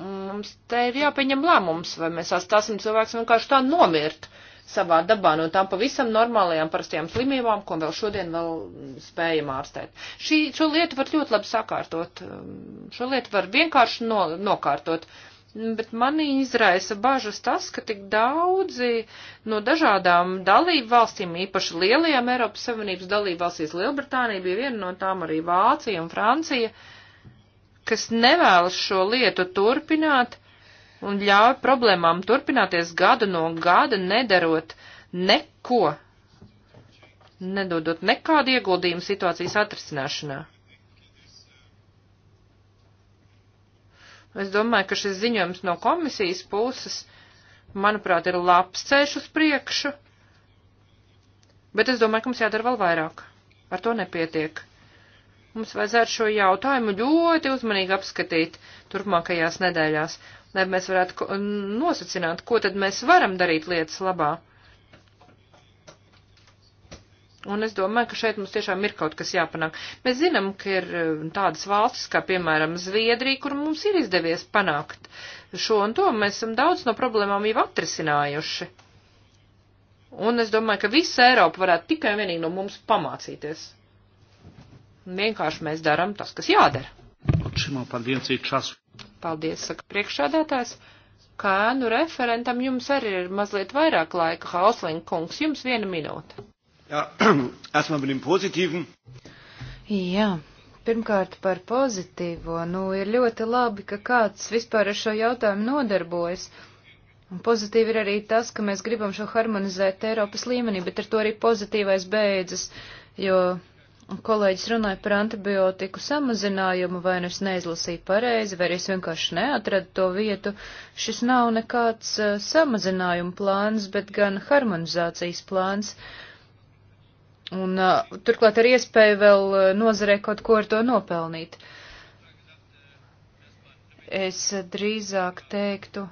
Mums te ir jāpieņem lēmums, vai mēs atstāsim cilvēks vienkārši tā nomirt. Uh, savā dabā no tām pavisam normālajām parastajām slimībām, ko vēl šodien vēl spējam ārstēt. Šī, šo lietu var ļoti labi sakārtot, um, šo lietu var vienkārši no, nokārtot. Bet manī izraisa bažas tas, ka tik daudzi no dažādām dalību valstīm, īpaši lielajām Eiropas Savienības dalību valstīs, Lielbritānija bija viena no tām, arī Vācija un Francija, kas nevēlas šo lietu turpināt, un ļauj problēmām turpināties gadu no gada, nedarot neko, nedodot nekādu ieguldījumu situācijas atrisināšanā. Es domāju, ka šis ziņojums no komisijas puses, manuprāt, ir labs ceļš uz priekšu, bet es domāju, ka mums jādara vēl vairāk. Ar to nepietiek. Mums vajadzētu šo jautājumu ļoti uzmanīgi apskatīt turpmākajās nedēļās lai mēs varētu nosacināt, ko tad mēs varam darīt lietas labā. Un es domāju, ka šeit mums tiešām ir kaut kas jāpanāk. Mēs zinām, ka ir um, tādas valstis, kā piemēram Zviedrija, kur mums ir izdevies panākt šo un to. Mēs esam daudz no problēmām jau atrisinājuši. Un es domāju, ka visa Eiropa varētu tikai un vienīgi no mums pamācīties. Vienkārši mēs darām tas, kas jādara. Otrzymał pan więcej czasu. Paldies, saka priekšādātājs. Kā nu referentam jums arī ir mazliet vairāk laika, Hausling kungs, jums viena minūte. Jā, <clears throat> esmu par pozitīvu. Jā, pirmkārt par pozitīvo. Nu, ir ļoti labi, ka kāds vispār ar šo jautājumu nodarbojas. Un pozitīvi ir arī tas, ka mēs gribam šo harmonizēt Eiropas līmenī, bet ar to arī pozitīvais beidzas, jo kolēģis runāja par antibiotiku samazinājumu, vai nu es neizlasīju pareizi, vai es vienkārši neatradu to vietu. Šis nav nekāds uh, samazinājuma plāns, bet gan harmonizācijas plāns. Un uh, turklāt ar iespēju vēl uh, nozarē kaut ko ar to nopelnīt. Es drīzāk teiktu,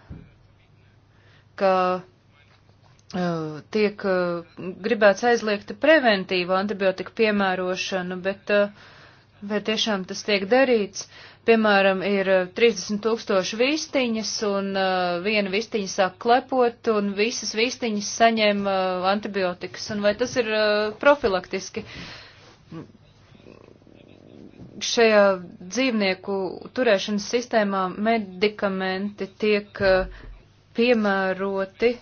ka Eh, tiek eh, gribēts aizliegt preventīvu antibiotiku piemērošanu, bet eh, vai tiešām tas tiek darīts? Piemēram, ir 30 tūkstoši vistiņas, un viena vistiņa sāk klepot, un visas vistiņas saņem antibiotikas, un vai tas ir profilaktiski? Šajā dzīvnieku turēšanas sistēmā medikamenti tiek piemēroti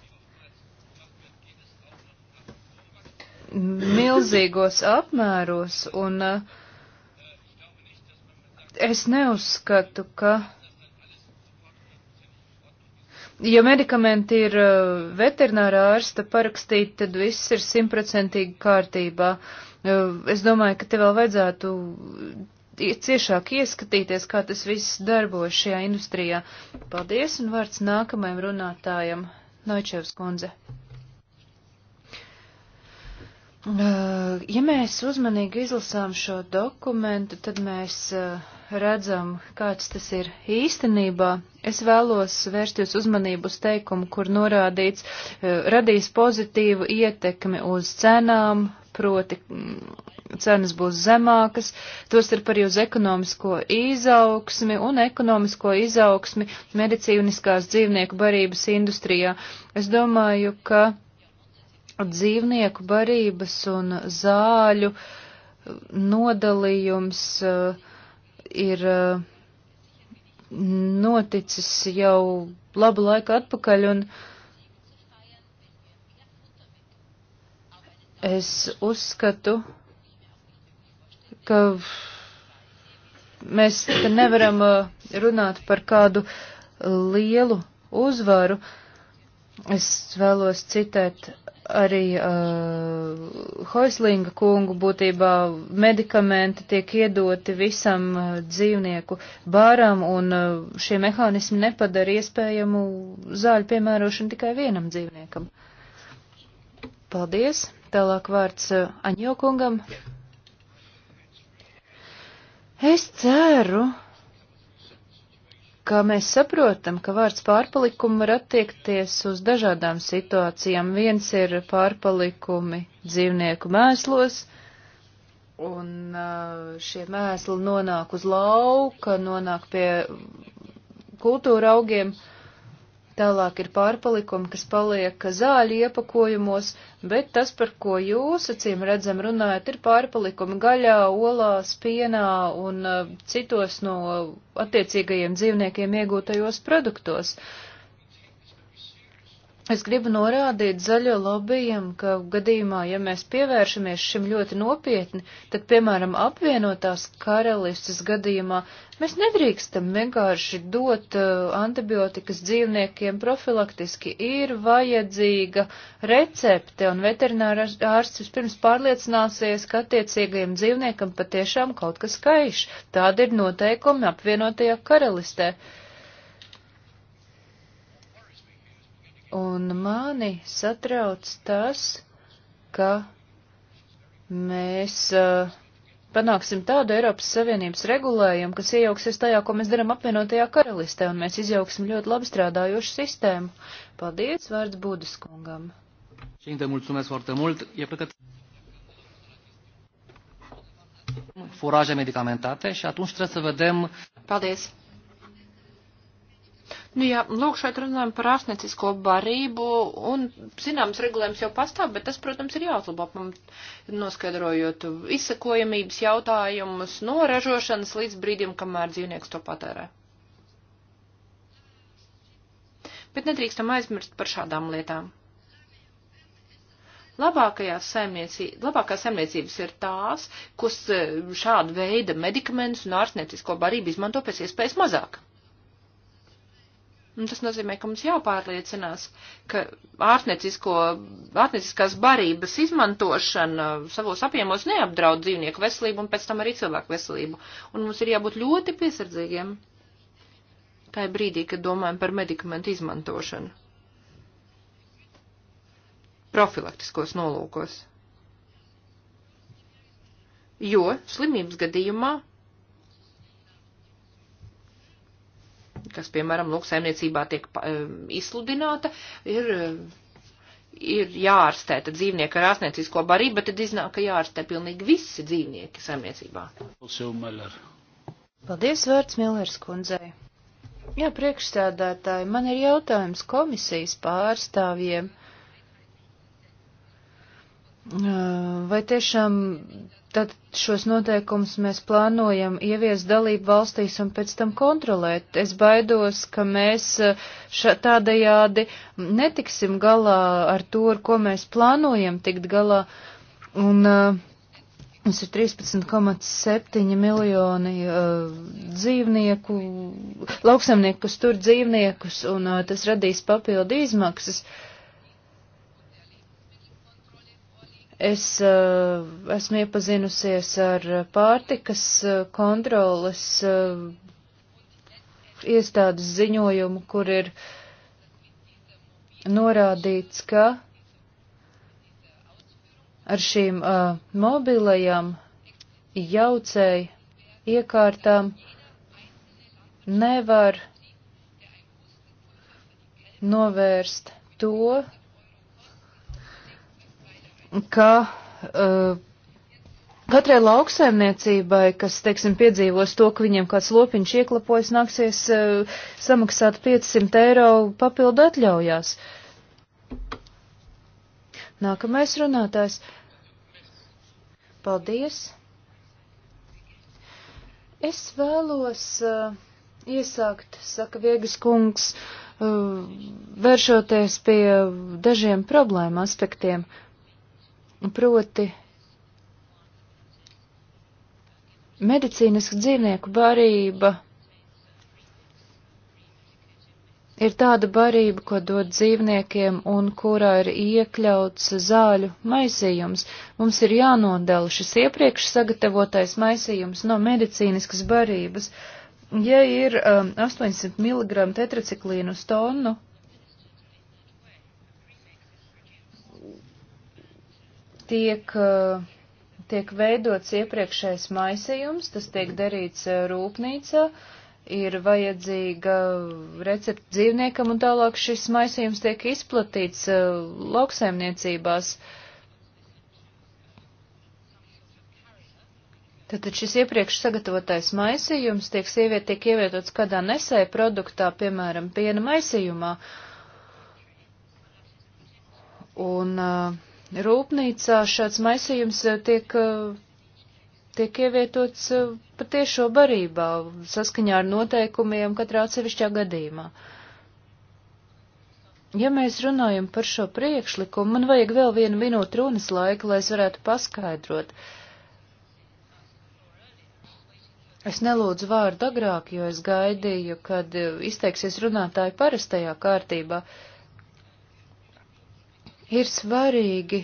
milzīgos apmēros, un eh, es neuzskatu, ka. Ja medikamenti ir eh, veterinārā ārsta parakstīti, tad viss ir simtprocentīgi kārtībā. Eh, es domāju, ka te vēl vajadzētu ciešāk ieskatīties, kā tas viss darbojas šajā industrijā. Paldies, un vārds nākamajam runātājam, Noičevs kundze. Eh, ja mēs uzmanīgi izlasām šo dokumentu, tad mēs eh, redzam, kāds tas ir īstenībā. Es vēlos vērst jūs uzmanību uz teikumu, kur norādīts, eh, radīs pozitīvu ietekmi uz cenām, proti mm, cenas būs zemākas, tostarp arī uz ekonomisko izaugsmi un ekonomisko izaugsmi medicīniskās dzīvnieku barības industrijā. Es domāju, ka dzīvnieku barības un zāļu nodalījums eh, ir eh, noticis jau labu laiku atpakaļ, un es uzskatu, ka mēs te nevaram eh, runāt par kādu lielu uzvaru. Es vēlos citēt arī uh, Hoislinga kungu būtībā medikamenti tiek iedoti visam uh, dzīvnieku bāram, un uh, šie mehānismi nepadara iespējamu zāļu piemērošanu tikai vienam dzīvniekam. Paldies. Tālāk vārds uh, Aņokungam. Es ceru, ka mēs saprotam, ka vārds pārpalikumi var attiekties uz dažādām situācijām. Viens ir pārpalikumi dzīvnieku mēslos, un šie mēsli nonāk uz lauka, nonāk pie kultūra augiem. Uh, Tālāk ir pārpalikumi, kas paliek zāļu iepakojumos, bet tas, par ko jūs acīm redzam runājat, ir pārpalikumi gaļā, olās, pienā un eh, citos no attiecīgajiem dzīvniekiem iegūtajos produktos. Uh, Es gribu norādīt zaļo lobbyiem, ka gadījumā, ja mēs pievēršamies šim ļoti nopietni, tad, piemēram, apvienotās karalistes gadījumā mēs nedrīkstam vienkārši dot uh, antibiotikas dzīvniekiem profilaktiski. Ir vajadzīga recepte, un veterinārs ārsts vispirms pārliecināsies, ka attiecīgajam dzīvniekam patiešām kaut kas skaiš. Tāda ir noteikumi apvienotajā karalistē. Uh, Un mani satrauc tas, ka mēs uh, panāksim tādu Eiropas Savienības regulējumu, kas iejauksies tajā, ko mēs darām apvienotajā karalistē, un mēs izjauksim ļoti labi strādājošu sistēmu. Paldies, vārds Budas kungam. E Furaje medicamentate și atunci trebuie să vedem. Paldies. Nu jā, lūk, šeit runājam par ārstniecisko barību, un zināms regulējums jau pastāv, bet tas, protams, ir jāuzlabo, noskaidrojot izsakojamības jautājumus no ražošanas līdz brīdim, kamēr dzīvnieks to patērē. Bet nedrīkstam aizmirst par šādām lietām. Saimniecī, labākās saimniecības ir tās, kas eh, šādu veidu medikamentus un ārstniecisko barību izmanto pēc iespējas mazāk. Un tas nozīmē, ka mums jāpārliecinās, ka ārtnieciskās barības izmantošana savos apjemos neapdraud dzīvnieku veselību un pēc tam arī cilvēku veselību. Un mums ir jābūt ļoti piesardzīgiem. Tā ir brīdī, kad domājam par medikamentu izmantošanu. Profilaktiskos nolūkos. Jo slimības gadījumā kas, piemēram, luksaimniecībā tiek eh, izsludināta, ir, eh, ir jārastē tad dzīvnieki ar ārstniecisko barību, bet tad iznāk, ka jārastē pilnīgi visi dzīvnieki saimniecībā. Paldies, vārds Millers kundzei. Jā, priekšsēdētāji, man ir jautājums komisijas pārstāvjiem. Vai tiešām tad šos noteikumus mēs plānojam ieviest dalību valstīs un pēc tam kontrolēt. Es baidos, ka mēs eh, ša, tādajādi netiksim galā ar to, ar ko mēs plānojam tikt galā. Un uh, mums ir 13,7 miljoni uh, dzīvnieku, lauksamnieku, kas tur dzīvniekus, un uh, tas radīs papildu izmaksas. Uh, Es uh, esmu iepazinusies ar pārtikas eh, kontroles uh, iestādes ziņojumu, kur ir norādīts, ka ar šīm uh, mobilajām jaucēju iekārtām nevar novērst to, ka uh, Katrai lauksaimniecībai, kas, teiksim, piedzīvos to, ka viņiem kāds lopiņš ieklapojas, nāksies uh, samaksāt 500 eiro papildu atļaujās. Nākamais runātājs. Paldies. Es vēlos uh, iesākt, saka Viegas kungs, uh, vēršoties pie dažiem problēma aspektiem. Uh, Proti, medicīnisku dzīvnieku barība ir tāda barība, ko dod dzīvniekiem un kurā ir iekļauts zāļu maisījums. Mums ir jānodala šis iepriekš sagatavotais maisījums no medicīniskas barības. Ja ir um, 800 mg tetraciklīnu uz tonu, tiek, eh, tiek veidots iepriekšējs maisījums, tas tiek darīts eh, rūpnīcā, ir vajadzīga recepte dzīvniekam, un tālāk šis maisījums tiek izplatīts eh, lauksaimniecībās. Tātad šis iepriekš sagatavotais maisījums tiek sieviete tiek ievietots kādā nesēja produktā, piemēram, piena maisījumā. Un uh, rūpnīcā šāds maisījums eh, tiek, eh, tiek ievietots eh, patiešo barībā, saskaņā ar noteikumiem katrā atsevišķā gadījumā. Ja mēs runājam par šo priekšlikumu, man vajag vēl vienu minūtu runas laika, lai es varētu paskaidrot. Es nelūdzu vārdu agrāk, jo es gaidīju, kad izteiksies runātāji parastajā kārtībā. Uh, ir svarīgi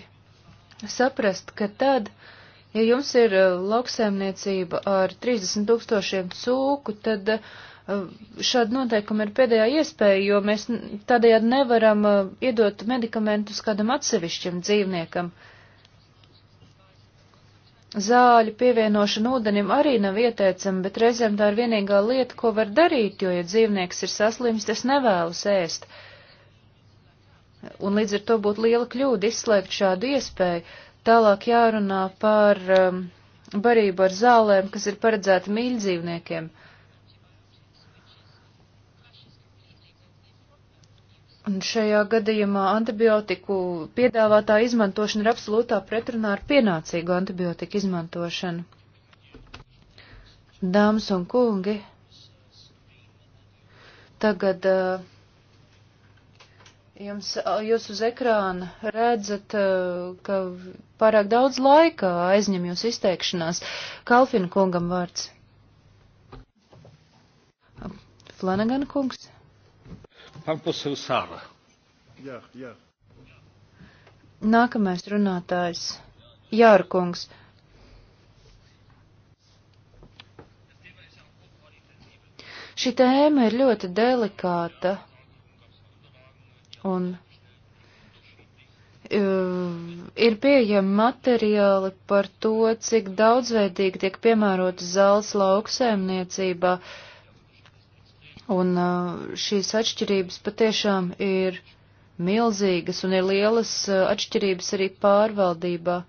saprast, ka tad, ja jums ir eh, lauksaimniecība ar 30 tūkstošiem cūku, tad eh, šāda noteikuma ir pēdējā iespēja, jo mēs tādējādi nevaram eh, iedot medikamentus kādam atsevišķam dzīvniekam. Zāļu pievienošana ūdenim arī nav ieteicama, bet reizēm tā ir vienīgā lieta, ko var darīt, jo, ja dzīvnieks ir saslims, tas nevēlas ēst. Uh, Un līdz ar to būtu liela kļūda izslēgt šādu iespēju. Tālāk jārunā par um, barību ar zālēm, kas ir paredzēta mīļdzīvniekiem. Un šajā gadījumā antibiotiku piedāvātā izmantošana ir absolūtā pretrunā ar pienācīgu antibiotiku izmantošanu. Dāmas un kungi, tagad uh, Jums, jūs uz ekrāna redzat, ka pārāk daudz laika aizņem jūs izteikšanās. Kalfina kungam vārds. Flanagan kungs. Pampusel Sāra. Jā, jā. Nākamais runātājs. Jāra kungs. Šī tēma ir ļoti delikāta Un e, ir pieejami materiāli par to, cik daudzveidīgi tiek piemērotas zāles lauksēmniecībā, un e, šīs atšķirības patiešām ir milzīgas, un ir lielas e, atšķirības arī pārvaldībā.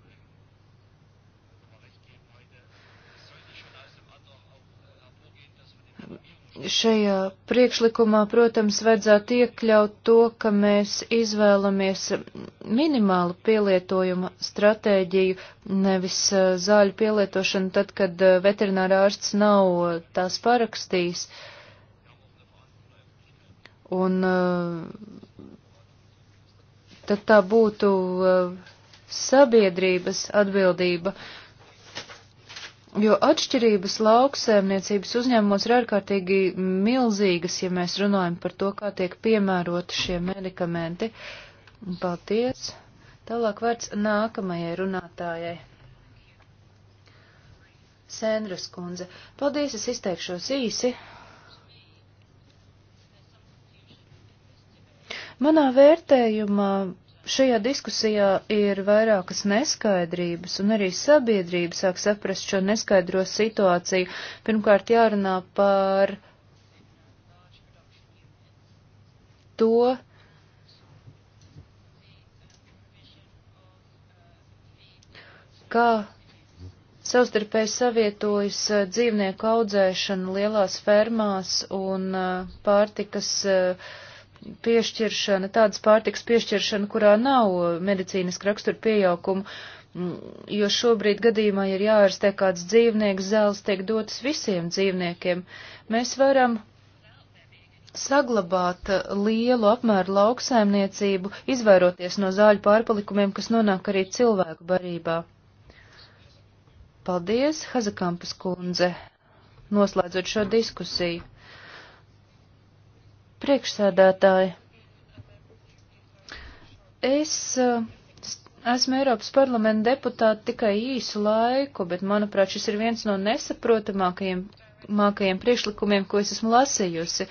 šajā priekšlikumā, protams, vajadzētu iekļaut to, ka mēs izvēlamies minimālu pielietojuma stratēģiju, nevis zāļu pielietošanu tad, kad veterinārā ārsts nav tās parakstījis. Un tad tā būtu sabiedrības atbildība. Uh, Jo atšķirības lauksēmniecības uzņēmumos ir ārkārtīgi milzīgas, ja mēs runājam par to, kā tiek piemēroti šie medikamenti. Paldies! Tālāk vērts nākamajai runātājai. Sēndras kundze. Paldies, es izteikšos īsi. Manā vērtējumā šajā diskusijā ir vairākas neskaidrības, un arī sabiedrība sāk saprast šo neskaidro situāciju. Pirmkārt, jārunā par to, kā savstarpēji savietojas uh, dzīvnieku audzēšana lielās fermās un uh, pārtikas uh, piešķiršana, tādas pārtiks piešķiršana, kurā nav medicīniska rakstura piejaukuma, jo šobrīd gadījumā ir jāārstē kāds dzīvnieks, zēls tiek dotas visiem dzīvniekiem. Mēs varam saglabāt lielu apmēru lauksaimniecību, izvairoties no zāļu pārpalikumiem, kas nonāk arī cilvēku barībā. Paldies, Hazakampus kundze, noslēdzot šo diskusiju. Priekšsēdētāji, es eh, esmu Eiropas parlamenta deputāta tikai īsu laiku, bet, manuprāt, šis ir viens no nesaprotamākajiem mākajiem priekšlikumiem, ko es esmu lasījusi.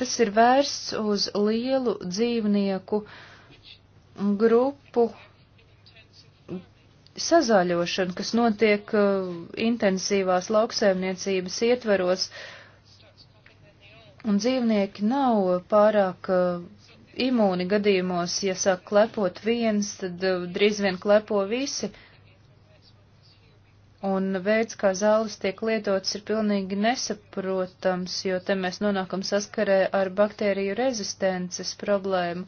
Tas ir vērsts uz lielu dzīvnieku grupu sazāļošanu, kas notiek uh, intensīvās lauksēmniecības ietveros. Uh, Un dzīvnieki nav pārāk eh, imūni gadījumos, ja sāk klepot viens, tad eh, drīz vien klepo visi. Un veids, kā zāles tiek lietotas, ir pilnīgi nesaprotams, jo te mēs nonākam saskarē ar baktēriju rezistences problēmu.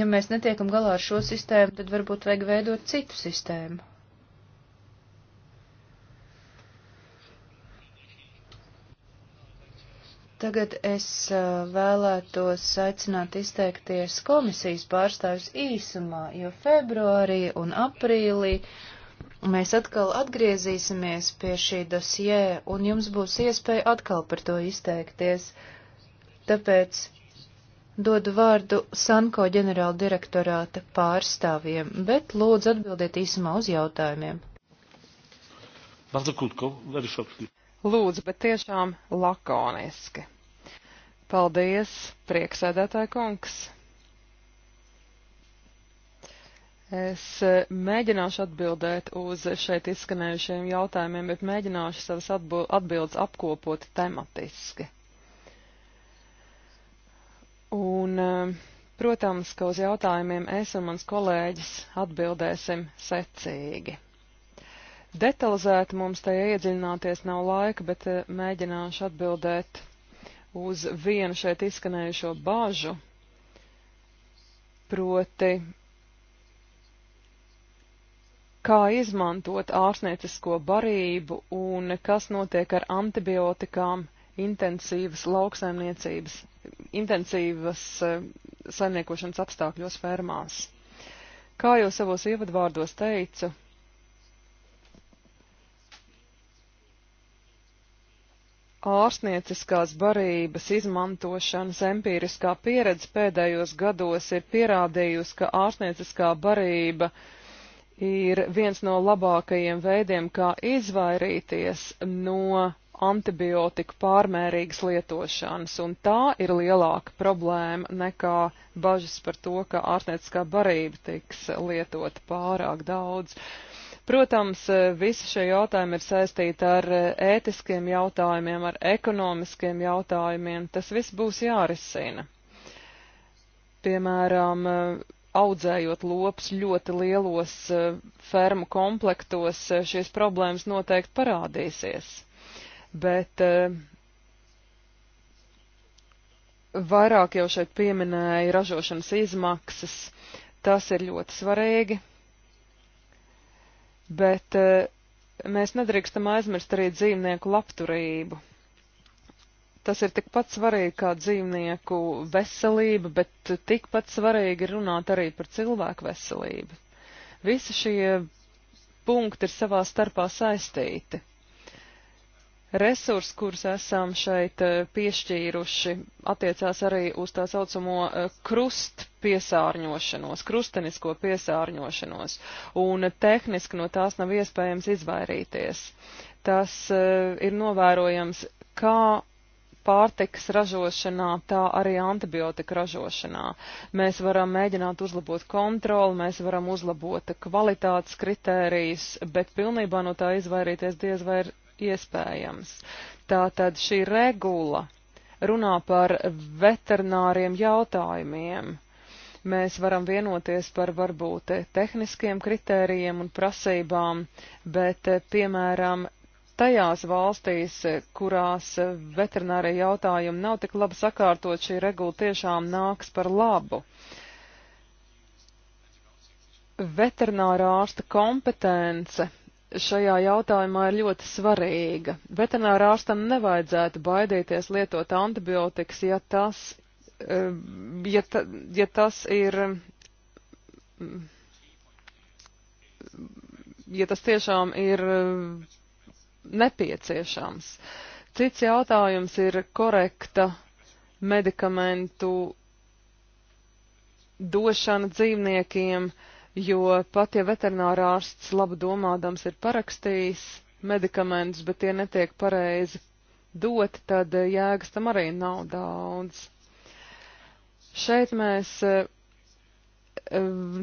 Ja mēs netiekam galā ar šo sistēmu, tad varbūt vajag veidot citu sistēmu. Tagad es vēlētos aicināt izteikties komisijas pārstāvis īsumā, jo februārī un aprīlī mēs atkal atgriezīsimies pie šī dosjē, un jums būs iespēja atkal par to izteikties. Tāpēc dodu vārdu Sanko ģenerāla direktorāta pārstāvjiem, bet lūdzu atbildiet īsumā uz jautājumiem. Bardzo krótko, very shortly. Lūdzu, bet tiešām lakoniski. Paldies, prieksēdētāji kungs! Es eh, mēģināšu atbildēt uz šeit izskanējušiem jautājumiem, bet mēģināšu savas atbildes apkopot tematiski. Un, eh, protams, ka uz jautājumiem es un mans kolēģis atbildēsim secīgi detalizēti mums tajā iedziļināties nav laika, bet eh, mēģināšu atbildēt uz vienu šeit izskanējušo bāžu, proti, kā izmantot ārstniecisko barību un kas notiek ar antibiotikām intensīvas lauksaimniecības, intensīvas eh, saimniekošanas apstākļos fermās. Kā jau savos ievadvārdos teicu, ārstnieciskās barības izmantošanas empīriskā pieredze pēdējos gados ir pierādījusi, ka ārstnieciskā barība ir viens no labākajiem veidiem, kā izvairīties no antibiotiku pārmērīgas lietošanas, un tā ir lielāka problēma nekā bažas par to, ka ārstnieciskā barība tiks lietota pārāk daudz. Uh, Protams, e, visi šie jautājumi ir saistīti ar e, ētiskiem jautājumiem, ar ekonomiskiem jautājumiem. Tas viss būs jārisina. Piemēram, e, audzējot lops ļoti lielos fermu komplektos, šīs problēmas noteikti parādīsies. Bet vairāk jau šeit pieminēja ražošanas izmaksas. Tas ir ļoti svarīgi bet eh, mēs nedrīkstam aizmirst arī dzīvnieku labturību. Tas ir tikpat svarīgi kā dzīvnieku veselība, bet tikpat svarīgi ir runāt arī par cilvēku veselību. Visi šie punkti ir savā starpā saistīti. Resursi, kurus esam šeit eh, piešķīruši, attiecās arī uz tā saucamo eh, krust piesārņošanos, krustenisko piesārņošanos, un tehniski no tās nav iespējams izvairīties. Tas uh, ir novērojams kā pārtikas ražošanā, tā arī antibiotika ražošanā. Mēs varam mēģināt uzlabot kontroli, mēs varam uzlabot kvalitātes kritērijas, bet pilnībā no tā izvairīties diez vai ir iespējams. Tātad šī regula runā par veterināriem jautājumiem Mēs varam vienoties par varbūt tehniskiem kritērijiem un prasībām, bet, eh, piemēram, tajās valstīs, kurās veterinārija jautājumi nav tik labi sakārtot, šī regula tiešām nāks par labu. Veterinārā ārsta kompetence šajā jautājumā ir ļoti svarīga. Veterinārā ārstam nevajadzētu baidīties lietot antibiotikas, ja tas Ehm, ja, ta, ja tas ir, mm, ja tas tiešām ir mm, nepieciešams. Cits jautājums ir korekta medikamentu došana dzīvniekiem, jo pat ja veterinārārsts labu domādams ir parakstījis medikamentus, bet tie netiek pareizi dot, tad eh, jēgas tam arī nav daudz. Šeit mēs e, e,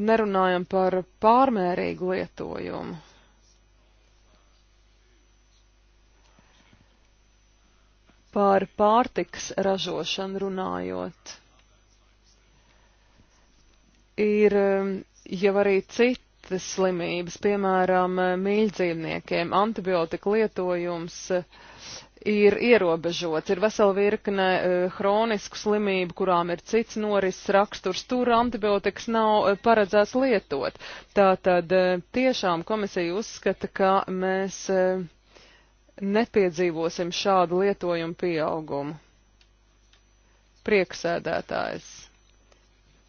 nerunājam par pārmērīgu lietojumu. Par pārtiks ražošanu runājot, ir e, jau arī citas slimības, piemēram, mīļdzīvniekiem antibiotika lietojums uh, ir ierobežots. Ir vesela virkne eh, hronisku slimību, kurām ir cits norises raksturs, tur antibiotikas nav eh, paredzēts lietot. Tātad eh, tiešām komisija uzskata, ka mēs nepiedzīvosim šādu lietojumu pieaugumu. Prieksēdētājs.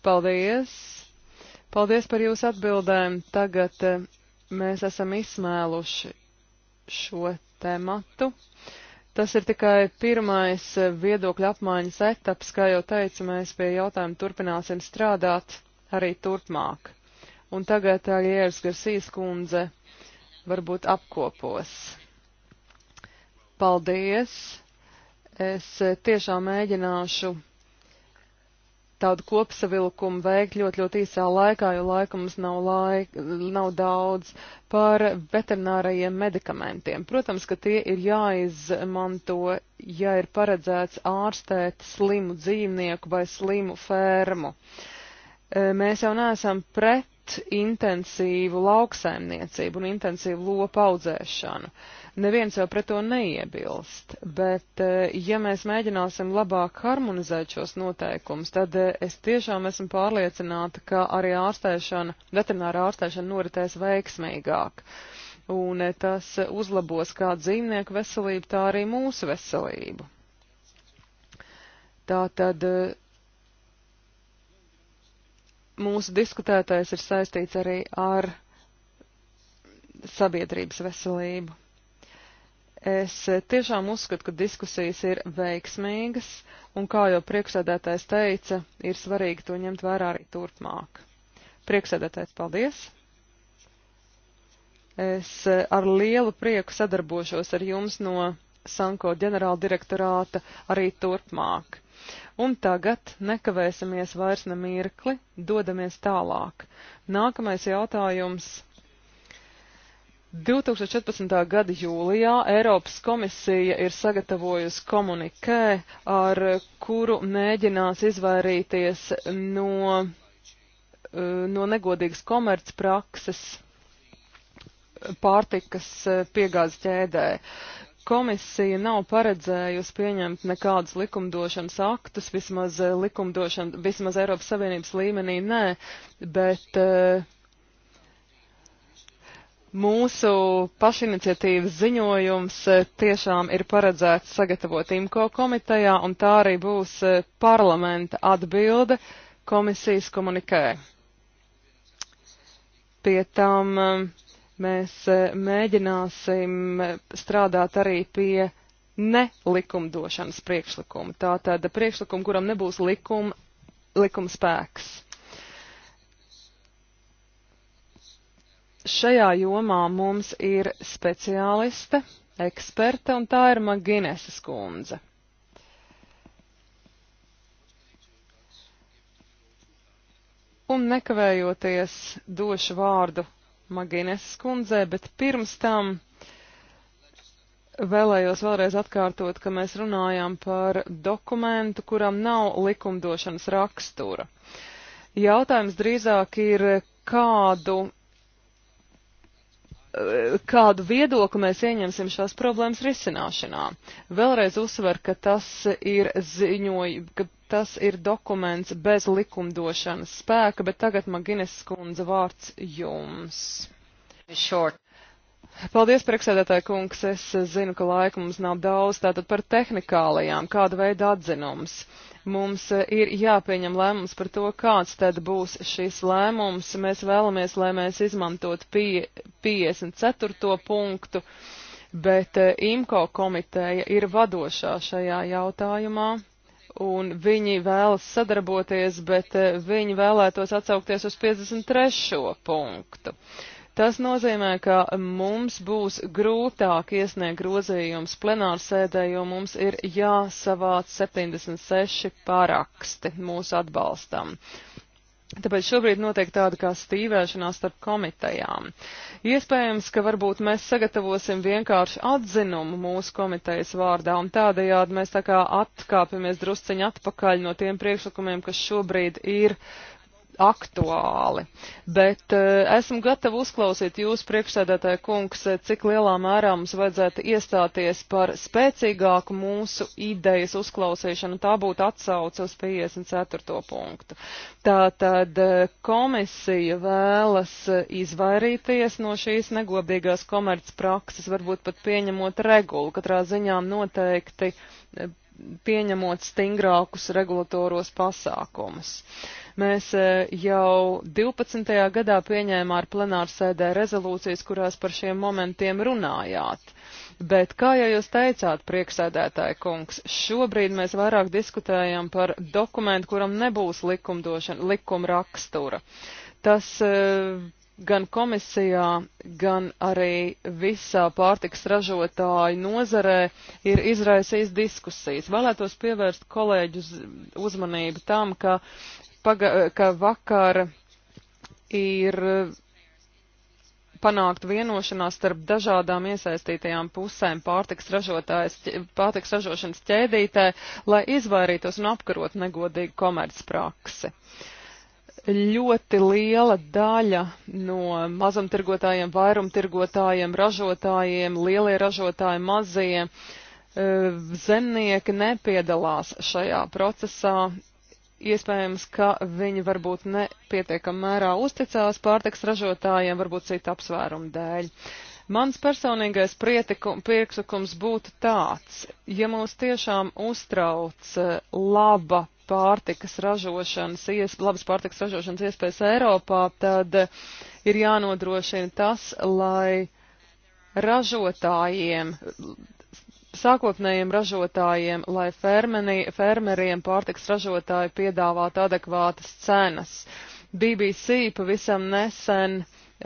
Paldies! Paldies par jūsu atbildēm. Tagad mēs esam izsmēluši šo tematu. Tas ir tikai pirmais eh, viedokļa apmaiņas etaps, kā jau teicu, mēs pie jautājuma turpināsim strādāt arī turpmāk. Un tagad Jēras Garsīs kundze varbūt apkopos. Paldies! Es eh, tiešām mēģināšu tādu kopsavilkumu veikt ļoti, ļoti īsā laikā, jo laika mums nav, laika, nav daudz par veterinārajiem medikamentiem. Protams, ka tie ir jāizmanto, ja ir paredzēts ārstēt slimu dzīvnieku vai slimu fermu. Mēs jau neesam pret pret intensīvu lauksaimniecību un intensīvu lopu audzēšanu. Neviens jau pret to neiebilst, bet eh, ja mēs mēģināsim labāk harmonizēt šos noteikumus, tad eh, es tiešām esmu pārliecināta, ka arī ārstēšana, veterināra ārstēšana noritēs veiksmīgāk. Un eh, tas uzlabos kā dzīvnieku veselību, tā arī mūsu veselību. Tātad mūsu diskutētais ir saistīts arī ar sabiedrības veselību. Es tiešām uzskatu, ka diskusijas ir veiksmīgas, un kā jau priekšsēdētājs teica, ir svarīgi to ņemt vērā arī turpmāk. Priekšsēdētājs, paldies! Es ar lielu prieku sadarbošos ar jums no Sanko ģenerāldirektorāta arī turpmāk. Un tagad nekavēsimies vairs ne mirkli, dodamies tālāk. Nākamais jautājums. 2014. gada jūlijā Eiropas komisija ir sagatavojusi komunikē, ar kuru mēģinās izvairīties no, eh, no negodīgas komercprakses pārtikas eh, piegādes ķēdē. Uh, komisija nav paredzējusi pieņemt nekādus likumdošanas aktus, vismaz, eh, likumdošana, vismaz Eiropas Savienības līmenī nē, bet eh, mūsu pašiniciatīvas ziņojums eh, tiešām ir paredzēts sagatavot IMCO komitejā, un tā arī būs parlamenta atbilde komisijas komunikē. Pie tam uh, Mēs e, mēģināsim strādāt arī pie nelikumdošanas priekšlikuma. Tātad priekšlikuma, kuram nebūs likuma, likuma spēks. Šajā jomā mums ir speciāliste, eksperte, un tā ir Magineses kundze. Un nekavējoties došu vārdu Magīnes skundzē, bet pirms tam vēlējos vēlreiz atkārtot, ka mēs runājām par dokumentu, kuram nav likumdošanas rakstura. Jautājums drīzāk ir, kādu kādu viedokli mēs ieņemsim šās problēmas risināšanā. Vēlreiz uzsver, ka tas ir ziņoj, ka tas ir dokuments bez likumdošanas spēka, bet tagad Maginis skundze vārds jums. Short. Paldies, priekšsēdētāji kungs. Es zinu, ka laika mums nav daudz, tātad par tehnikālajām, kāda veida atzinums. Mums ir jāpieņem lēmums par to, kāds tad būs šis lēmums. Mēs vēlamies, lai mēs izmantot pie, 54. punktu, bet eh, IMKO komiteja ir vadošā šajā jautājumā. Un viņi vēlas sadarboties, bet eh, viņi vēlētos atsaukties uz 53. punktu. Uh, Tas nozīmē, ka mums būs grūtāk iesniegt grozījums plenārsēdē, jo mums ir jāsavāc 76 paraksti mūsu atbalstam. Tāpēc šobrīd notiek tāda kā stīvēšanās starp komitejām. Iespējams, ka varbūt mēs sagatavosim vienkārši atzinumu mūsu komitejas vārdā, un tādējādi mēs tā kā atkāpjamies drusceņi atpakaļ no tiem priekšlikumiem, kas šobrīd ir aktuāli. Bet eh, esmu gatava uzklausīt jūs, priekšsēdētāja kungs, eh, cik lielā mērā mums vajadzētu iestāties par spēcīgāku mūsu idejas uzklausīšanu. Tā būtu atsauce uz 54. punktu. Tātad eh, komisija vēlas izvairīties no šīs negodīgās komercprakses, varbūt pat pieņemot regulu. Katrā ziņā noteikti pieņemot stingrākus regulatoros pasākumus. Mēs e, jau 12. gadā pieņēmām ar plenāru sēdē rezolūcijas, kurās par šiem momentiem runājāt. Bet, kā jau jūs teicāt, prieksēdētāji kungs, šobrīd mēs vairāk diskutējam par dokumentu, kuram nebūs likumdošana, likuma rakstura. Tas e, gan komisijā, gan arī visā pārtiks ražotāju nozarē ir izraisījis diskusijas. Vēlētos pievērst kolēģu uzmanību tam, ka, paga, ka vakar ir panākt vienošanās starp dažādām iesaistītajām pusēm pārtiks, pārtiks ražošanas ķēdītē, lai izvairītos un apkarot negodīgu komercpraksi. praksi ļoti liela daļa no mazumtirgotājiem, vairumtirgotājiem, ražotājiem, lielie ražotāji, mazie e, zemnieki nepiedalās šajā procesā. Iespējams, ka viņi varbūt nepietiekam mērā uzticās pārtiks ražotājiem, varbūt citu apsvērumu dēļ. Mans personīgais priekšsakums būtu tāds, ja mūs tiešām uztrauc e, laba pārtikas ražošanas, labas pārtikas ražošanas iespējas Eiropā, tad ir jānodrošina tas, lai ražotājiem, sākotnējiem ražotājiem, lai fermenī, fermeriem pārtiks ražotāji piedāvātu adekvātas cenas. BBC pavisam nesen uh,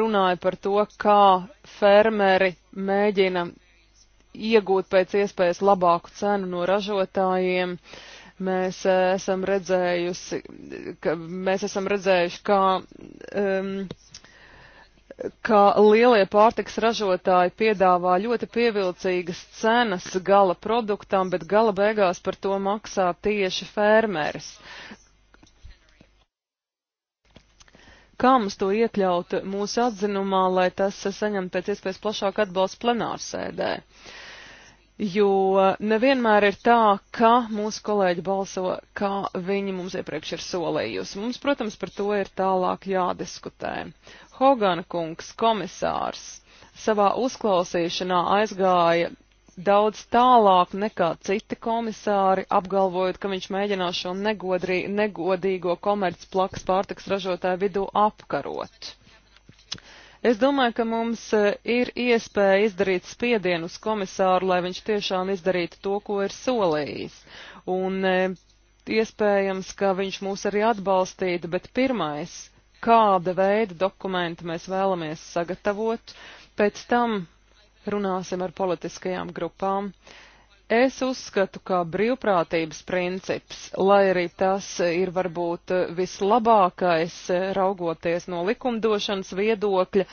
runāja par to, kā fermeri mēģina iegūt pēc iespējas labāku cenu no ražotājiem. Uh, Mēs eh, esam redzējusi, ka mēs esam redzējuši, kā, um, kā lielie pārtiks ražotāji piedāvā ļoti pievilcīgas cenas gala produktam, bet gala beigās par to maksā tieši fermeris. kā mums to iekļaut mūsu atzinumā, lai tas saņemtu pēc iespējas plašāku atbalstu plenārsēdē. Uh, jo nevienmēr ir tā, ka mūsu kolēģi balso, kā viņi mums iepriekš ir solījusi. Mums, protams, par to ir tālāk jādiskutē. Hogana kungs, komisārs, savā uzklausīšanā aizgāja daudz tālāk nekā citi komisāri, apgalvojot, ka viņš mēģinās šo negodrī, negodīgo komercplaks pārtiks ražotāju vidū apkarot. Es domāju, ka mums e, ir iespēja izdarīt spiedienu uz komisāru, lai viņš tiešām izdarītu to, ko ir solījis. Un e, iespējams, ka viņš mūs arī atbalstītu, bet pirmais, kāda veida dokumenti mēs vēlamies sagatavot, pēc tam runāsim ar politiskajām grupām. Uh, Es uzskatu, ka brīvprātības princips, lai arī tas ir varbūt vislabākais raugoties no likumdošanas viedokļa,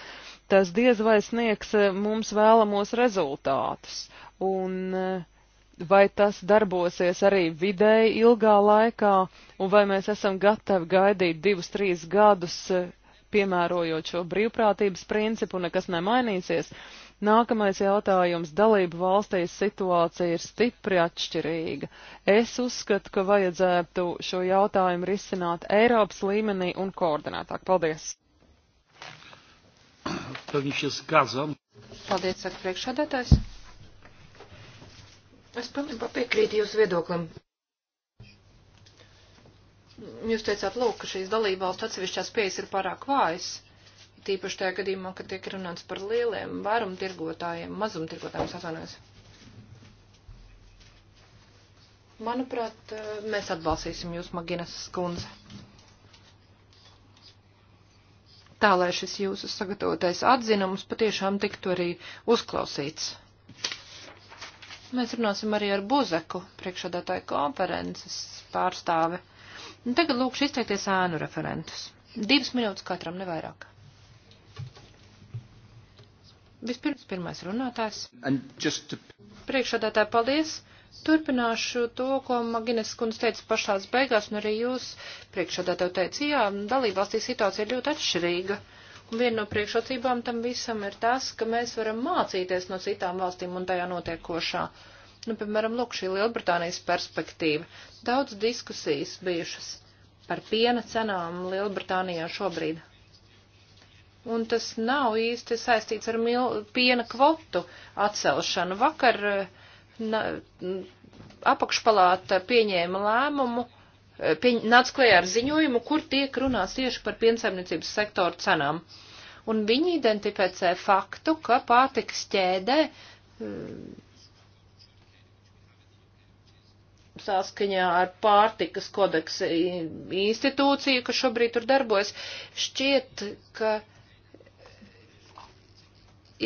tas diez vai sniegs mums vēlamos rezultātus. Un vai tas darbosies arī vidēji ilgā laikā, un vai mēs esam gatavi gaidīt divus, trīs gadus, piemērojot šo brīvprātības principu, nekas nemainīsies. Uh, Nākamais jautājums - dalību valstīs situācija ir stipri atšķirīga. Es uzskatu, ka vajadzētu šo jautājumu risināt Eiropas līmenī un koordinētāk. Paldies! Paldies, saka priekšādātājs. Es pilnībā piekrītu jūsu viedoklim. Jūs teicāt, lūk, ka šīs dalībvalstu atsevišķās pieejas ir pārāk vājas. Tīpaši tajā gadījumā, kad tiek runāts par lieliem varumtirgotājiem, mazumtirgotājiem sazvanēs. Manuprāt, eh, mēs atbalstīsim jūs, Maginas skundze. Tā, lai šis jūsu sagatavotais atzinums patiešām tiktu arī uzklausīts. Mēs runāsim arī ar Buzeku, priekšādātāju konferences pārstāvi. Un tagad lūkšu izteikties ēnu referentus. Divas minūtes katram, nevairāk. Vispirms pirmais runātājs. To... Priekšādātāji, paldies! Turpināšu to, ko Magines kundze teica pašās beigās, un arī jūs priekšādātāji teica, jā, dalībvalstī situācija ir ļoti atšķirīga. Un viena no priekšrocībām tam visam ir tas, ka mēs varam mācīties no citām valstīm un tajā notiekošā. Nu, piemēram, lūk, šī Lielbritānijas perspektīva. Daudz diskusijas bijušas par piena cenām Lielbritānijā šobrīd un tas nav īsti saistīts ar mil, piena kvotu atcelšanu. Vakar eh, na, apakšpalāta pieņēma lēmumu, eh, pieņ, nāca klajā ar ziņojumu, kur tiek runāts tieši par piensaimniecības sektoru cenām. Un viņi identificē faktu, ka pārtikas ķēdē eh, saskaņā ar pārtikas kodeksa institūciju, kas šobrīd tur darbojas, šķiet, ka uh,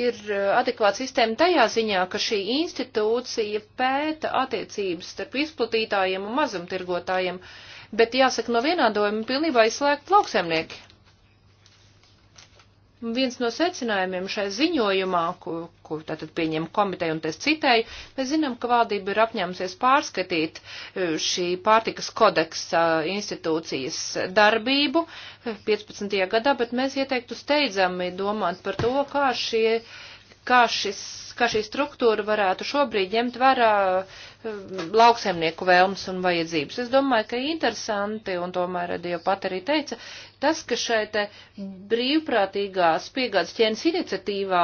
ir eh, adekvāta sistēma tajā ziņā, ka šī institūcija pēta attiecības starp izplatītājiem un mazumtirgotājiem, bet jāsaka no vienādojuma pilnībā izslēgt lauksemnieki. Viens no secinājumiem šai ziņojumā, ko, ko tātad pieņem komiteja un es citēju, mēs zinām, ka valdība ir apņēmusies pārskatīt e, šī pārtikas kodeksa institūcijas darbību 15. E, gadā, bet mēs ieteiktu steidzami domāt par to, kā šie uh, kā, šis, kā šī struktūra varētu šobrīd ņemt vērā um, lauksaimnieku vēlmes un vajadzības. Es domāju, ka interesanti, un tomēr Dievu pat arī teica, tas, ka šai te brīvprātīgās piegādes ķēnes iniciatīvā,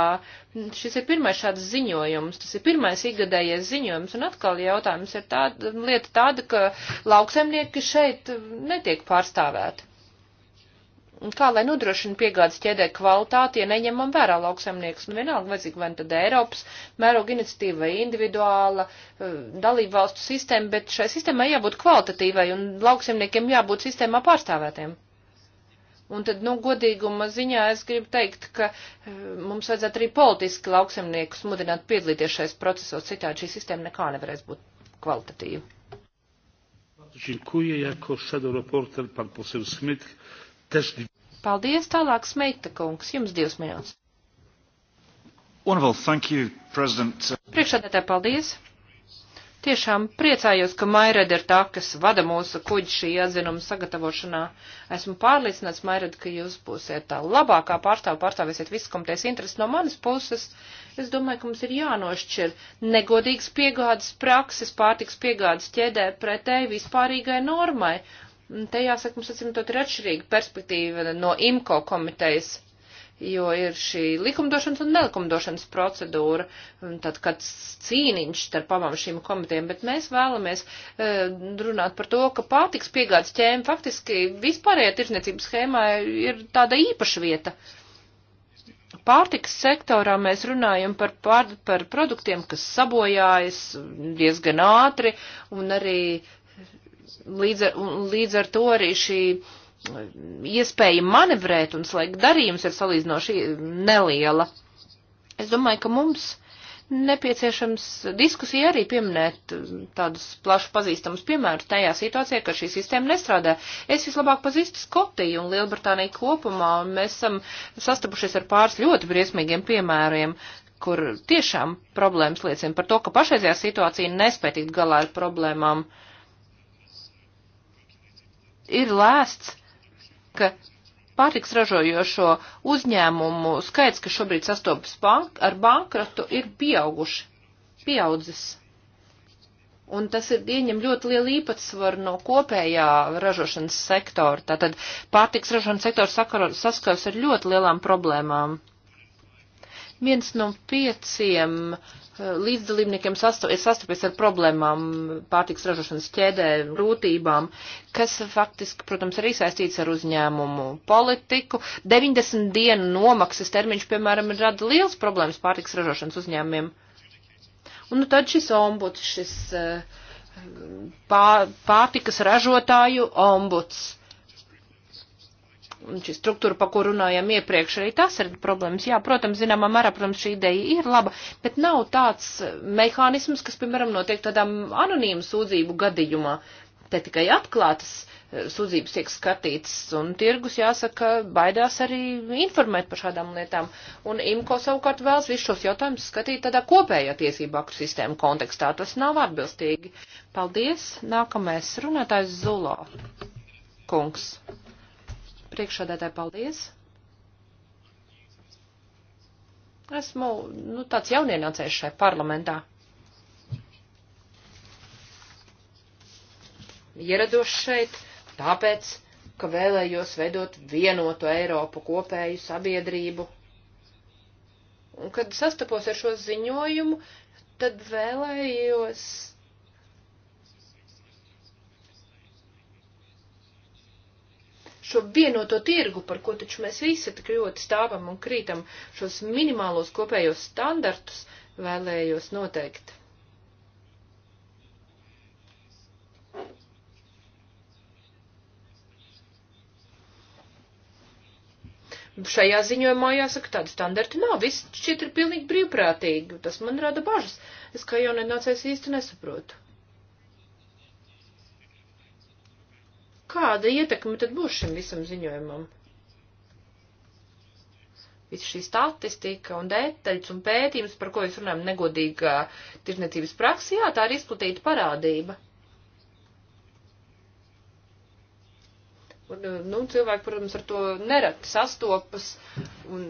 šis ir pirmais šāds ziņojums, tas ir pirmais ikgadējais ziņojums, un atkal jautājums ir tāda, lieta tāda, ka lauksaimnieki šeit netiek pārstāvēti kā lai nodrošina piegādes ķēdē kvalitāti, ja neņemam vērā lauksaimnieks, nu vienalga vajadzīga vai nu tad Eiropas mēroga iniciatīva vai individuāla eh, dalību valstu sistēma, bet šai sistēmai jābūt kvalitatīvai un lauksaimniekiem jābūt sistēmā pārstāvētiem. Un tad, nu, godīguma ziņā es gribu teikt, ka eh, mums vajadzētu arī politiski lauksaimniekus mudināt piedalīties šais procesos, citādi šī sistēma nekā nevarēs būt kvalitatīva. Dziękuję. Jako shadow reporter pan poseł Smith. Paldies, tālāk Smeita kungs, jums divas minūtes. Wonderful, thank you, President. Priekšādētāji, paldies. Tiešām priecājos, ka Maired ir tā, kas vada mūsu kuģi šī atzinuma sagatavošanā. Esmu pārliecināts, Maired, ka jūs būsiet tā labākā pārstāva, pārstāvēsiet visu komitejas interesi no manas puses. Es domāju, ka mums ir jānošķir negodīgas piegādes prakses pārtiks piegādes ķēdē pretēji vispārīgai normai Te jāsaka, mums acīm ir atšķirīga perspektīva no IMCO komitejas, jo ir šī likumdošanas un nelikumdošanas procedūra, tad kāds cīniņš starp abām šīm komitejām, bet mēs vēlamies e, runāt par to, ka pārtiks piegādes ķēma faktiski vispārējā tirsniecības schēmā ir tāda īpaša vieta pārtikas sektorā mēs runājam par, pār, par produktiem, kas sabojājas diezgan ātri un arī līdz ar, līdz ar to arī šī eh, iespēja manevrēt un slēgt darījums ir salīdzinoši neliela. Es domāju, ka mums nepieciešams diskusija arī pieminēt eh, tādus plašu pazīstamus piemērus tajā situācijā, ka šī sistēma nestrādā. Es vislabāk pazīstu Skotiju un Lielbritāniju kopumā, un mēs esam sastapušies ar pāris ļoti briesmīgiem piemēriem, kur tiešām problēmas liecina par to, ka pašreizējā situācija nespēj tikt galā ar problēmām. Uh, ir lēsts, ka pārtiks ražojošo uzņēmumu skaits, kas šobrīd sastopas bank, ar bankratu, ir pieauguši, pieaudzis. Un tas ir ieņem ļoti lielu īpatsvaru no kopējā ražošanas sektora. Tātad pārtiks ražošanas sektors saskaros ar ļoti lielām problēmām. Viens no pieciem eh, līdzdalībniekiem sastu, ir sastapies ar problēmām pārtiks ražošanas ķēdē, grūtībām, kas faktiski, protams, arī saistīts ar uzņēmumu politiku. 90 dienu nomaksas termiņš, piemēram, rada liels problēmas pārtiks ražošanas uzņēmumiem. Un nu, tad šis ombuds, šis eh, pār, pārtikas ražotāju ombuds šī struktūra, pa ko runājām iepriekš, arī tas ir problēmas. Jā, protams, zināmā mērā, protams, šī ideja ir laba, bet nav tāds mehānisms, kas, piemēram, notiek tādām anonīmu sūdzību gadījumā. Te tikai atklātas eh, sūdzības tiek skatītas, un tirgus, jāsaka, baidās arī informēt par šādām lietām. Un IMCO savukārt vēlas visus šos jautājumus skatīt tādā kopējā tiesību aktu sistēmu kontekstā. Tas nav atbilstīgi. Paldies. Nākamais runātājs Zulo. Kungs. Priekšādētāji, paldies! Esmu nu, tāds jaunienācējs šai parlamentā. Ierados šeit, tāpēc, ka vēlējos veidot vienotu Eiropu kopēju sabiedrību. Un, kad sastapos ar šo ziņojumu, tad vēlējos šo vienoto tirgu, par ko taču mēs visi tik ļoti stāvam un krītam, šos minimālos kopējos standartus vēlējos noteikt. Šajā ziņojumā jāsaka, tādi standarti nav, viss šķiet ir pilnīgi brīvprātīgi, tas man rada bažas, es kā jaunienācais īsti nesaprotu. Kāda ietekme tad būs šim visam ziņojumam? Viss šī statistika un detaļas un pētījums, par ko es runāju, negodīgā tirzniecības praksijā, tā ir izplatīta parādība. Un, nu, cilvēki, protams, ar to nereti sastopas un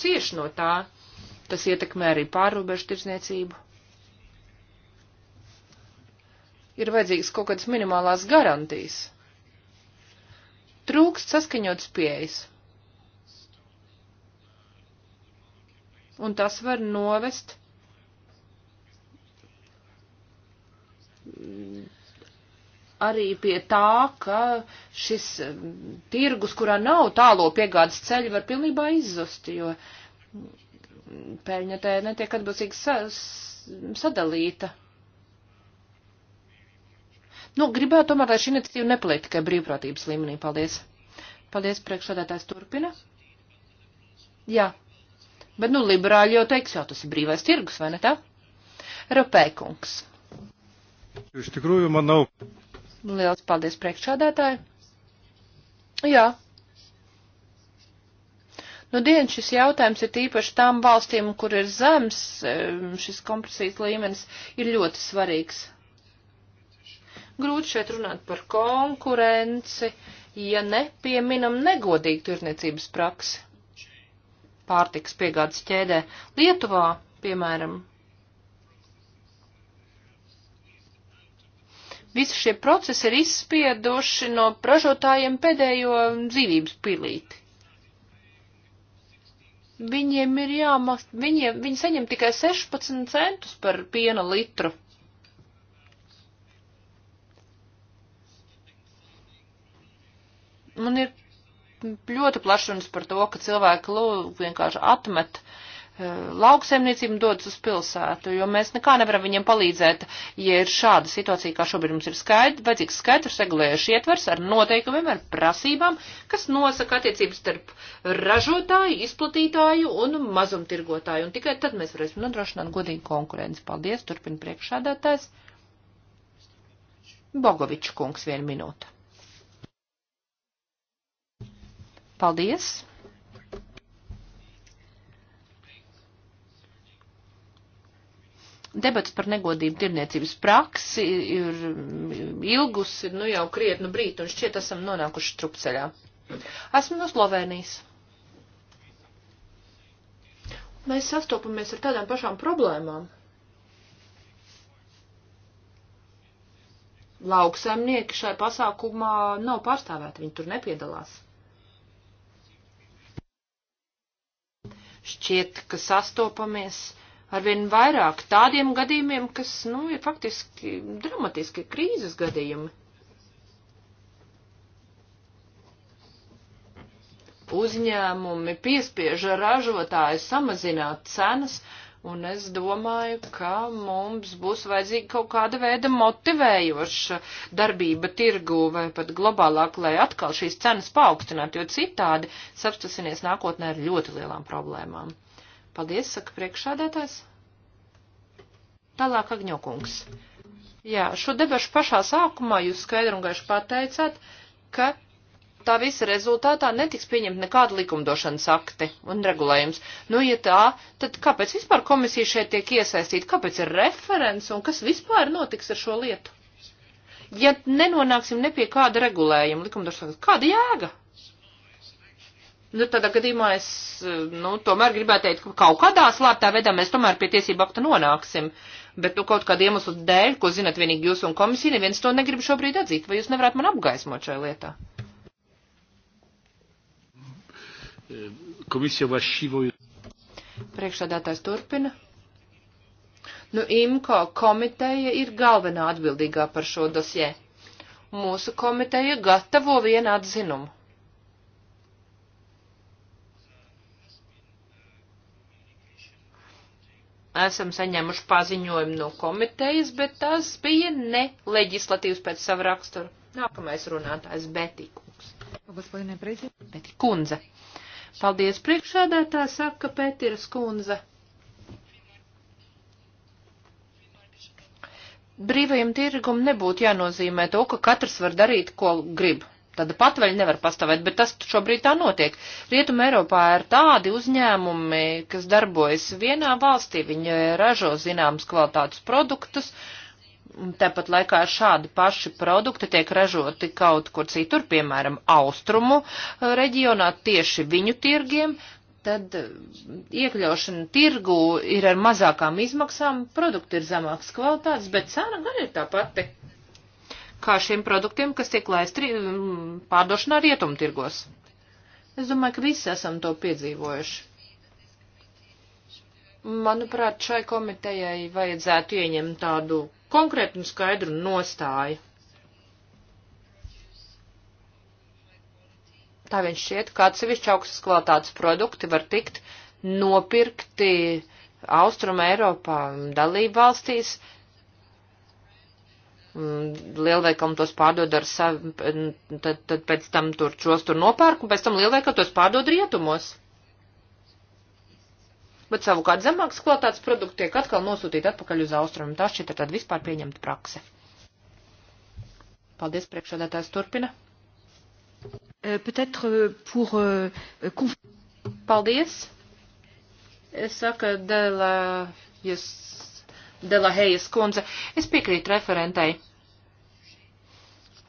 cieši no tā. Tas ietekmē arī pārrobežu tirsniecību. Ir vajadzīgs kaut kādas minimālās garantijas. Trūkst saskaņotas pieejas. Un tas var novest arī pie tā, ka šis um, tirgus, kurā nav tālo piegādes ceļi, var pilnībā izzust, jo pēļņa tē netiek atbilstīgi sadalīta. Nu, gribētu tomēr, lai šī iniciatīva nepaliek tikai brīvprātības līmenī. Paldies. Paldies, priekšsādātājs turpina. Jā. Bet, nu, liberāļi jau teiks, jau tas ir brīvais tirgus, vai ne tā? Ropēkungs. Iš tikrųjų, manau. Liels paldies priekšādātāji. Jā. Nu, dien šis jautājums ir tīpaši tām valstīm, kur ir zems, šis kompresijas līmenis ir ļoti svarīgs. Grūti šeit runāt par konkurenci, ja nepieminam negodīgu tirniecības praksi pārtiks piegādes ķēdē. Lietuvā, piemēram, visi šie procesi ir izspieduši no ražotājiem pēdējo dzīvības pilīti. Viņiem ir jāmast, viņiem, viņi saņem tikai 16 centus par piena litru. Un ir ļoti plašums par to, ka cilvēki lūk vienkārši atmet eh, lauksaimniecību dodas uz pilsētu, jo mēs nekā nevaram viņiem palīdzēt, ja ir šāda situācija, kā šobrīd mums ir skaidrs, vajadzīgs skaidrs regulējuši ietvers ar noteikumiem, ar prasībām, kas nosaka attiecības starp ražotāju, izplatītāju un mazumtirgotāju. Un tikai tad mēs varēsim nodrošināt godīgu konkurenci. Paldies, turpina priekšādātājs. Bogovičs kungs, vienu minūtu. Paldies! Debats par negodību tirniecības praksi ir ilgusi nu jau krietnu brīdi un šķiet esam nonākuši strupceļā. Esmu no Slovenijas. Mēs sastopamies ar tādām pašām problēmām. Lauksaimnieki šai pasākumā nav pārstāvēti, viņi tur nepiedalās. Šķiet, ka sastopamies arvien vairāk tādiem gadījumiem, kas, nu, ir faktiski dramatiski krīzes gadījumi. Uzņēmumi piespiež ražotāju samazināt cenas, Un es domāju, ka mums būs vajadzīga kaut kāda veida motivējoša darbība tirgu vai pat globālāk, lai atkal šīs cenas paaugstinātu, jo citādi sapstasimies nākotnē ar ļoti lielām problēmām. Paldies, saka priekšādātājs. Tālāk Agņokungs. Jā, šo debašu pašā sākumā jūs skaidri un gaiši pateicāt, ka tā visa rezultātā netiks pieņemt nekāda likumdošanas akti un regulējums. Nu, ja tā, tad kāpēc vispār komisija šeit tiek iesaistīta, kāpēc ir referents un kas vispār notiks ar šo lietu? Ja nenonāksim ne pie kāda regulējuma likumdošanas, kāda jēga? Nu, tādā gadījumā es, nu, tomēr gribētu teikt, ka kaut kādā slēptā veidā mēs tomēr pie tiesību akta nonāksim. Bet, nu, kaut kādu iemeslu dēļ, ko zinat vienīgi jūs un komisija, neviens to negrib šobrīd atzīt. Vai jūs nevarat man apgaismot šajā lietā? Komisija vašķīvo. Priekšādātājs turpina. Nu, IMCO komiteja ir galvenā atbildīgā par šo dosjē. Mūsu komiteja gatavo vienu atzinumu. esam saņēmuši paziņojumu no komitejas, bet tas bija ne leģislatīvs pēc savu raksturu. Nākamais runātājs Betīkungs. Betīkundze. Paldies priekšādētā, saka Pētiras kundze. Brīvajam tirgum nebūtu jānozīmē to, ka katrs var darīt, ko grib. Tāda patvaļa nevar pastāvēt, bet tas šobrīd tā notiek. Rietum Eiropā ir tādi uzņēmumi, kas darbojas vienā valstī, viņi ražo zināmas kvalitātes produktus, uh, Un tāpat laikā šādi paši produkti tiek ražoti kaut kur citur, piemēram, austrumu eh, reģionā tieši viņu tirgiem, tad eh, iekļaušana tirgu ir ar mazākām izmaksām, produkti ir zemākas kvalitātes, bet cena gan ir tā pati kā šiem produktiem, kas tiek laisti mm, pārdošanā rietumtirgos. Es domāju, ka visi esam to piedzīvojuši. Manuprāt, šai komitejai vajadzētu ieņemt tādu konkrētu un skaidru nostāju. Tā viņš šķiet, ka atsevišķi augstas kvalitātes produkti var tikt nopirkti Austrum Eiropā dalību valstīs. Lielveikalam tos pārdod ar savu, tad, tad pēc tam tur šos tur nopērku, pēc tam lielveikalam tos pārdod rietumos bet savukārt zemākas kvalitātes produkti tiek atkal nosūtīti atpakaļ uz austrumu. Tas šķiet ir tāda vispār pieņemta prakse. Paldies, priekšsēdētājs turpina. Euh, euh, euh, Paldies. Es saku, Dela, jūs, Dela Hejas kundze, es piekrītu referentei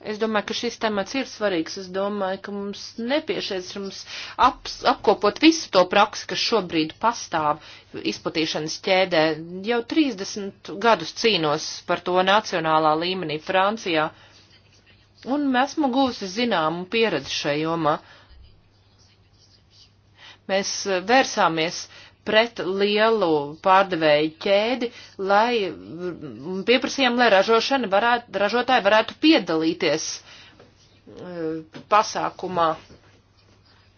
Es domāju, ka šis temats ir svarīgs. Es domāju, ka mums nepieciešams ap, apkopot visu to praksi, kas šobrīd pastāv izplatīšanas ķēdē. Jau 30 gadus cīnos par to nacionālā līmenī Francijā, un esmu guvusi zināmu pieredzi šajā jomā. Mēs eh, vērsāmies uh, pret lielu pārdevēju ķēdi, lai mm, pieprasījām, lai ražošana varētu, ražotāji varētu piedalīties eh, pasākumā.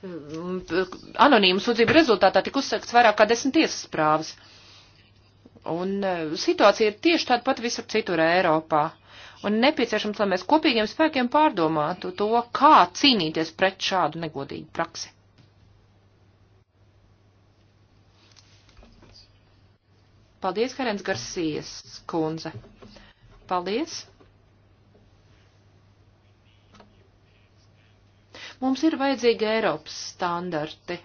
Mm, anonīmu sūdzību rezultātā tika uzsakts vairāk kā desmit tiesas prāvas. Un eh, situācija ir tieši tāda pat visur citur Eiropā un nepieciešams, lai mēs kopīgiem spēkiem pārdomātu to, kā cīnīties pret šādu negodīgu praksi. Paldies, Herens Garcijas kundze. Paldies. Mums ir vajadzīgi Eiropas standarti.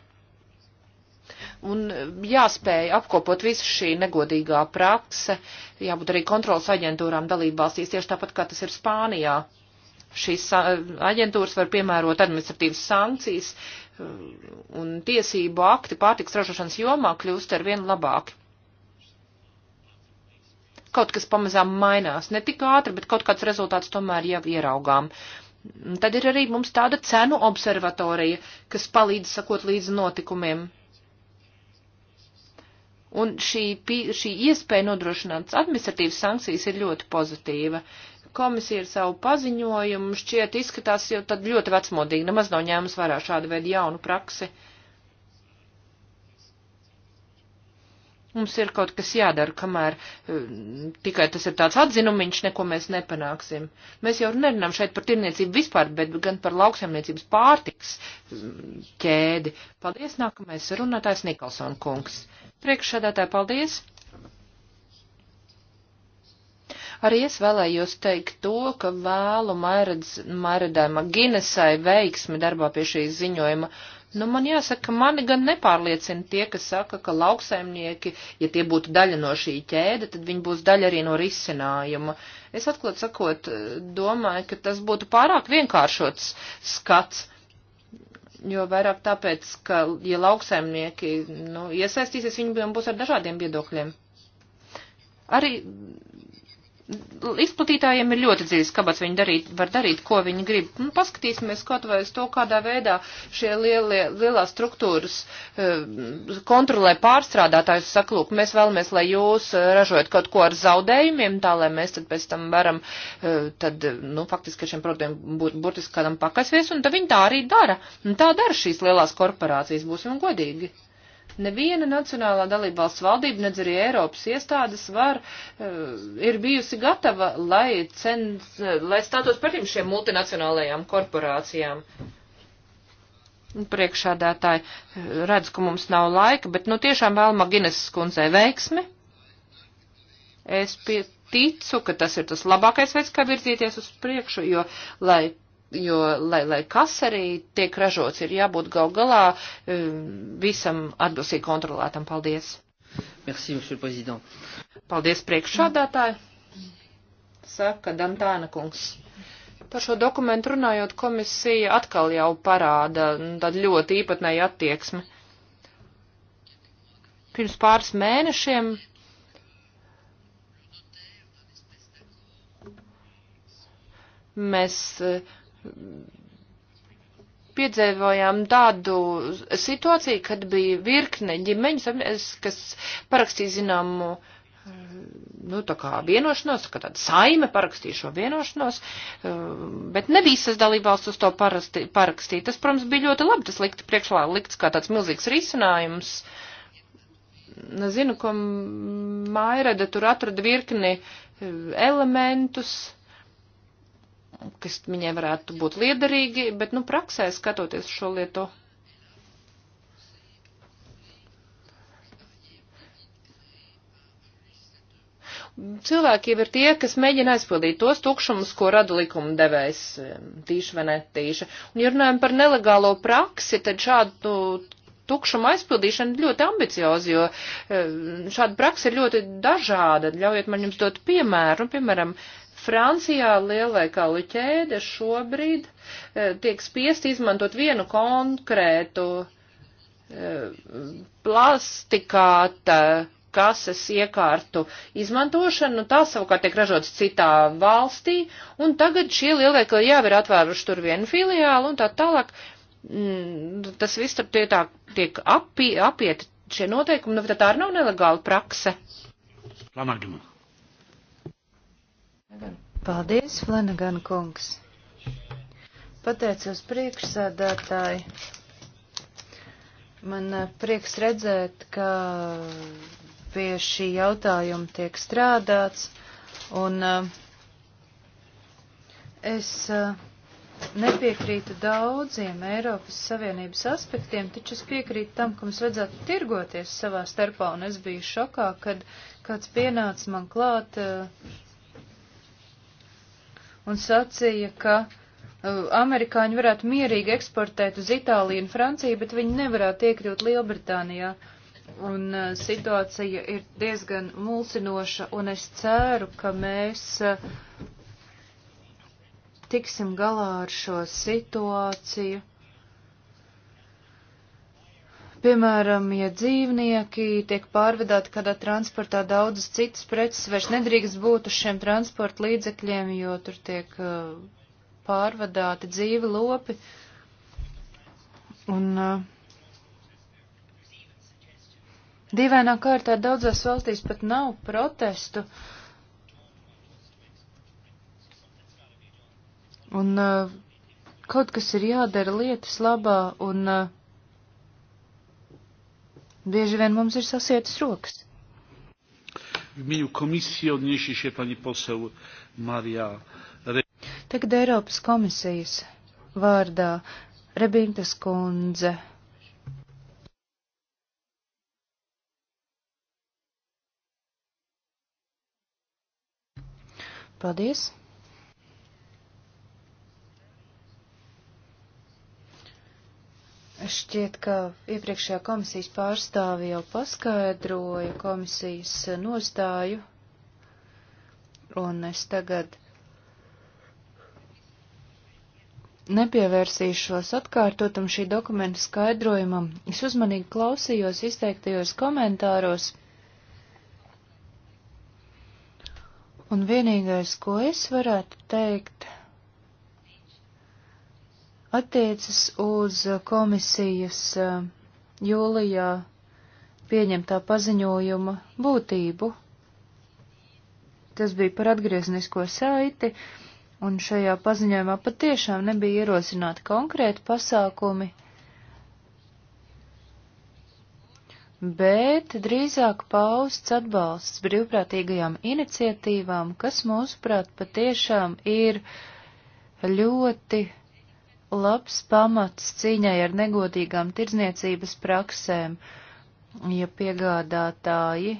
Un jāspēj apkopot visu šī negodīgā prakse, jābūt arī kontrolas aģentūrām dalībvalstīs, tieši tāpat kā tas ir Spānijā. Šīs aģentūras var piemērot administratīvas sankcijas, uh, un tiesību akti pārtiks ražošanas jomā kļūst ar vien labāki kaut kas pamazām mainās. Ne tik ātri, bet kaut kāds rezultāts tomēr jau ieraugām. Un tad ir arī mums tāda cenu observatorija, kas palīdz sakot līdz notikumiem. Un šī, šī iespēja nodrošināt administratīvas sankcijas ir ļoti pozitīva komisija ar savu paziņojumu šķiet izskatās jau tad ļoti vecmodīgi, nemaz nav ņēmus vērā šādu veidu jaunu praksi. Uh, Mums ir kaut kas jādara, kamēr eh, tikai tas ir tāds atzinumiņš, neko mēs nepanāksim. Mēs jau nerunām šeit par tirniecību vispār, bet gan par lauksaimniecības pārtiks mm, ķēdi. Paldies, nākamais runātājs Nikolson kungs. Priekšsēdētāji, paldies! Arī es vēlējos teikt to, ka vēlu Mairedai Maginesai veiksmi darbā pie šīs ziņojuma Nu, man jāsaka, mani gan nepārliecina tie, kas saka, ka lauksaimnieki, ja tie būtu daļa no šī ķēde, tad viņi būs daļa arī no risinājuma. Es atklāt sakot, domāju, ka tas būtu pārāk vienkāršots skats. Jo vairāk tāpēc, ka, ja lauksaimnieki nu, iesaistīsies, viņiem būs ar dažādiem viedokļiem. Arī izplatītājiem ir ļoti dzīves kabats, viņi darīt, var darīt, ko viņi grib. Nu, paskatīsimies kaut vai uz to, kādā veidā šie lielie, lielās struktūras eh, kontrolē pārstrādātājus saka, lūk, mēs vēlamies, lai jūs eh, ražojat kaut ko ar zaudējumiem, tā lai mēs tad pēc tam varam, eh, tad, nu, faktiski šiem produktiem būt, burtiski kādam pakasvies, un tad viņi tā arī dara. Un tā dara šīs lielās korporācijas, būsim godīgi. Neviena nacionālā dalībvalsts valdība, nedz arī Eiropas iestādes var, eh, ir bijusi gatava, lai, cenz, eh, lai stātos pretim šiem multinacionālajām korporācijām. Priekšādātāji eh, redz, ka mums nav laika, bet nu tiešām vēlama Gineses kundzei veiksmi. Es pie, ticu, ka tas ir tas labākais veids, kā virzīties uz priekšu, jo, lai jo, lai, lai kas arī tiek ražots, ir jābūt gal galā um, visam atbilstīgi kontrolētam. Paldies! Merci, monsieur le président. Paldies priekšādātāji, saka Dantāna kungs. Par šo dokumentu runājot, komisija atkal jau parāda tādu ļoti īpatnēju attieksmi. Pirms pāris mēnešiem mēs piedzīvojām tādu situāciju, kad bija virkne ģimeņas, kas parakstīja zināmu, nu, tā kā vienošanos, ka tāda saime parakstīja šo vienošanos, bet ne visas dalībvalsts uz to parasti, parakstīja. Tas, protams, bija ļoti labi, tas likts priekšlā, likts kā tāds milzīgs risinājums. Zinu, ka Maireda tur atrada virkni elementus kas viņai varētu būt liederīgi, bet, nu, praksē skatoties šo lietu. Cilvēki jau ir tie, kas mēģina aizpildīt tos tukšumus, ko rada likuma devējs, tīši vai netīši. Un, ja runājam par nelegālo praksi, tad šādu tukšuma aizpildīšana ļoti ambicioza, jo šāda praksa ir ļoti dažāda. Ļaujiet man jums dot piemēru. Piemēram, uh, Francijā lielveikalu ķēde šobrīd e, tiek spiest izmantot vienu konkrētu e, plastikāta kases iekārtu izmantošanu, tā savukārt tiek ražots citā valstī, un tagad šie lielveikali jau ir atvēruši tur vienu filiālu un tā tālāk. Mm, tas viss tur tie tā, tiek api, apiet šie noteikumi, nu, tā, tā arī nav nelegāla prakse. Lanāģuma. Paldies, Flanagan kungs. Pateicos priekšsēdētāji. Man eh, prieks redzēt, ka pie šī jautājuma tiek strādāts, un eh, es eh, nepiekrītu daudziem Eiropas Savienības aspektiem, taču es piekrītu tam, ka mums vajadzētu tirgoties savā starpā, un es biju šokā, kad kāds pienāca man klāt un sacīja, ka uh, amerikāņi varētu mierīgi eksportēt uz Itāliju un Franciju, bet viņi nevarētu iekļūt Lielbritānijā. Un uh, situācija ir diezgan mulsinoša, un es ceru, ka mēs uh, tiksim galā ar šo situāciju. Piemēram, ja dzīvnieki tiek pārvedāti kādā transportā, daudzas citas preces vairs nedrīkst būt uz šiem transporta līdzekļiem, jo tur tiek uh, pārvadāti dzīvi lopi. Un uh, dīvainā kārtā daudzās valstīs pat nav protestu. Un uh, kaut kas ir jādara lietas labā, un uh, Bieži vien mums ir sasietas rokas. Tagad Eiropas komisijas vārdā Rebintas kundze. Paldies! Šķiet, ka iepriekšējā komisijas pārstāvi jau paskaidroja komisijas nostāju, un es tagad nepievērsīšos atkārtotam šī dokumenta skaidrojumam. Es uzmanīgi klausījos izteiktajos komentāros, un vienīgais, ko es varētu teikt, attiecas uz uh, komisijas uh, jūlijā pieņemtā paziņojuma būtību. Tas bija par atgrieznisko saiti, un šajā paziņojumā patiešām nebija ierosināti konkrēti pasākumi, bet drīzāk pausts atbalsts brīvprātīgajām iniciatīvām, kas mūsuprāt patiešām ir ļoti labs pamats cīņai ar negodīgām tirdzniecības praksēm, ja piegādātāji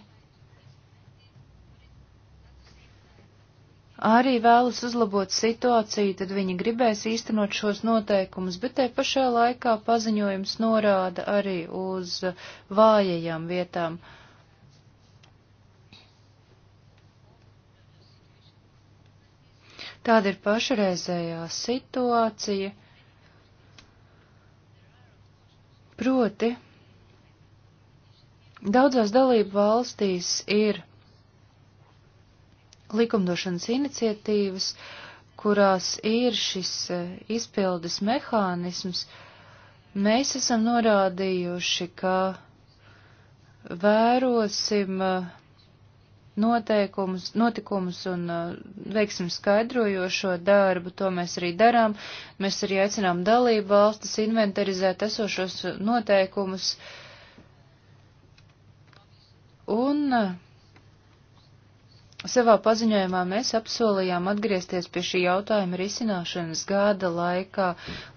arī vēlas uzlabot situāciju, tad viņi gribēs īstenot šos noteikumus, bet te pašā laikā paziņojums norāda arī uz vājajām vietām. Tāda ir pašreizējā situācija. Proti, daudzās dalību valstīs ir likumdošanas iniciatīvas, kurās ir šis e, izpildes mehānisms, mēs esam norādījuši, ka vērosim uh, noteikumus, notikumus un uh, veiksim skaidrojošo darbu, to mēs arī darām. Mēs arī aicinām dalību valstis inventarizēt esošos noteikumus. Un uh, savā paziņojumā mēs apsolījām atgriezties pie šī jautājuma risināšanas gada laikā.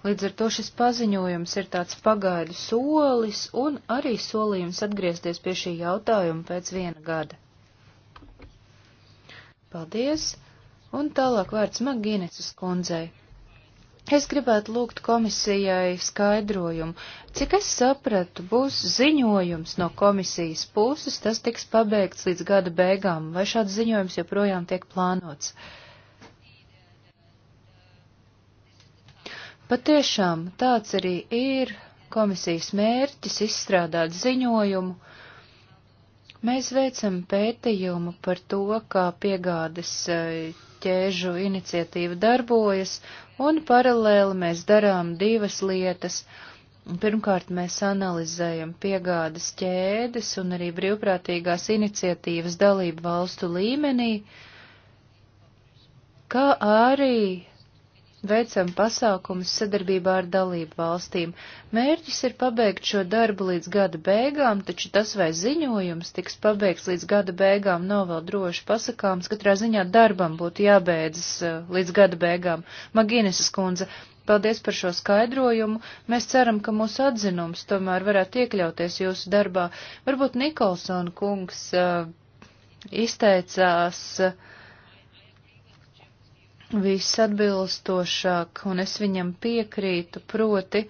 Līdz ar to šis paziņojums ir tāds pagaidu solis un arī solījums atgriezties pie šī jautājuma pēc viena gada. Paldies! Un tālāk vārds Magīneces kundzei. Es gribētu lūgt komisijai skaidrojumu. Cik es sapratu, būs ziņojums no komisijas puses, tas tiks pabeigts līdz gada beigām, vai šāds ziņojums joprojām tiek plānots? Patiešām tāds arī ir komisijas mērķis izstrādāt ziņojumu, Mēs veicam pētījumu par to, kā piegādes eh, ķēžu iniciatīva darbojas, un paralēli mēs darām divas lietas. Pirmkārt, mēs analizējam piegādes ķēdes un arī brīvprātīgās iniciatīvas dalību valstu līmenī, kā arī veicam pasākumus sadarbībā ar dalību valstīm. Mērķis ir pabeigt šo darbu līdz gada beigām, taču tas vai ziņojums tiks pabeigts līdz gada beigām nav vēl droši pasakāms. Katrā ziņā darbam būtu jābeidzas eh, līdz gada beigām. Magīneses kundze, paldies par šo skaidrojumu. Mēs ceram, ka mūsu atzinums tomēr varētu iekļauties jūsu darbā. Varbūt Nikolson kungs uh, izteicās. Uh, visatbilstošāk, un es viņam piekrītu, proti,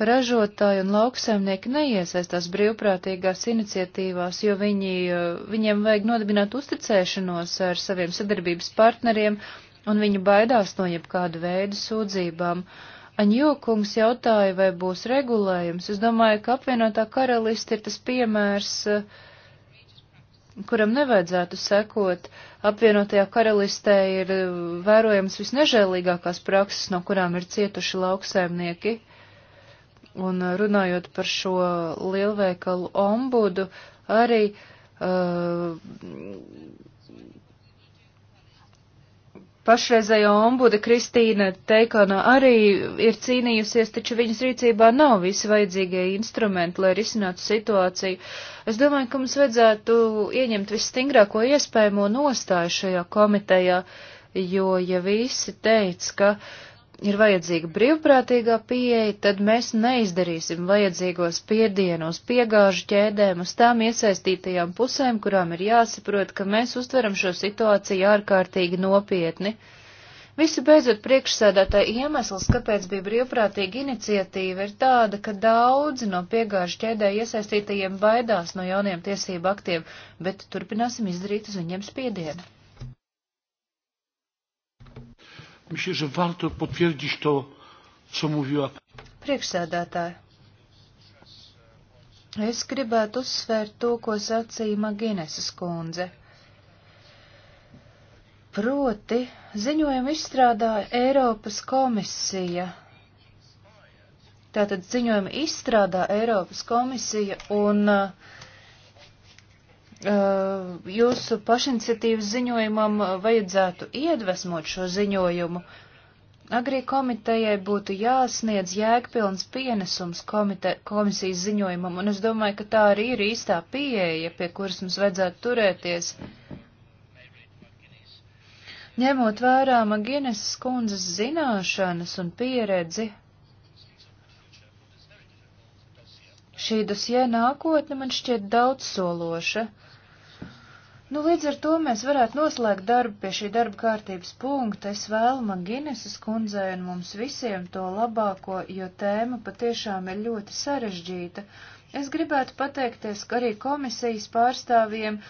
ražotāji un lauksaimnieki neiesaistās brīvprātīgās iniciatīvās, jo viņi, eh, viņiem vajag nodibināt uzticēšanos ar saviem sadarbības partneriem, un viņi baidās no jebkāda veida sūdzībām. Aņokungs jautāja, vai būs regulējums. Es domāju, ka apvienotā karaliste ir tas piemērs, uh, kuram nevajadzētu sekot. Apvienotajā karalistē ir uh, vērojams visnežēlīgākās prakses, no kurām ir cietuši lauksēmnieki. Un uh, runājot par šo lielveikalu ombudu, arī uh, Pašreizējo ombuda Kristīna Teikona arī ir cīnījusies, taču viņas rīcībā nav visi vajadzīgie instrumenti, lai risinātu situāciju. Es domāju, ka mums vajadzētu ieņemt visstingrāko iespējamo nostāju šajā komitejā, jo ja visi teica, ka ir vajadzīga brīvprātīgā pieeja, tad mēs neizdarīsim vajadzīgo spiedienu uz piegāžu ķēdēm, uz tām iesaistītajām pusēm, kurām ir jāsaprot, ka mēs uztveram šo situāciju ārkārtīgi nopietni. Visi beidzot priekšsēdētāji iemesls, kāpēc bija brīvprātīga iniciatīva, ir tāda, ka daudzi no piegāžu ķēdē iesaistītajiem baidās no jauniem tiesību aktiem, bet turpināsim izdarīt uz viņiem spiedienu. Myślę, że warto potwierdzić to, co mówiła. Priekšsēdētāji, es gribētu uzsvērt to, ko sacīja Magineses kundze. Proti, ziņojumu izstrādāja Eiropas komisija. Tātad ziņojumu izstrādā Eiropas komisija un uh, Uh, jūsu pašiniciatīvas ziņojumam vajadzētu iedvesmot šo ziņojumu. Agrī komitejai būtu jāsniedz jēgpilns pienesums komite, komisijas ziņojumam, un es domāju, ka tā arī ir īstā pieeja, pie kuras mums vajadzētu turēties. Ņemot vērā Maginas skundzes zināšanas un pieredzi, šī dosie nākotne man šķiet daudz sološa. Nu, līdz ar to mēs varētu noslēgt darbu pie šī darba kārtības punkta. Es vēlu man Gineses kundzei un mums visiem to labāko, jo tēma patiešām ir ļoti sarežģīta. Es gribētu pateikties arī komisijas pārstāvjiem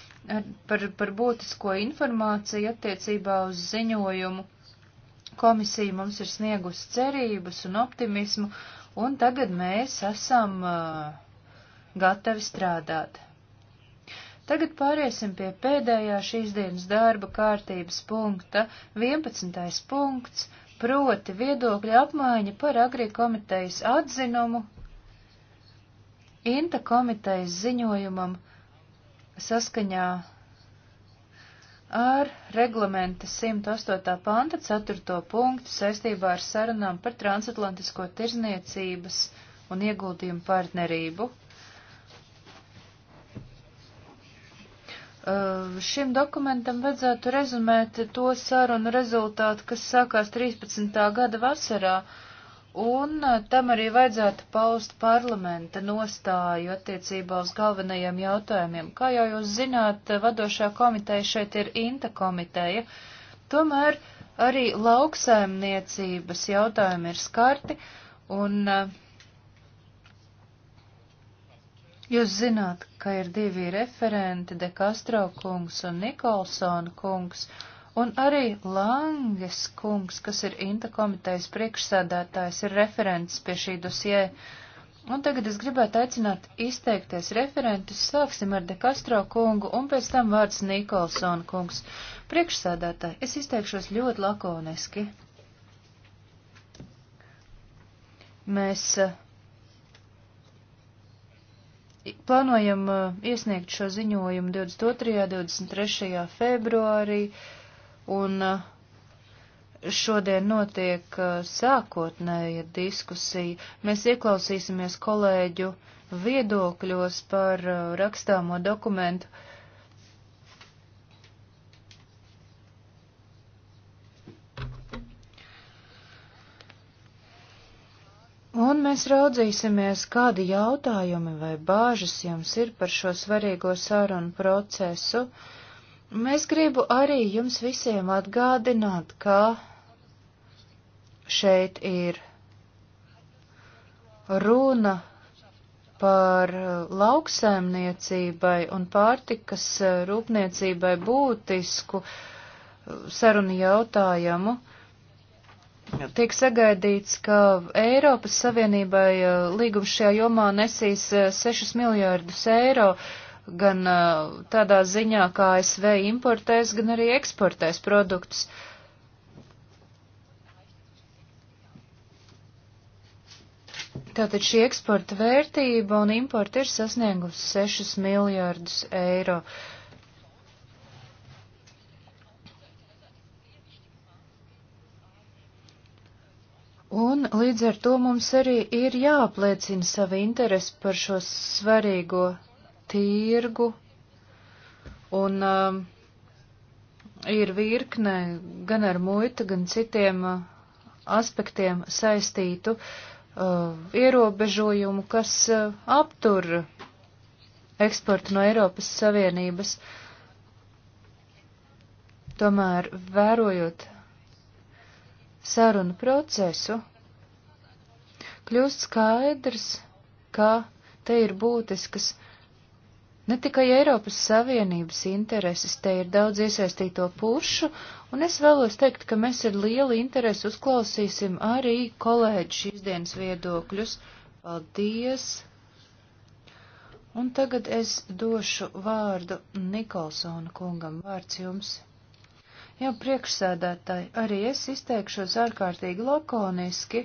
par, par būtisko informāciju attiecībā uz ziņojumu. Komisija mums ir sniegusi cerības un optimismu, un tagad mēs esam uh, gatavi strādāt. Tagad pāriesim pie pēdējā šīs dienas darba kārtības punkta, 11. punkts, proti viedokļa apmaiņa par agri komitejas atzinumu, Inta komitejas ziņojumam saskaņā ar reglamenta 108. panta 4. punktu saistībā ar sarunām par transatlantisko tirzniecības un ieguldījumu partnerību. Uh, šim dokumentam vajadzētu rezumēt to sarunu rezultātu, kas sākās 13. gada vasarā, un uh, tam arī vajadzētu paust parlamenta nostāju attiecībā uz galvenajiem jautājumiem. Kā jau jūs zināt, uh, vadošā komiteja šeit ir Inta komiteja, tomēr arī lauksēmniecības jautājumi ir skarti, un uh, Jūs zināt, ka ir divi referenti, De Castro kungs un Nikolson kungs, un arī Langes kungs, kas ir Inta komitejas priekšsādātājs, ir referents pie šī dosie. Un tagad es gribētu aicināt izteikties referentus, sāksim ar De Castro kungu, un pēc tam vārds Nikolson kungs. Priekšsādātāji, es izteikšos ļoti lakoniski. Mēs uh, plānojam uh, iesniegt šo ziņojumu 22. un 23. februārī, un uh, šodien notiek uh, sākotnēja diskusija. Mēs ieklausīsimies kolēģu viedokļos par rakstāmo dokumentu. Un mēs raudzīsimies, kādi jautājumi vai bāžas jums ir par šo svarīgo sarunu procesu. Mēs gribu arī jums visiem atgādināt, ka šeit ir runa par lauksaimniecībai un pārtikas rūpniecībai būtisku sarunu jautājumu. Uh, tiek sagaidīts, ka Eiropas Savienībai eh, līgums šajā jomā nesīs 6 eh, miljārdus eiro, gan eh, tādā ziņā, kā ASV importēs, gan arī eksportēs produktus. Tātad šī eksporta vērtība un importa ir sasniegusi 6 miljārdus eiro. Uh, Un līdz ar to mums arī ir jāapliecina savu interesi par šo svarīgo tirgu. Un um, ir virkne gan ar muitu, gan citiem uh, aspektiem saistītu uh, ierobežojumu, kas uh, aptur eksportu no Eiropas Savienības. Tomēr, vērojot sarunu procesu, kļūst skaidrs, ka te ir būtiskas ne tikai Eiropas Savienības intereses, te ir daudz iesaistīto pušu, un es vēlos teikt, ka mēs ar lielu interesi uzklausīsim arī kolēģi šīs dienas viedokļus. Paldies! Un tagad es došu vārdu Nikolsona kungam. Vārds jums! Jā, priekšsēdētāji, arī es izteikšos ārkārtīgi lakoniski.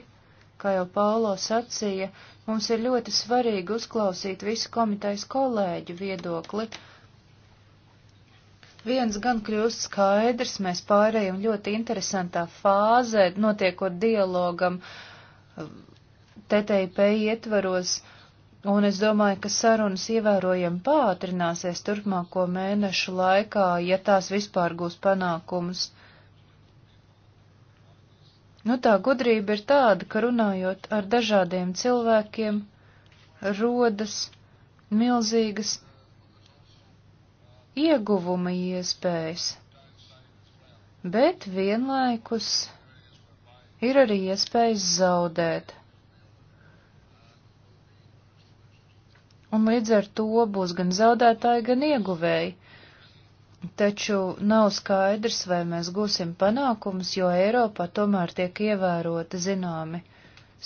Kā jau Paulo sacīja, mums ir ļoti svarīgi uzklausīt visu komitejas kolēģu viedokli. Viens gan kļūst skaidrs, mēs pārējām ļoti interesantā fāzē, notiekot dialogam um, TTIP ietvaros. Uh, Un es domāju, ka sarunas ievērojami pātrināsies turpmāko mēnešu laikā, ja tās vispār gūs panākumus. Nu tā gudrība ir tāda, ka runājot ar dažādiem cilvēkiem, rodas milzīgas ieguvuma iespējas, bet vienlaikus ir arī iespējas zaudēt. un līdz ar to būs gan zaudētāji, gan ieguvēji. Taču nav skaidrs, vai mēs gūsim panākumus, jo Eiropā tomēr tiek ievēroti zināmi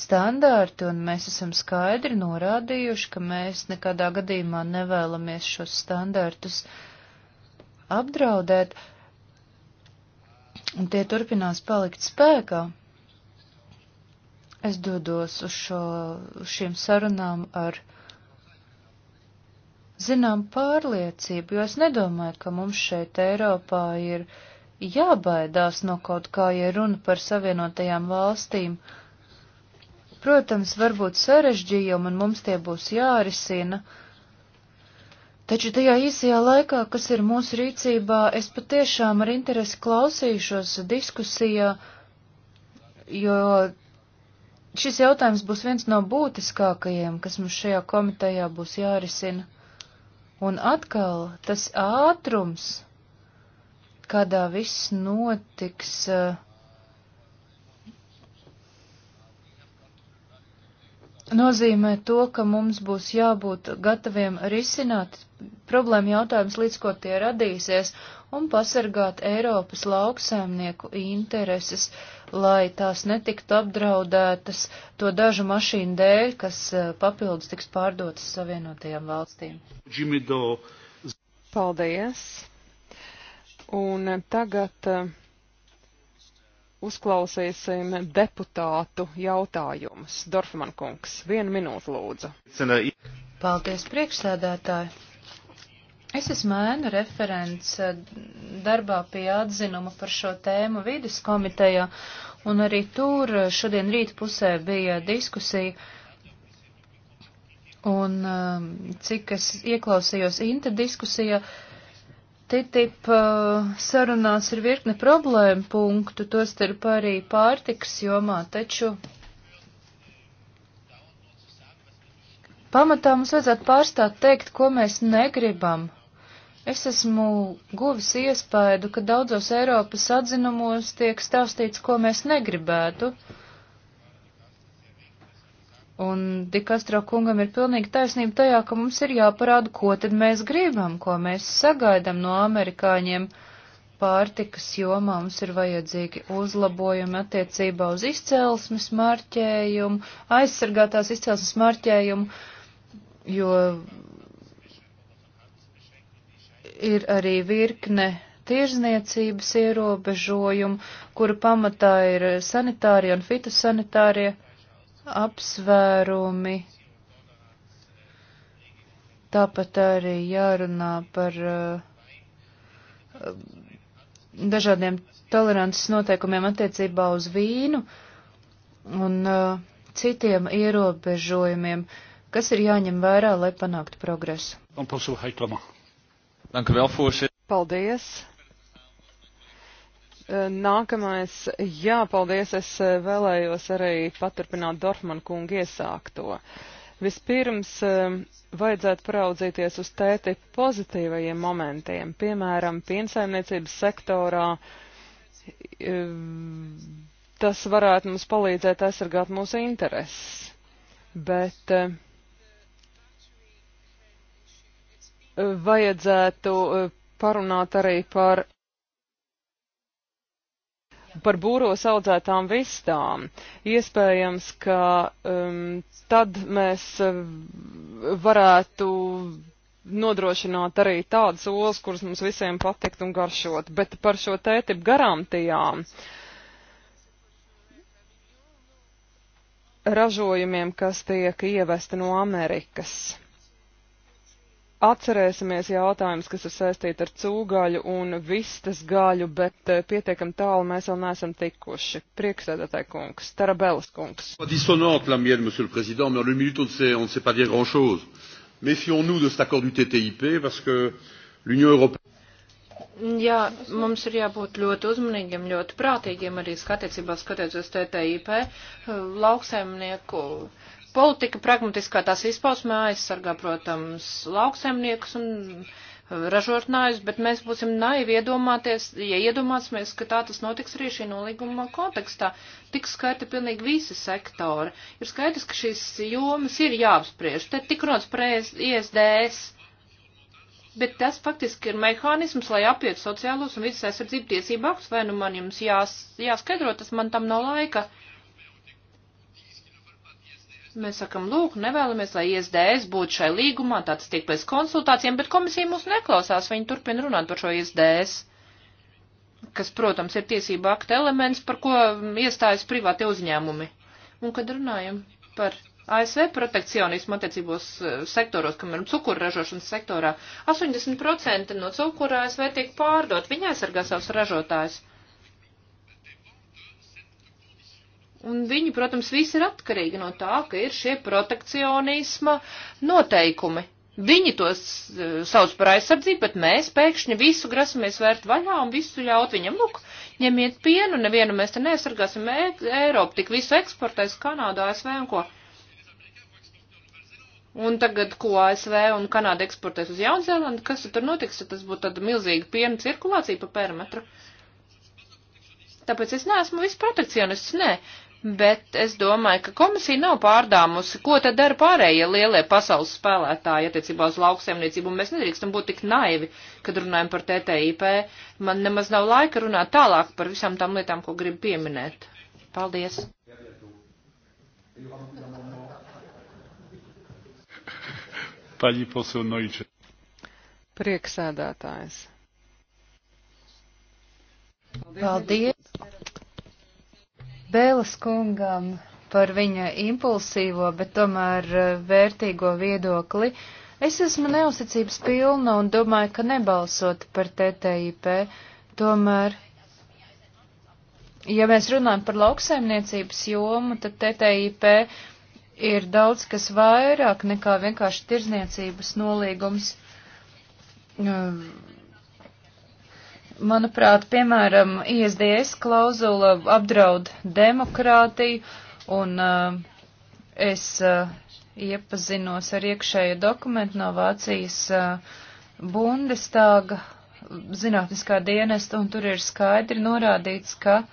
standārti, un mēs esam skaidri norādījuši, ka mēs nekādā gadījumā nevēlamies šos standārtus apdraudēt, un tie turpinās palikt spēkā. Es dodos uz, šo, uz šīm sarunām ar zinām pārliecību, jo es nedomāju, ka mums šeit Eiropā ir jābaidās no kaut kā, ja runa par savienotajām valstīm. Protams, varbūt sarežģījumi un mums tie būs jārisina, taču tajā īsajā laikā, kas ir mūsu rīcībā, es patiešām ar interesi klausīšos diskusijā, jo šis jautājums būs viens no būtiskākajiem, kas mums šajā komitejā būs jārisina. Un atkal tas ātrums, kādā viss notiks, eh, nozīmē to, ka mums būs jābūt gataviem risināt problēmu jautājumus līdz ko tie radīsies un pasargāt Eiropas lauksēmnieku intereses. Uh, lai tās netiktu apdraudētas to dažu mašīnu dēļ, kas e, papildus tiks pārdotas Savienotajām valstīm. Paldies! Un tagad e, uzklausīsim deputātu jautājumus. Dorfman kungs, vienu minūtu lūdzu. Paldies, priekšsēdētāji! Es esmu ēnu referents eh, darbā pie atzinuma par šo tēmu vidas komitejā, un arī tur eh, šodien rīt pusē bija diskusija. Un eh, cik es ieklausījos Inta diskusijā, TTIP sarunās ir virkne problēmu punktu, tostarp arī pārtiks jomā, taču pamatā mums vajadzētu pārstāt teikt, ko mēs negribam Es esmu guvis iespaidu, ka daudzos Eiropas atzinumos tiek stāstīts, ko mēs negribētu. Un Dikastro kungam ir pilnīgi taisnība tajā, ka mums ir jāparāda, ko tad mēs gribam, ko mēs sagaidam no amerikāņiem pārtikas jomā. Mums ir vajadzīgi uzlabojumi attiecībā uz izcelsmes marķējumu, aizsargātās izcelsmes marķējumu, jo ir arī virkne tirzniecības ierobežojumu, kura pamatā ir sanitārie un fitosanitārie apsvērumi. Tāpat arī jārunā par uh, dažādiem tolerances noteikumiem attiecībā uz vīnu un uh, citiem ierobežojumiem, kas ir jāņem vērā, lai panāktu progresu. Un posūhai tomā. Dank u wel, voorzitter. Paldies. Eh, nākamais, jā, paldies, es eh, vēlējos arī paturpināt Dorfman kungu iesākto. Vispirms eh, vajadzētu paraudzīties uz tēti pozitīvajiem momentiem, piemēram, piensaimniecības sektorā. Tas varētu mums palīdzēt aizsargāt mūsu intereses, bet vajadzētu e, parunāt arī par par būros audzētām vistām. Iespējams, ka um, tad mēs e, varētu nodrošināt arī tādas olas, kuras mums visiem patikt un garšot. Bet par šo tētipu garantijām ražojumiem, kas tiek ievesti no Amerikas. Atcerēsimies jautājumus, kas ir saistīti ar cūgaļu un vistas gaļu, bet eh, pietiekam tālu mēs vēl neesam tikuši. Priekšsēdētāji kungs, Tarabēlas kungs. Méfions-nous de cet accord du TTIP parce que l'Union européenne. Jā, mums ir jābūt ļoti uzmanīgiem, ļoti prātīgiem arī skattiecībā skatoties uz TTIP eh, lauksaimnieku. Uh, Politika pragmatiskā tās izpausmē aizsargā, protams, lauksaimniekus un uh, ražotājus, bet mēs būsim naivi iedomāties, ja iedomāsimies, ka tā tas notiks arī šī nolīguma kontekstā. Tiks skaita pilnīgi visi sektori. Ir skaidrs, ka šīs jomas ir jāapspriež. Te tik rodas par ISDS. E bet tas faktiski ir mehānisms, lai apietu sociālos un vidas aizsardzību tiesību aktus, vai nu man jums jās, jāskaidro, tas man tam nav laika. Uh, Mēs sakam, lūk, nevēlamies, lai ISDS būtu šai līgumā, tāds tiek pēc konsultācijām, bet komisija mūs neklausās, viņi turpina runāt par šo ISDS, kas, protams, ir tiesība akta elements, par ko iestājas privāti uzņēmumi. Un kad runājam par ASV protekcionismu attiecībos eh, sektoros, kamēr cukurražošanas sektorā, 80% no cukura ASV tiek pārdot, viņi aizsargā savus ražotājus. Un viņi, protams, visi ir atkarīgi no tā, ka ir šie protekcionisma noteikumi. Viņi tos uh, sauc par aizsardzību, bet mēs pēkšņi visu grasamies vērt vaļā un visu ļaut viņam, lūk, ņemiet pienu, nevienu mēs te nesargāsim e Eiropu, tik visu eksportais Kanādā, ASV un ko. Un tagad, ko ASV un Kanāda eksportēs uz Jaunzēlandu, kas tur notiks, ja tas būtu tāda milzīga piena cirkulācija pa perimetru? Tāpēc es neesmu viss protekcionists, nē, bet es domāju, ka komisija nav pārdāmusi, ko tad dara pārējie lielie pasaules spēlētāji attiecībā uz lauksaimniecību, un mēs nedrīkstam būt tik naivi, kad runājam par TTIP. Man nemaz nav laika runāt tālāk par visām tām lietām, ko gribu pieminēt. Paldies! Paļi posilnojuši. Prieksēdētājs. Paldies! Paldies. Bēlas kungam par viņa impulsīvo, bet tomēr eh, vērtīgo viedokli. Es esmu neusticības pilna un domāju, ka nebalsot par TTIP. Tomēr, ja mēs runājam par lauksaimniecības jomu, tad TTIP ir daudz kas vairāk nekā vienkārši tirzniecības nolīgums. Um, Manuprāt, piemēram, ISDS klauzula apdraud demokrātiju, un uh, es uh, iepazinos ar iekšēju dokumentu no Vācijas uh, Bundestāga zinātniskā dienesta, un tur ir skaidri norādīts, ka,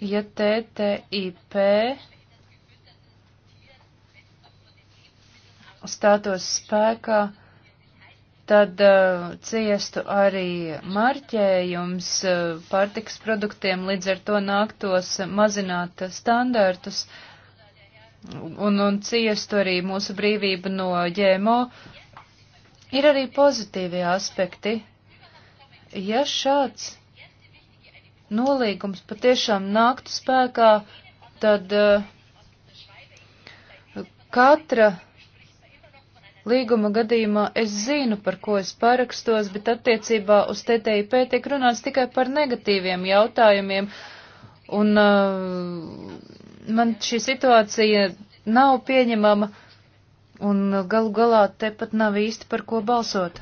ja TTIP stātos spēkā, tad uh, ciestu arī marķējums uh, pārtiks produktiem, līdz ar to nāktos mazināt standartus un, un ciestu arī mūsu brīvību no ģēmo. Ir arī pozitīvie aspekti. Ja šāds nolīgums patiešām nāktu spēkā, tad uh, katra līguma gadījumā es zinu, par ko es parakstos, bet attiecībā uz TTIP tiek runāts tikai par negatīviem jautājumiem, un uh, man šī situācija nav pieņemama, un galu galā te pat nav īsti par ko balsot.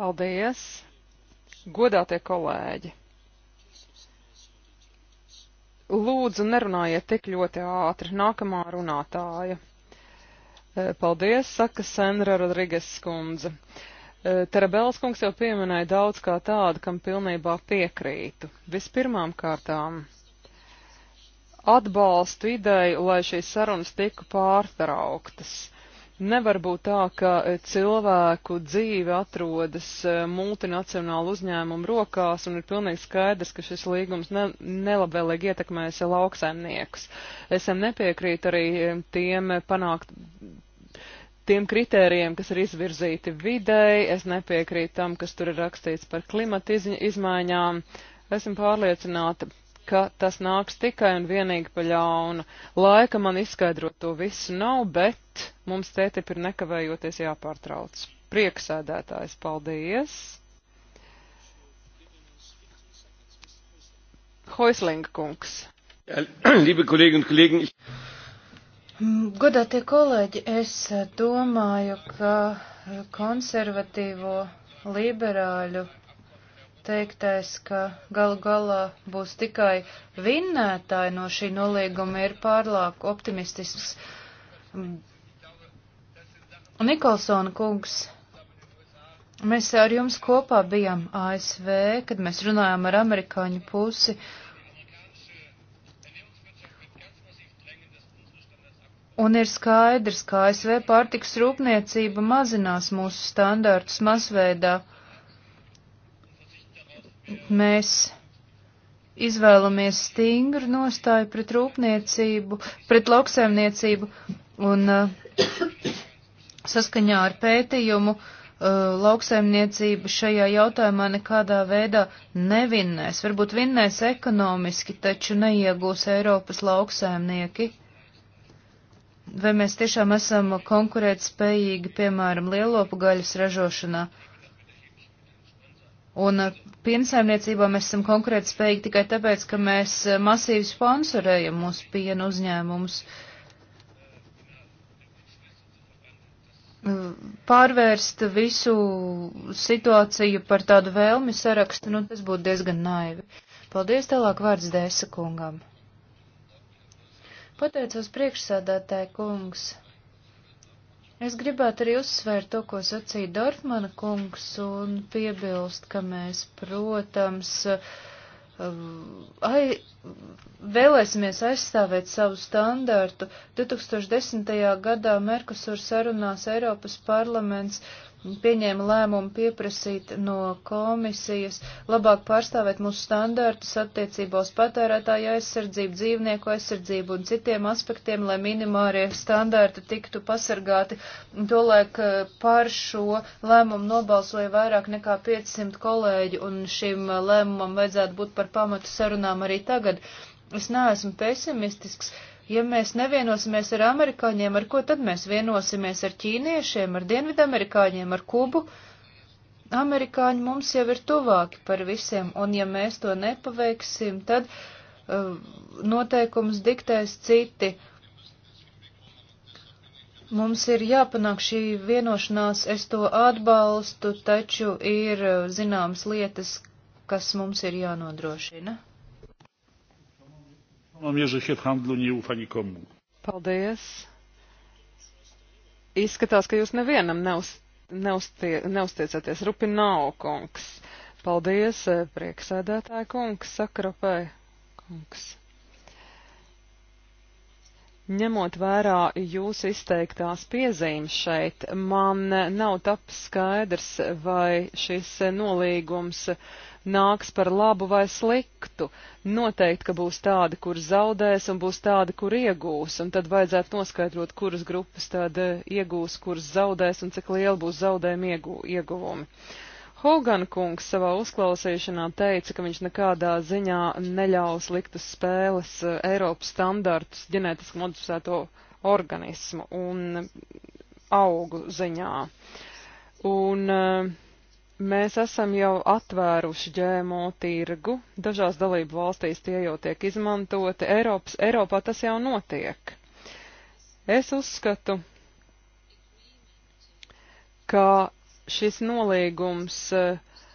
Paldies, godātie kolēģi! Lūdzu, nerunājiet tik ļoti ātri. Nākamā runātāja. Eh, paldies, saka Sandra Rodriges skundze. Eh, Terabels kungs jau pieminēja daudz kā tādu, kam pilnībā piekrītu. Vispirmām kārtām atbalstu ideju, lai šīs sarunas tiku pārtrauktas. Nevar būt tā, ka e, cilvēku dzīve atrodas e, multinacionālu uzņēmumu rokās un ir pilnīgi skaidrs, ka šis līgums ne, nelabvēlīgi ietekmēs lauksaimniekus. Es nepiekrītu arī e, tiem panākt. Tiem kritērijiem, kas ir izvirzīti videi, es nepiekrītu tam, kas tur ir rakstīts par klimata izmaiņām. Esmu pārliecināta ka tas nāks tikai un vienīgi pa ļaunu. Laika man izskaidrot to visu nav, bet mums tētip ir nekavējoties jāpārtrauc. Prieksēdētājs, paldies! Hoislinga kungs. <clears throat> Liebe Kolleginnen und Kollegen, ich... Godātie kolēģi, es domāju, ka konservatīvo liberāļu teiktais, ka galu galā būs tikai vinnētāji no šī nolīguma, ir pārlāk optimistisks. Nikolsona kungs, mēs ar jums kopā bijām ASV, kad mēs runājām ar amerikāņu pusi. Un ir skaidrs, ka ASV pārtiks rūpniecība mazinās mūsu standārtus masveidā mēs izvēlamies stingru nostāju pret rūpniecību, pret lauksaimniecību un uh, saskaņā ar pētījumu uh, lauksaimniecība šajā jautājumā nekādā veidā nevinnēs. Varbūt vinnēs ekonomiski, taču neiegūs Eiropas lauksaimnieki. Vai mēs tiešām esam konkurētspējīgi, piemēram, lielopu gaļas ražošanā? Uh, Un uh, piensaimniecībā mēs esam konkrēti spējīgi tikai tāpēc, ka mēs uh, masīvi sponsorējam mūsu piena uzņēmumus. Uh, pārvērst visu situāciju par tādu vēlmi sarakstu, nu tas būtu diezgan naivi. Paldies tālāk vārds Dēsa kungam. Pateicos priekšsādātāja kungs. Es gribētu arī uzsvērt to, ko sacīja Dorfmana kungs, un piebilst, ka mēs, protams, um, ai, vēlēsimies aizstāvēt savu standārtu. 2010. gadā Merkusur sarunās Eiropas parlaments pieņēma lēmumu pieprasīt no komisijas labāk pārstāvēt mūsu standārtus attiecībā uz patērētāju aizsardzību, dzīvnieku aizsardzību un citiem aspektiem, lai minimārie standārti tiktu pasargāti. Tolēk eh, par šo lēmumu nobalsoja vairāk nekā 500 kolēģi, un šim lēmumam vajadzētu būt par pamatu sarunām arī tagad. Es neesmu pesimistisks. Uh, Ja mēs nevienosimies ar amerikāņiem, ar ko tad mēs vienosimies ar ķīniešiem, ar dienvidamerikāņiem, ar kubu? Amerikāņi mums jau ir tuvāki par visiem, un ja mēs to nepaveiksim, tad uh, noteikums diktēs citi. Mums ir jāpanāk šī vienošanās, es to atbalstu, taču ir uh, zināmas lietas, kas mums ir jānodrošina. Paldies! Izskatās, ka jūs nevienam neuz, neuztie, neuztiecaties. Rupināo kungs. Paldies, eh, prieksēdētāja kungs, sakrapē kungs. Ņemot vērā jūsu izteiktās piezīmes šeit, man nav taps skaidrs, vai šis nolīgums uh, nāks par labu vai sliktu. Noteikti, ka būs tādi, kur zaudēs un būs tādi, kur iegūs, un tad vajadzētu noskaidrot, kuras grupas tad eh, iegūs, kuras zaudēs un cik liela būs zaudējuma ieguvumi. Hogan kungs savā uzklausīšanā teica, ka viņš nekādā ziņā neļaus likt uz spēles eh, Eiropas standartus ģenētiski modificēto organismu un augu ziņā. Un uh, Mēs esam jau atvēruši ģēmo tirgu, dažās dalību valstīs tie jau tiek izmantoti, Eiropas, Eiropā tas jau notiek. Es uzskatu, ka šis nolīgums eh,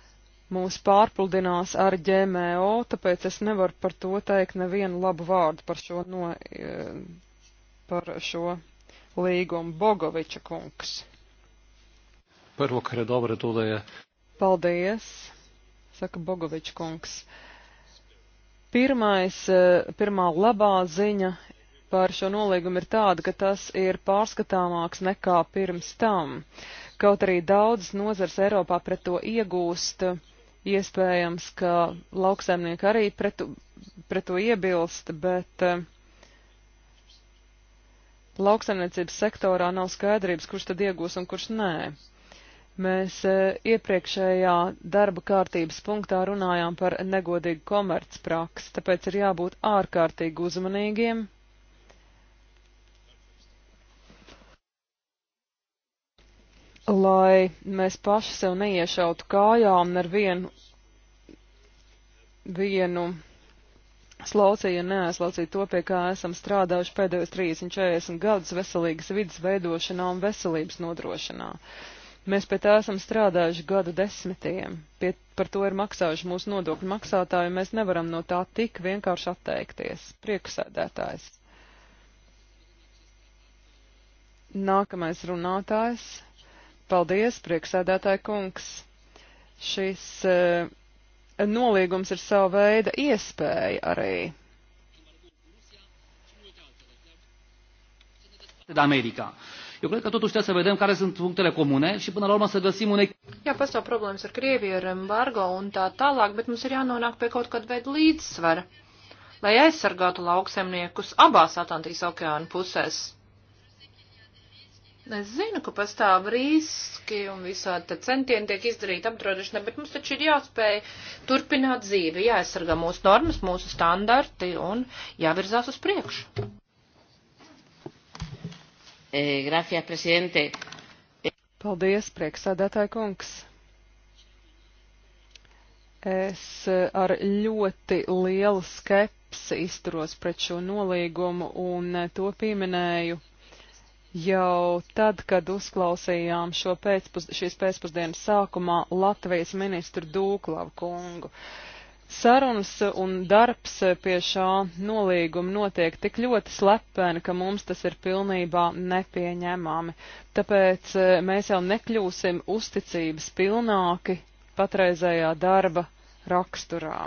mūs pārpludinās ar ģēmēo, tāpēc es nevaru par to teikt nevienu labu vārdu par šo, no, eh, par šo līgumu Bogoviča kungs. Prvo, kar je dobro, to da je Paldies, saka Bogovičs kungs. Pirmais, eh, pirmā labā ziņa par šo nolīgumu ir tāda, ka tas ir pārskatāmāks nekā pirms tam. Kaut arī daudz nozars Eiropā pret to iegūst, iespējams, ka lauksaimnieki arī pret, to, pret to iebilst, bet eh, lauksaimniecības sektorā nav skaidrības, kurš tad iegūs un kurš nē. Mēs e, iepriekšējā darba kārtības punktā runājām par negodīgu komercpraksi, tāpēc ir jābūt ārkārtīgi uzmanīgiem. Lai mēs paši sev neiešautu kājām ar vienu, vienu slaucīju un neaizslaucīju to, pie kā esam strādājuši pēdējos 30-40 gadus veselīgas vidas veidošanā un veselības nodrošinā. Uh, Mēs pie tā esam strādājuši gadu desmitiem, pie, par to ir maksājuši mūsu nodokļu maksātāji, un mēs nevaram no tā tik vienkārši atteikties. Prieksēdētājs. Nākamais runātājs. Paldies, prieksēdētāja kungs. Šis uh, nolīgums ir sava veida iespēja arī. Amerikā. Eu cred că totuși trebuie să vedem care sunt punctele comune și până la urmă să găsim un Jā, pastāv problēmas ar Krieviju, ar embargo un tā tālāk, bet mums ir jānonāk pie kaut kāda veida līdzsvara, lai aizsargātu lauksemniekus abās Atlantijas okeāna pusēs. Es zinu, ka pastāv riski un visādi te centieni tiek izdarīti apdraudēšanai, bet mums taču ir jāspēj turpināt dzīvi, jāaizsargā mūsu normas, mūsu standarti un jāvirzās uz priekšu. Eh, gracias, presidente. Paldies, prieksēdētāji kungs. Es eh, ar ļoti lielu skepsi izturos pret šo nolīgumu un eh, to pieminēju jau tad, kad uzklausījām šo pēcpus, šīs pēcpusdienas sākumā Latvijas ministru Dūklavu kungu. Uh, Sarunas un darbs pie šā nolīguma notiek tik ļoti slepeni, ka mums tas ir pilnībā nepieņemami. Tāpēc e, mēs jau nekļūsim uzticības pilnāki patreizējā darba raksturā.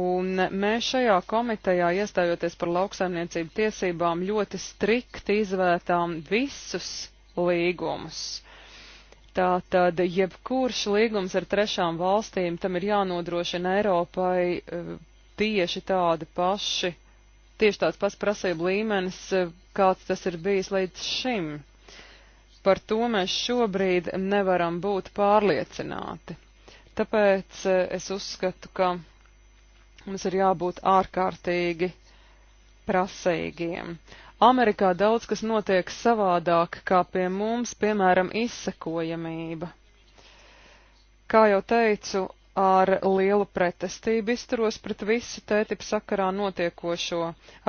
Un mēs šajā komitejā, iestājoties par lauksaimniecību tiesībām, ļoti strikti izvērtām visus līgumus. Tātad, jebkurš līgums ar trešām valstīm, tam ir jānodrošina Eiropai eh, tieši tādi paši, tieši tāds pats prasību līmenis, eh, kāds tas ir bijis līdz šim. Par to mēs šobrīd nevaram būt pārliecināti. Tāpēc eh, es uzskatu, ka mums ir jābūt ārkārtīgi prasīgiem. Amerikā daudz kas notiek savādāk kā pie mums, piemēram, izsekojamība. Kā jau teicu, ar lielu pretestību izturos pret visu tētipu sakarā notiekošo,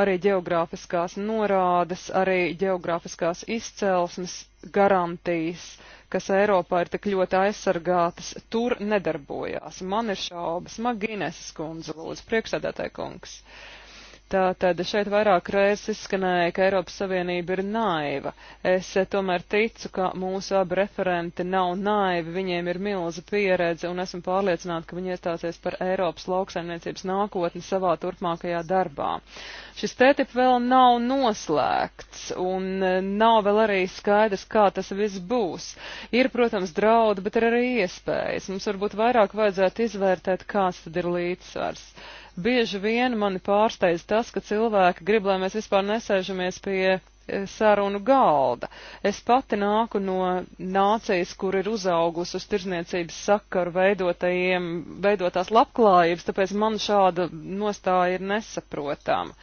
arī geogrāfiskās norādes, arī geogrāfiskās izcelsmes garantijas, kas Eiropā ir tik ļoti aizsargātas, tur nedarbojās. Man ir šaubas. Magīnes skundze, lūdzu, priekšsēdētāji kungs. Uh, Tātad šeit vairāk reizes izskanēja, ka Eiropas Savienība ir naiva. Es eh, tomēr ticu, ka mūsu abi referenti nav naivi, viņiem ir milza pieredze un esmu pārliecināta, ka viņi iestāsies par Eiropas lauksaimniecības nākotni savā turpmākajā darbā. Šis tētip vēl nav noslēgts un eh, nav vēl arī skaidrs, kā tas viss būs. Ir, protams, draudi, bet ir arī iespējas. Mums varbūt vairāk vajadzētu izvērtēt, kāds tad ir līdzsvars. Bieži vien mani pārsteidz tas, ka cilvēki grib, lai mēs vispār nesēžamies pie e, sarunu galda. Es pati nāku no nācijas, kur ir uzaugusi uz tirzniecības sakaru veidotajiem, veidotās labklājības, tāpēc man šāda nostāja ir nesaprotama.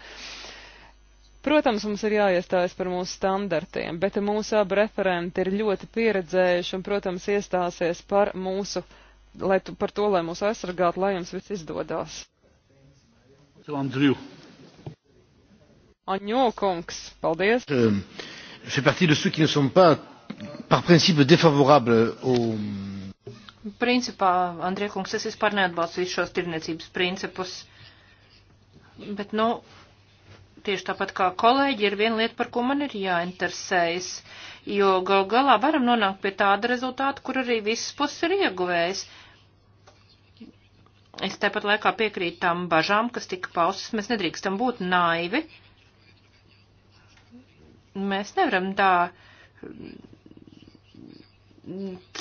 Protams, mums ir jāiestājas par mūsu standartiem, bet mūsu abi referenti ir ļoti pieredzējuši un, protams, iestāsies par mūsu, lai tu, par to, lai mūs aizsargātu, lai jums viss izdodas. Andriu. Aņokungs, paldies. Euh, je fais partie de ceux qui ne sont pas par principe défavorables au. Principā, Andriekungs, es vispār neatbalstīju šos tirniecības principus, bet, nu, tieši tāpat kā kolēģi, ir viena lieta, par ko man ir jāinteresējas, jo gal galā varam nonākt pie tāda rezultāta, kur arī visas puses ir ieguvējis. Es tāpat laikā piekrītu tam bažām, kas tika paustas. Mēs nedrīkstam būt naivi. Mēs nevaram tā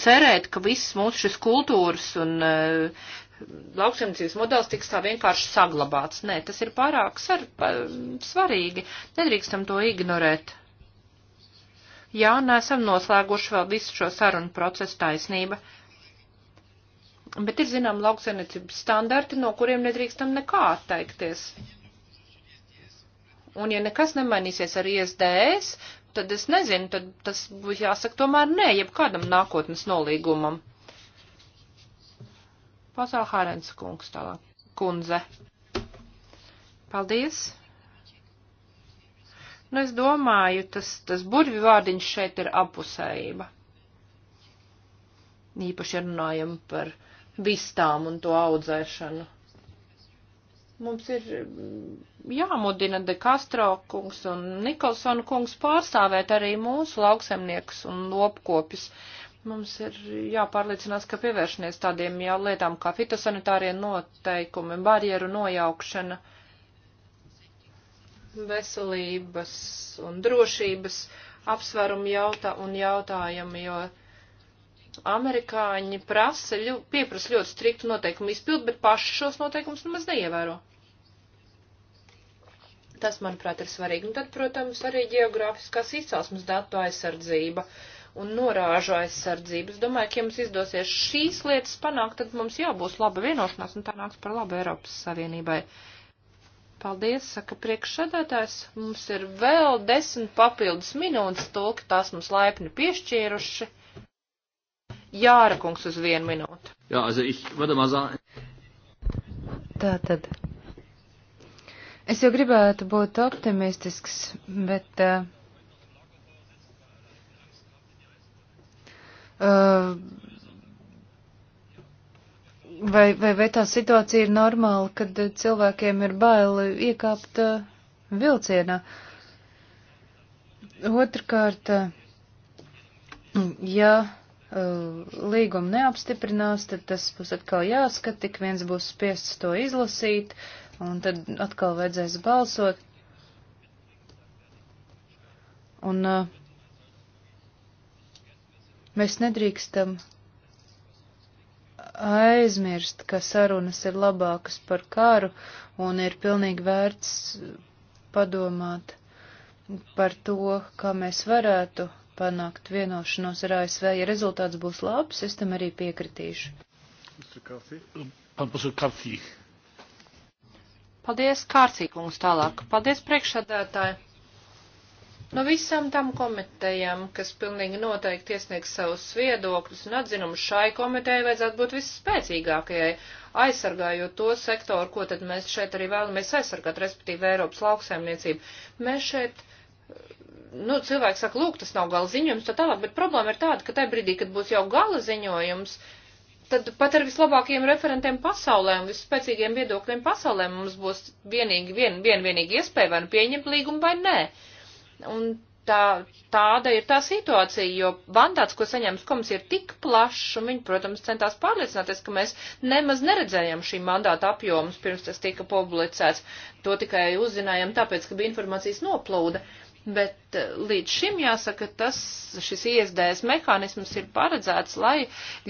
cerēt, ka viss mūsu šis kultūras un uh, lauksaimniecības modelis tiks tā vienkārši saglabāts. Nē, tas ir pārāk sar, pa, svarīgi. Nedrīkstam to ignorēt. Jā, nesam noslēguši vēl visu šo sarunu procesu taisnība. Uh, Bet ir zinām lauksainiecības standarti, no kuriem nedrīkstam nekā atteikties. Un ja nekas nemainīsies ar ISDS, tad es nezinu, tad tas būs jāsaka tomēr nē, jebkādam nākotnes nolīgumam. Pasā Hārens kungs tālāk. Kundze. Paldies. Nu, es domāju, tas, tas burvi vārdiņš šeit ir apusējība. Īpaši runājam par vistām un to audzēšanu. Mums ir mm, jāmudina De Castro kungs un Nikolsona kungs pārstāvēt arī mūsu lauksemniekus un lopkopjus. Mums ir jāpārliecinās, ka pievēršanies tādiem jau lietām kā fitosanitārie noteikumi, barjeru nojaukšana, veselības un drošības apsverumu jautā un jautājumu, jo amerikāņi prasa, ļu, pieprasa ļoti striktu noteikumu izpildu, bet paši šos noteikumus nemaz neievēro. Tas, manuprāt, ir svarīgi. Un tad, protams, arī geogrāfiskās izcelsmes datu aizsardzība un norāžu aizsardzību. Es domāju, ka ja mums izdosies šīs lietas panākt, tad mums jābūs laba vienošanās un tā nāks par labu Eiropas Savienībai. Paldies, saka priekšsēdētājs. Mums ir vēl desmit papildus minūtes, tulki tās mums laipni piešķīruši. Jāra kungs uz vienu minūtu. Jā, also ich würde mal sagen. Tā tad. Es jau gribētu būt optimistisks, bet. Uh, uh, Vai, vai, vai tā situācija ir normāla, kad cilvēkiem ir bail iekāpt uh, vilcienā? Otrkārt, uh, ja Uh, līgumu neapstiprinās, tad tas būs atkal jāskat, tik viens būs spiests to izlasīt, un tad atkal vajadzēs balsot. Un uh, mēs nedrīkstam aizmirst, ka sarunas ir labākas par karu, un ir pilnīgi vērts padomāt par to, kā mēs varētu panākt vienošanos ar ASV. Ja rezultāts būs labs, es tam arī piekritīšu. Paldies, Kārcīkungs, tālāk. Paldies, priekšsādātāji. No visām tam komitejām, kas pilnīgi noteikti iesniegs savus viedokļus un atzinumus, šai komitejai vajadzētu būt visspēcīgākajai, aizsargājot to sektoru, ko tad mēs šeit arī vēlamies aizsargāt, respektīvi Eiropas lauksaimniecību. Mēs šeit nu, cilvēki saka, lūk, tas nav gala ziņojums, tā tālāk, bet problēma ir tāda, ka tajā brīdī, kad būs jau gala ziņojums, tad pat ar vislabākajiem referentiem pasaulē un visspēcīgiem viedokļiem pasaulē mums būs vienīgi, vien, vien, vienīgi iespēja vai nu pieņemt līgumu vai nē. Un tā, tāda ir tā situācija, jo mandāts, ko saņems komisija, ir tik plašs, un viņi, protams, centās pārliecināties, ka mēs nemaz neredzējām šī mandāta apjomus, pirms tas tika publicēts. To tikai uzzinājām tāpēc, ka bija informācijas noplūda. Uh, Bet eh, līdz šim jāsaka, tas šis iesdējas mehānisms ir paredzēts, lai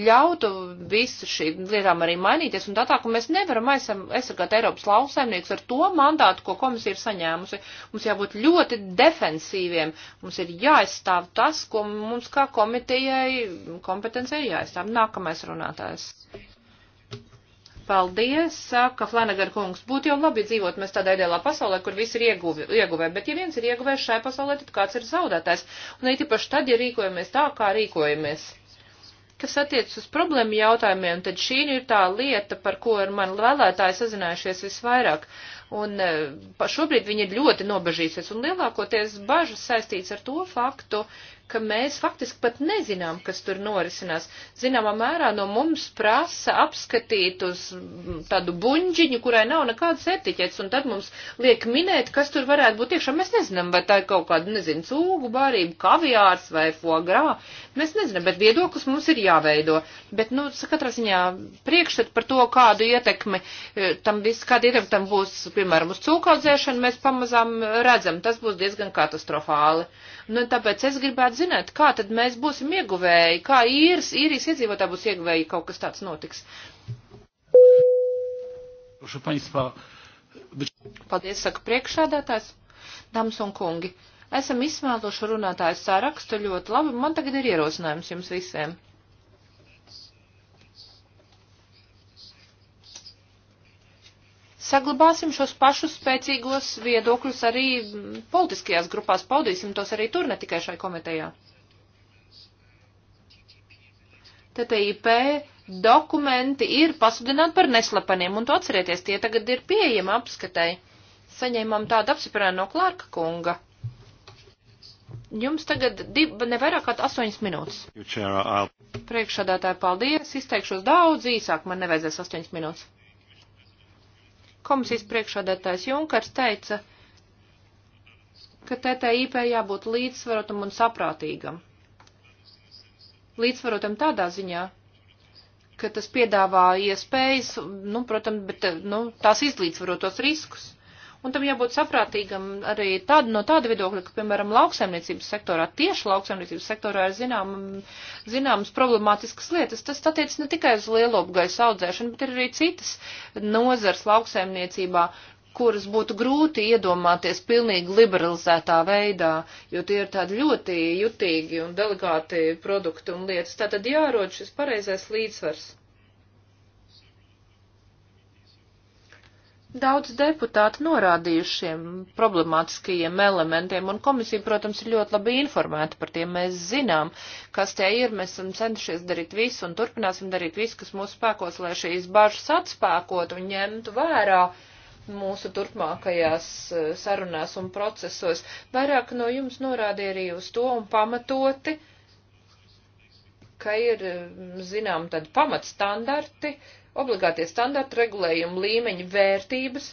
ļautu visu šīm lietām arī mainīties un tā tā, ka mēs nevaram aizsargāt Eiropas lauksaimnieks ar to mandātu, ko komisija ir saņēmusi. Mums jābūt ļoti defensīviem, mums ir jāizstāv tas, ko mums kā komitejai kompetencija ir jāizstāv. Nākamais runātājs. Paldies, saka Flanagar kungs. Būtu jau labi dzīvot mēs tādā ideālā pasaulē, kur visi ir ieguvi, ieguvē, bet ja viens ir ieguvējis šai pasaulē, tad kāds ir zaudētājs. Un it īpaši tad, ja rīkojamies tā, kā rīkojamies. Kas attiec uz problēmu jautājumiem, tad šī ir tā lieta, par ko ar mani vēlētāji sazinājušies visvairāk. Uh, un e, šobrīd viņi ir ļoti nobežīsies, un lielākoties bažas saistīts ar to faktu, ka mēs faktiski pat nezinām, kas tur norisinās. Zināmā mērā no mums prasa apskatīt uz tādu buņģiņu, kurai nav nekādas etiķetes, un tad mums liek minēt, kas tur varētu būt iekšā. Mēs nezinām, vai tā ir kaut kāda, nezinu, cūgu barība, kaviārs vai foagrā. Mēs nezinām, bet viedoklis mums ir jāveido. Bet, nu, katrā ziņā priekšstat par to, kādu ietekmi e, tam viss, kāda ietekmi tam būs piemēram, uz cūkaudzēšanu mēs pamazām redzam, tas būs diezgan katastrofāli. Nu, tāpēc es gribētu zināt, kā tad mēs būsim ieguvēji, kā īris, īrijas iedzīvotāji būs ieguvēji, kaut kas tāds notiks. Paldies, saka priekšādātājs, dāmas un kungi. Esam izsmēluši runātājs sārakstu ļoti labi, man tagad ir ierosinājums jums visiem. saglabāsim šos pašus spēcīgos viedokļus arī politiskajās grupās, paudīsim tos arī tur, ne tikai šai komitejā. TTIP dokumenti ir pasludināti par neslapaniem, un to atcerieties, tie tagad ir pieejami apskatai. Saņēmām tādu apsiprinājumu no Klārka kunga. Jums tagad div, ne vairāk kā astoņas minūtes. Priekšādātāji, paldies, izteikšos daudz īsāk, man nevajadzēs astoņas minūtes. Komisijas priekšādētājs Junkars teica, ka TTIP jābūt līdzsvarotam un saprātīgam. Līdzsvarotam tādā ziņā, ka tas piedāvā iespējas, nu, protams, bet, nu, tās izlīdzvarotos riskus un tam jābūt saprātīgam arī tādu, no tāda viedokļa, ka, piemēram, lauksaimniecības sektorā, tieši lauksaimniecības sektorā ir zinām, zināmas problemātiskas lietas. Tas attiec ne tikai uz lielopgais audzēšanu, bet ir arī citas nozars lauksaimniecībā, kuras būtu grūti iedomāties pilnīgi liberalizētā veidā, jo tie ir tādi ļoti jutīgi un delikāti produkti un lietas. Tātad jāroda šis pareizais līdzsvars. Daudz deputāti norādījušiem problemātiskajiem elementiem, un komisija, protams, ir ļoti labi informēta par tiem. Mēs zinām, kas tie ir, mēs esam centušies darīt visu un turpināsim darīt visu, kas mūsu spēkos, lai šīs bažas atspēkot un ņemtu vērā mūsu turpmākajās eh, sarunās un procesos. Vairāk no jums norādīja arī uz to un pamatoti ka ir, mm, zinām, tad pamatstandarti, obligātie standarti regulējuma līmeņa vērtības,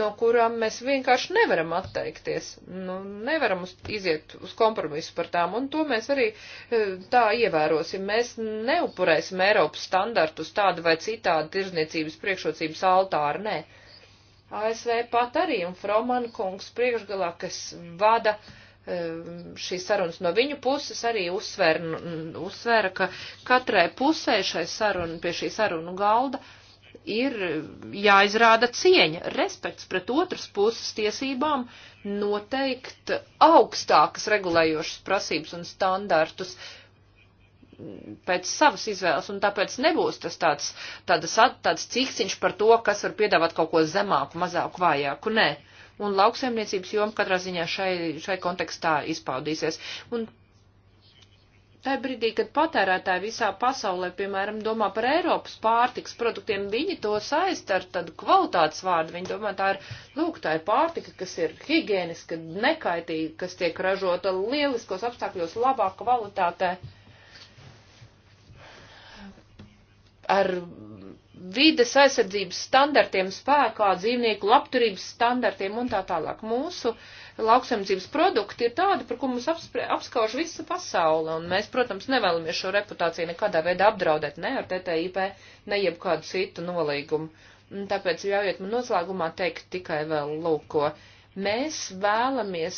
no kurām mēs vienkārši nevaram atteikties, nu, nevaram uz, iziet uz kompromisu par tām, un to mēs arī e, tā ievērosim. Mēs neupurēsim Eiropas standartus tādu vai citādu tirzniecības priekšrocības altāru, nē. ASV pat arī, un Froman kungs priekšgalā, kas vada uh, Ehm, šīs sarunas no viņu puses arī uzsvēra, uzsvēra ka katrai pusē šai sarunu, pie šī sarunu galda ir jāizrāda cieņa, respekts pret otras puses tiesībām noteikt augstākas regulējošas prasības un standartus, pēc savas izvēles, un tāpēc nebūs tas tāds, tāds, tāds cīksiņš par to, kas var piedāvāt kaut ko zemāku, mazāku, vājāku. Nē, un lauksaimniecības joma katrā ziņā šai, šai kontekstā izpaudīsies. Un Tā brīdī, kad patērētāji visā pasaulē, piemēram, domā par Eiropas pārtiks produktiem, viņi to saist ar tādu kvalitātes vārdu. Viņi domā, tā ir, lūk, tā ir pārtika, kas ir higieniska, nekaitīga, kas tiek ražota lieliskos apstākļos, labā kvalitātē. Ar vides aizsardzības standartiem spēkā, dzīvnieku labturības standartiem un tā tālāk. Mūsu lauksaimniecības produkti ir tādi, par ko mums apskauž visa pasaule, un mēs, protams, nevēlamies šo reputāciju nekādā veidā apdraudēt, ne ar TTIP, ne jebkādu citu nolīgumu. Tāpēc ļaujiet man noslēgumā teikt tikai vēl lūko. Uh, Mēs vēlamies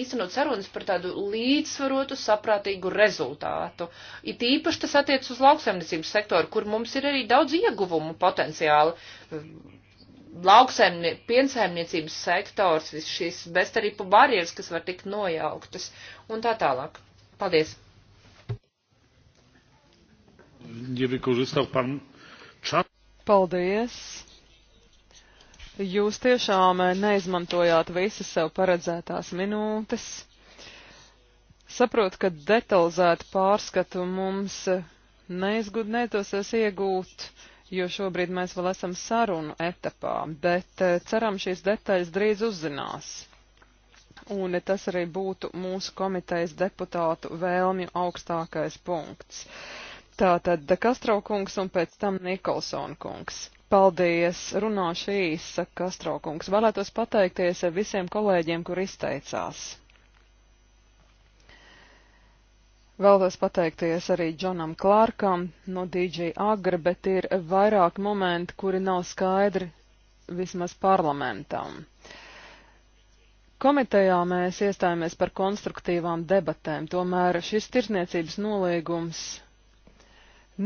īstenot sarunas par tādu līdzsvarotu, saprātīgu rezultātu. It īpaši tas attiec uz lauksaimniecības sektoru, kur mums ir arī daudz ieguvumu potenciāli lauksaimnie, piensaimniecības sektors, viss šīs bestarību barjeras, kas var tikt nojauktas un tā tālāk. Paldies. Paldies. Jūs tiešām neizmantojāt visas sev paredzētās minūtes. Saprotu, ka detalizētu pārskatu mums neizgudnētosies iegūt, jo šobrīd mēs vēl esam sarunu etapā, bet eh, ceram šīs detaļas drīz uzzinās. Un tas arī būtu mūsu komitejas deputātu vēlmju augstākais punkts. Tātad Kastrau kungs un pēc tam Nikolson kungs. Paldies, runāšu īsa, Kastrokungs. Vēlētos pateikties visiem kolēģiem, kur izteicās. Vēlos pateikties arī Džonam Klārkam no DJ Agri, bet ir vairāk momenti, kuri nav skaidri vismaz parlamentam. Komitejā mēs iestājāmies par konstruktīvām debatēm, tomēr šis tirsniecības nolīgums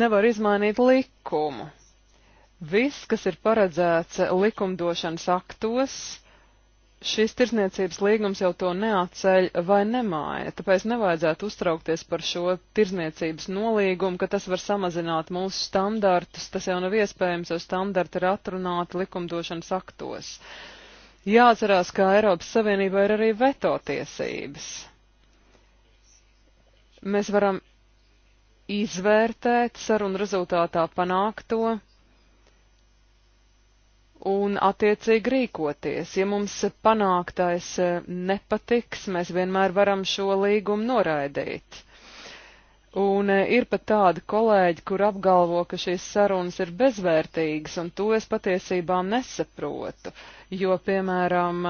nevar izmainīt likumu. Viss, kas ir paredzēts likumdošanas aktos, šis tirzniecības līgums jau to neatceļ vai nemāja, tāpēc nevajadzētu uztraukties par šo tirzniecības nolīgumu, ka tas var samazināt mūsu standartus, tas jau nav iespējams, jo standarti ir atrunāti likumdošanas aktos. Jāatcerās, ka Eiropas Savienībā ir arī veto tiesības. Mēs varam izvērtēt sarunu rezultātā panākto, un attiecīgi rīkoties. Ja mums panāktais eh, nepatiks, mēs vienmēr varam šo līgumu noraidīt. Un eh, ir pat tādi kolēģi, kur apgalvo, ka šīs sarunas ir bezvērtīgas, un to es patiesībā nesaprotu, jo, piemēram,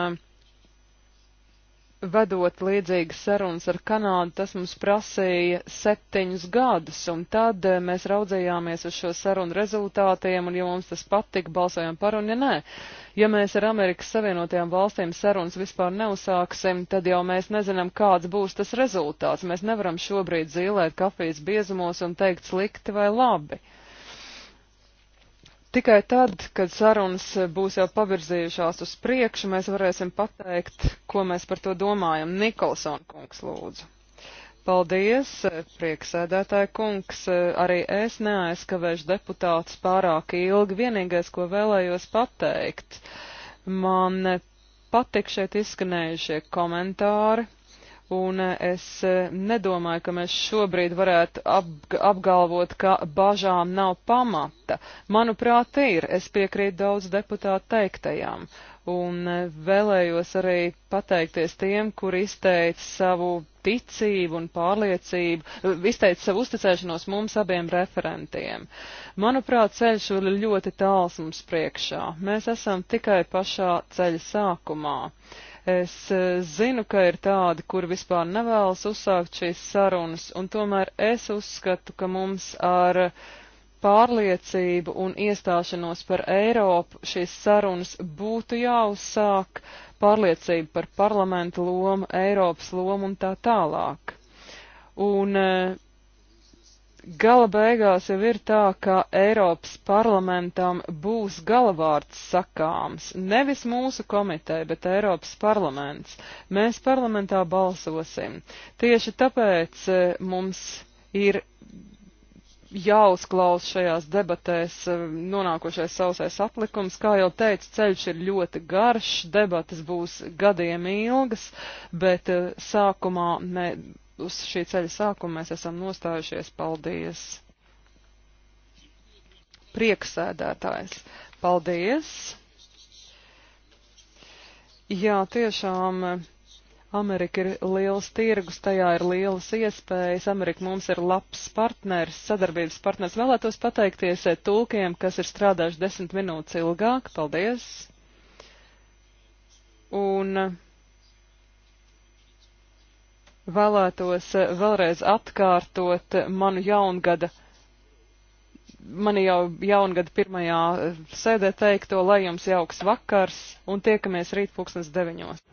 vedot līdzīgas sarunas ar Kanādu, tas mums prasīja septiņus gadus, un tad eh, mēs raudzījāmies uz šo sarunu rezultātiem, un ja mums tas patika, balsojām par, un ja nē, ja mēs ar Amerikas Savienotajām valstīm sarunas vispār neuzsāksim, tad jau mēs nezinām, kāds būs tas rezultāts. Mēs nevaram šobrīd zīlēt kafijas biezumos un teikt slikti vai labi. Uh, Tikai tad, kad sarunas būs jau pavirzījušās uz priekšu, mēs varēsim pateikt, ko mēs par to domājam. Nikolson kungs lūdzu. Paldies, prieksēdētāja kungs. Arī es neaizskavēšu deputātus pārāk ilgi. Vienīgais, ko vēlējos pateikt, man patik šeit izskanējušie komentāri un es eh, nedomāju, ka mēs šobrīd varētu apgalvot, ka bažām nav pamata. Manuprāt, ir. Es piekrītu daudz deputātu teiktajām. Un eh, vēlējos arī pateikties tiem, kur izteica savu ticību un pārliecību, eh, izteica savu uzticēšanos mums abiem referentiem. Manuprāt, ceļš vēl ir ļoti tāls mums priekšā. Mēs esam tikai pašā ceļa sākumā. Uh, Es e, zinu, ka ir tādi, kur vispār nevēlas uzsākt šīs sarunas, un tomēr es uzskatu, ka mums ar pārliecību un iestāšanos par Eiropu šīs sarunas būtu jāuzsāk, pārliecība par parlamentu lomu, Eiropas lomu un tā tālāk. Un e, Gala beigās jau ir tā, ka Eiropas parlamentam būs galavārds sakāms, nevis mūsu komiteja, bet Eiropas parlaments. Mēs parlamentā balsosim. Tieši tāpēc e, mums ir jāuzklaus šajās debatēs e, nonākošais sausais atlikums. Kā jau teicu, ceļš ir ļoti garš, debatas būs gadiem ilgas, bet e, sākumā mēs uz šī ceļa sākuma mēs esam nostājušies. Paldies! Prieksēdētājs. Paldies! Jā, tiešām eh, Amerika ir liels tirgus, tajā ir lielas iespējas. Amerika mums ir labs partners, sadarbības partners. Vēlētos pateikties eh, tūkiem, kas ir strādājuši desmit minūtes ilgāk. Paldies! Un vēlētos eh, vēlreiz atkārtot manu jaungada, mani jau jaungada pirmajā eh, sēdē teikto, lai jums jauks vakars un tiekamies rīt pulkstens deviņos.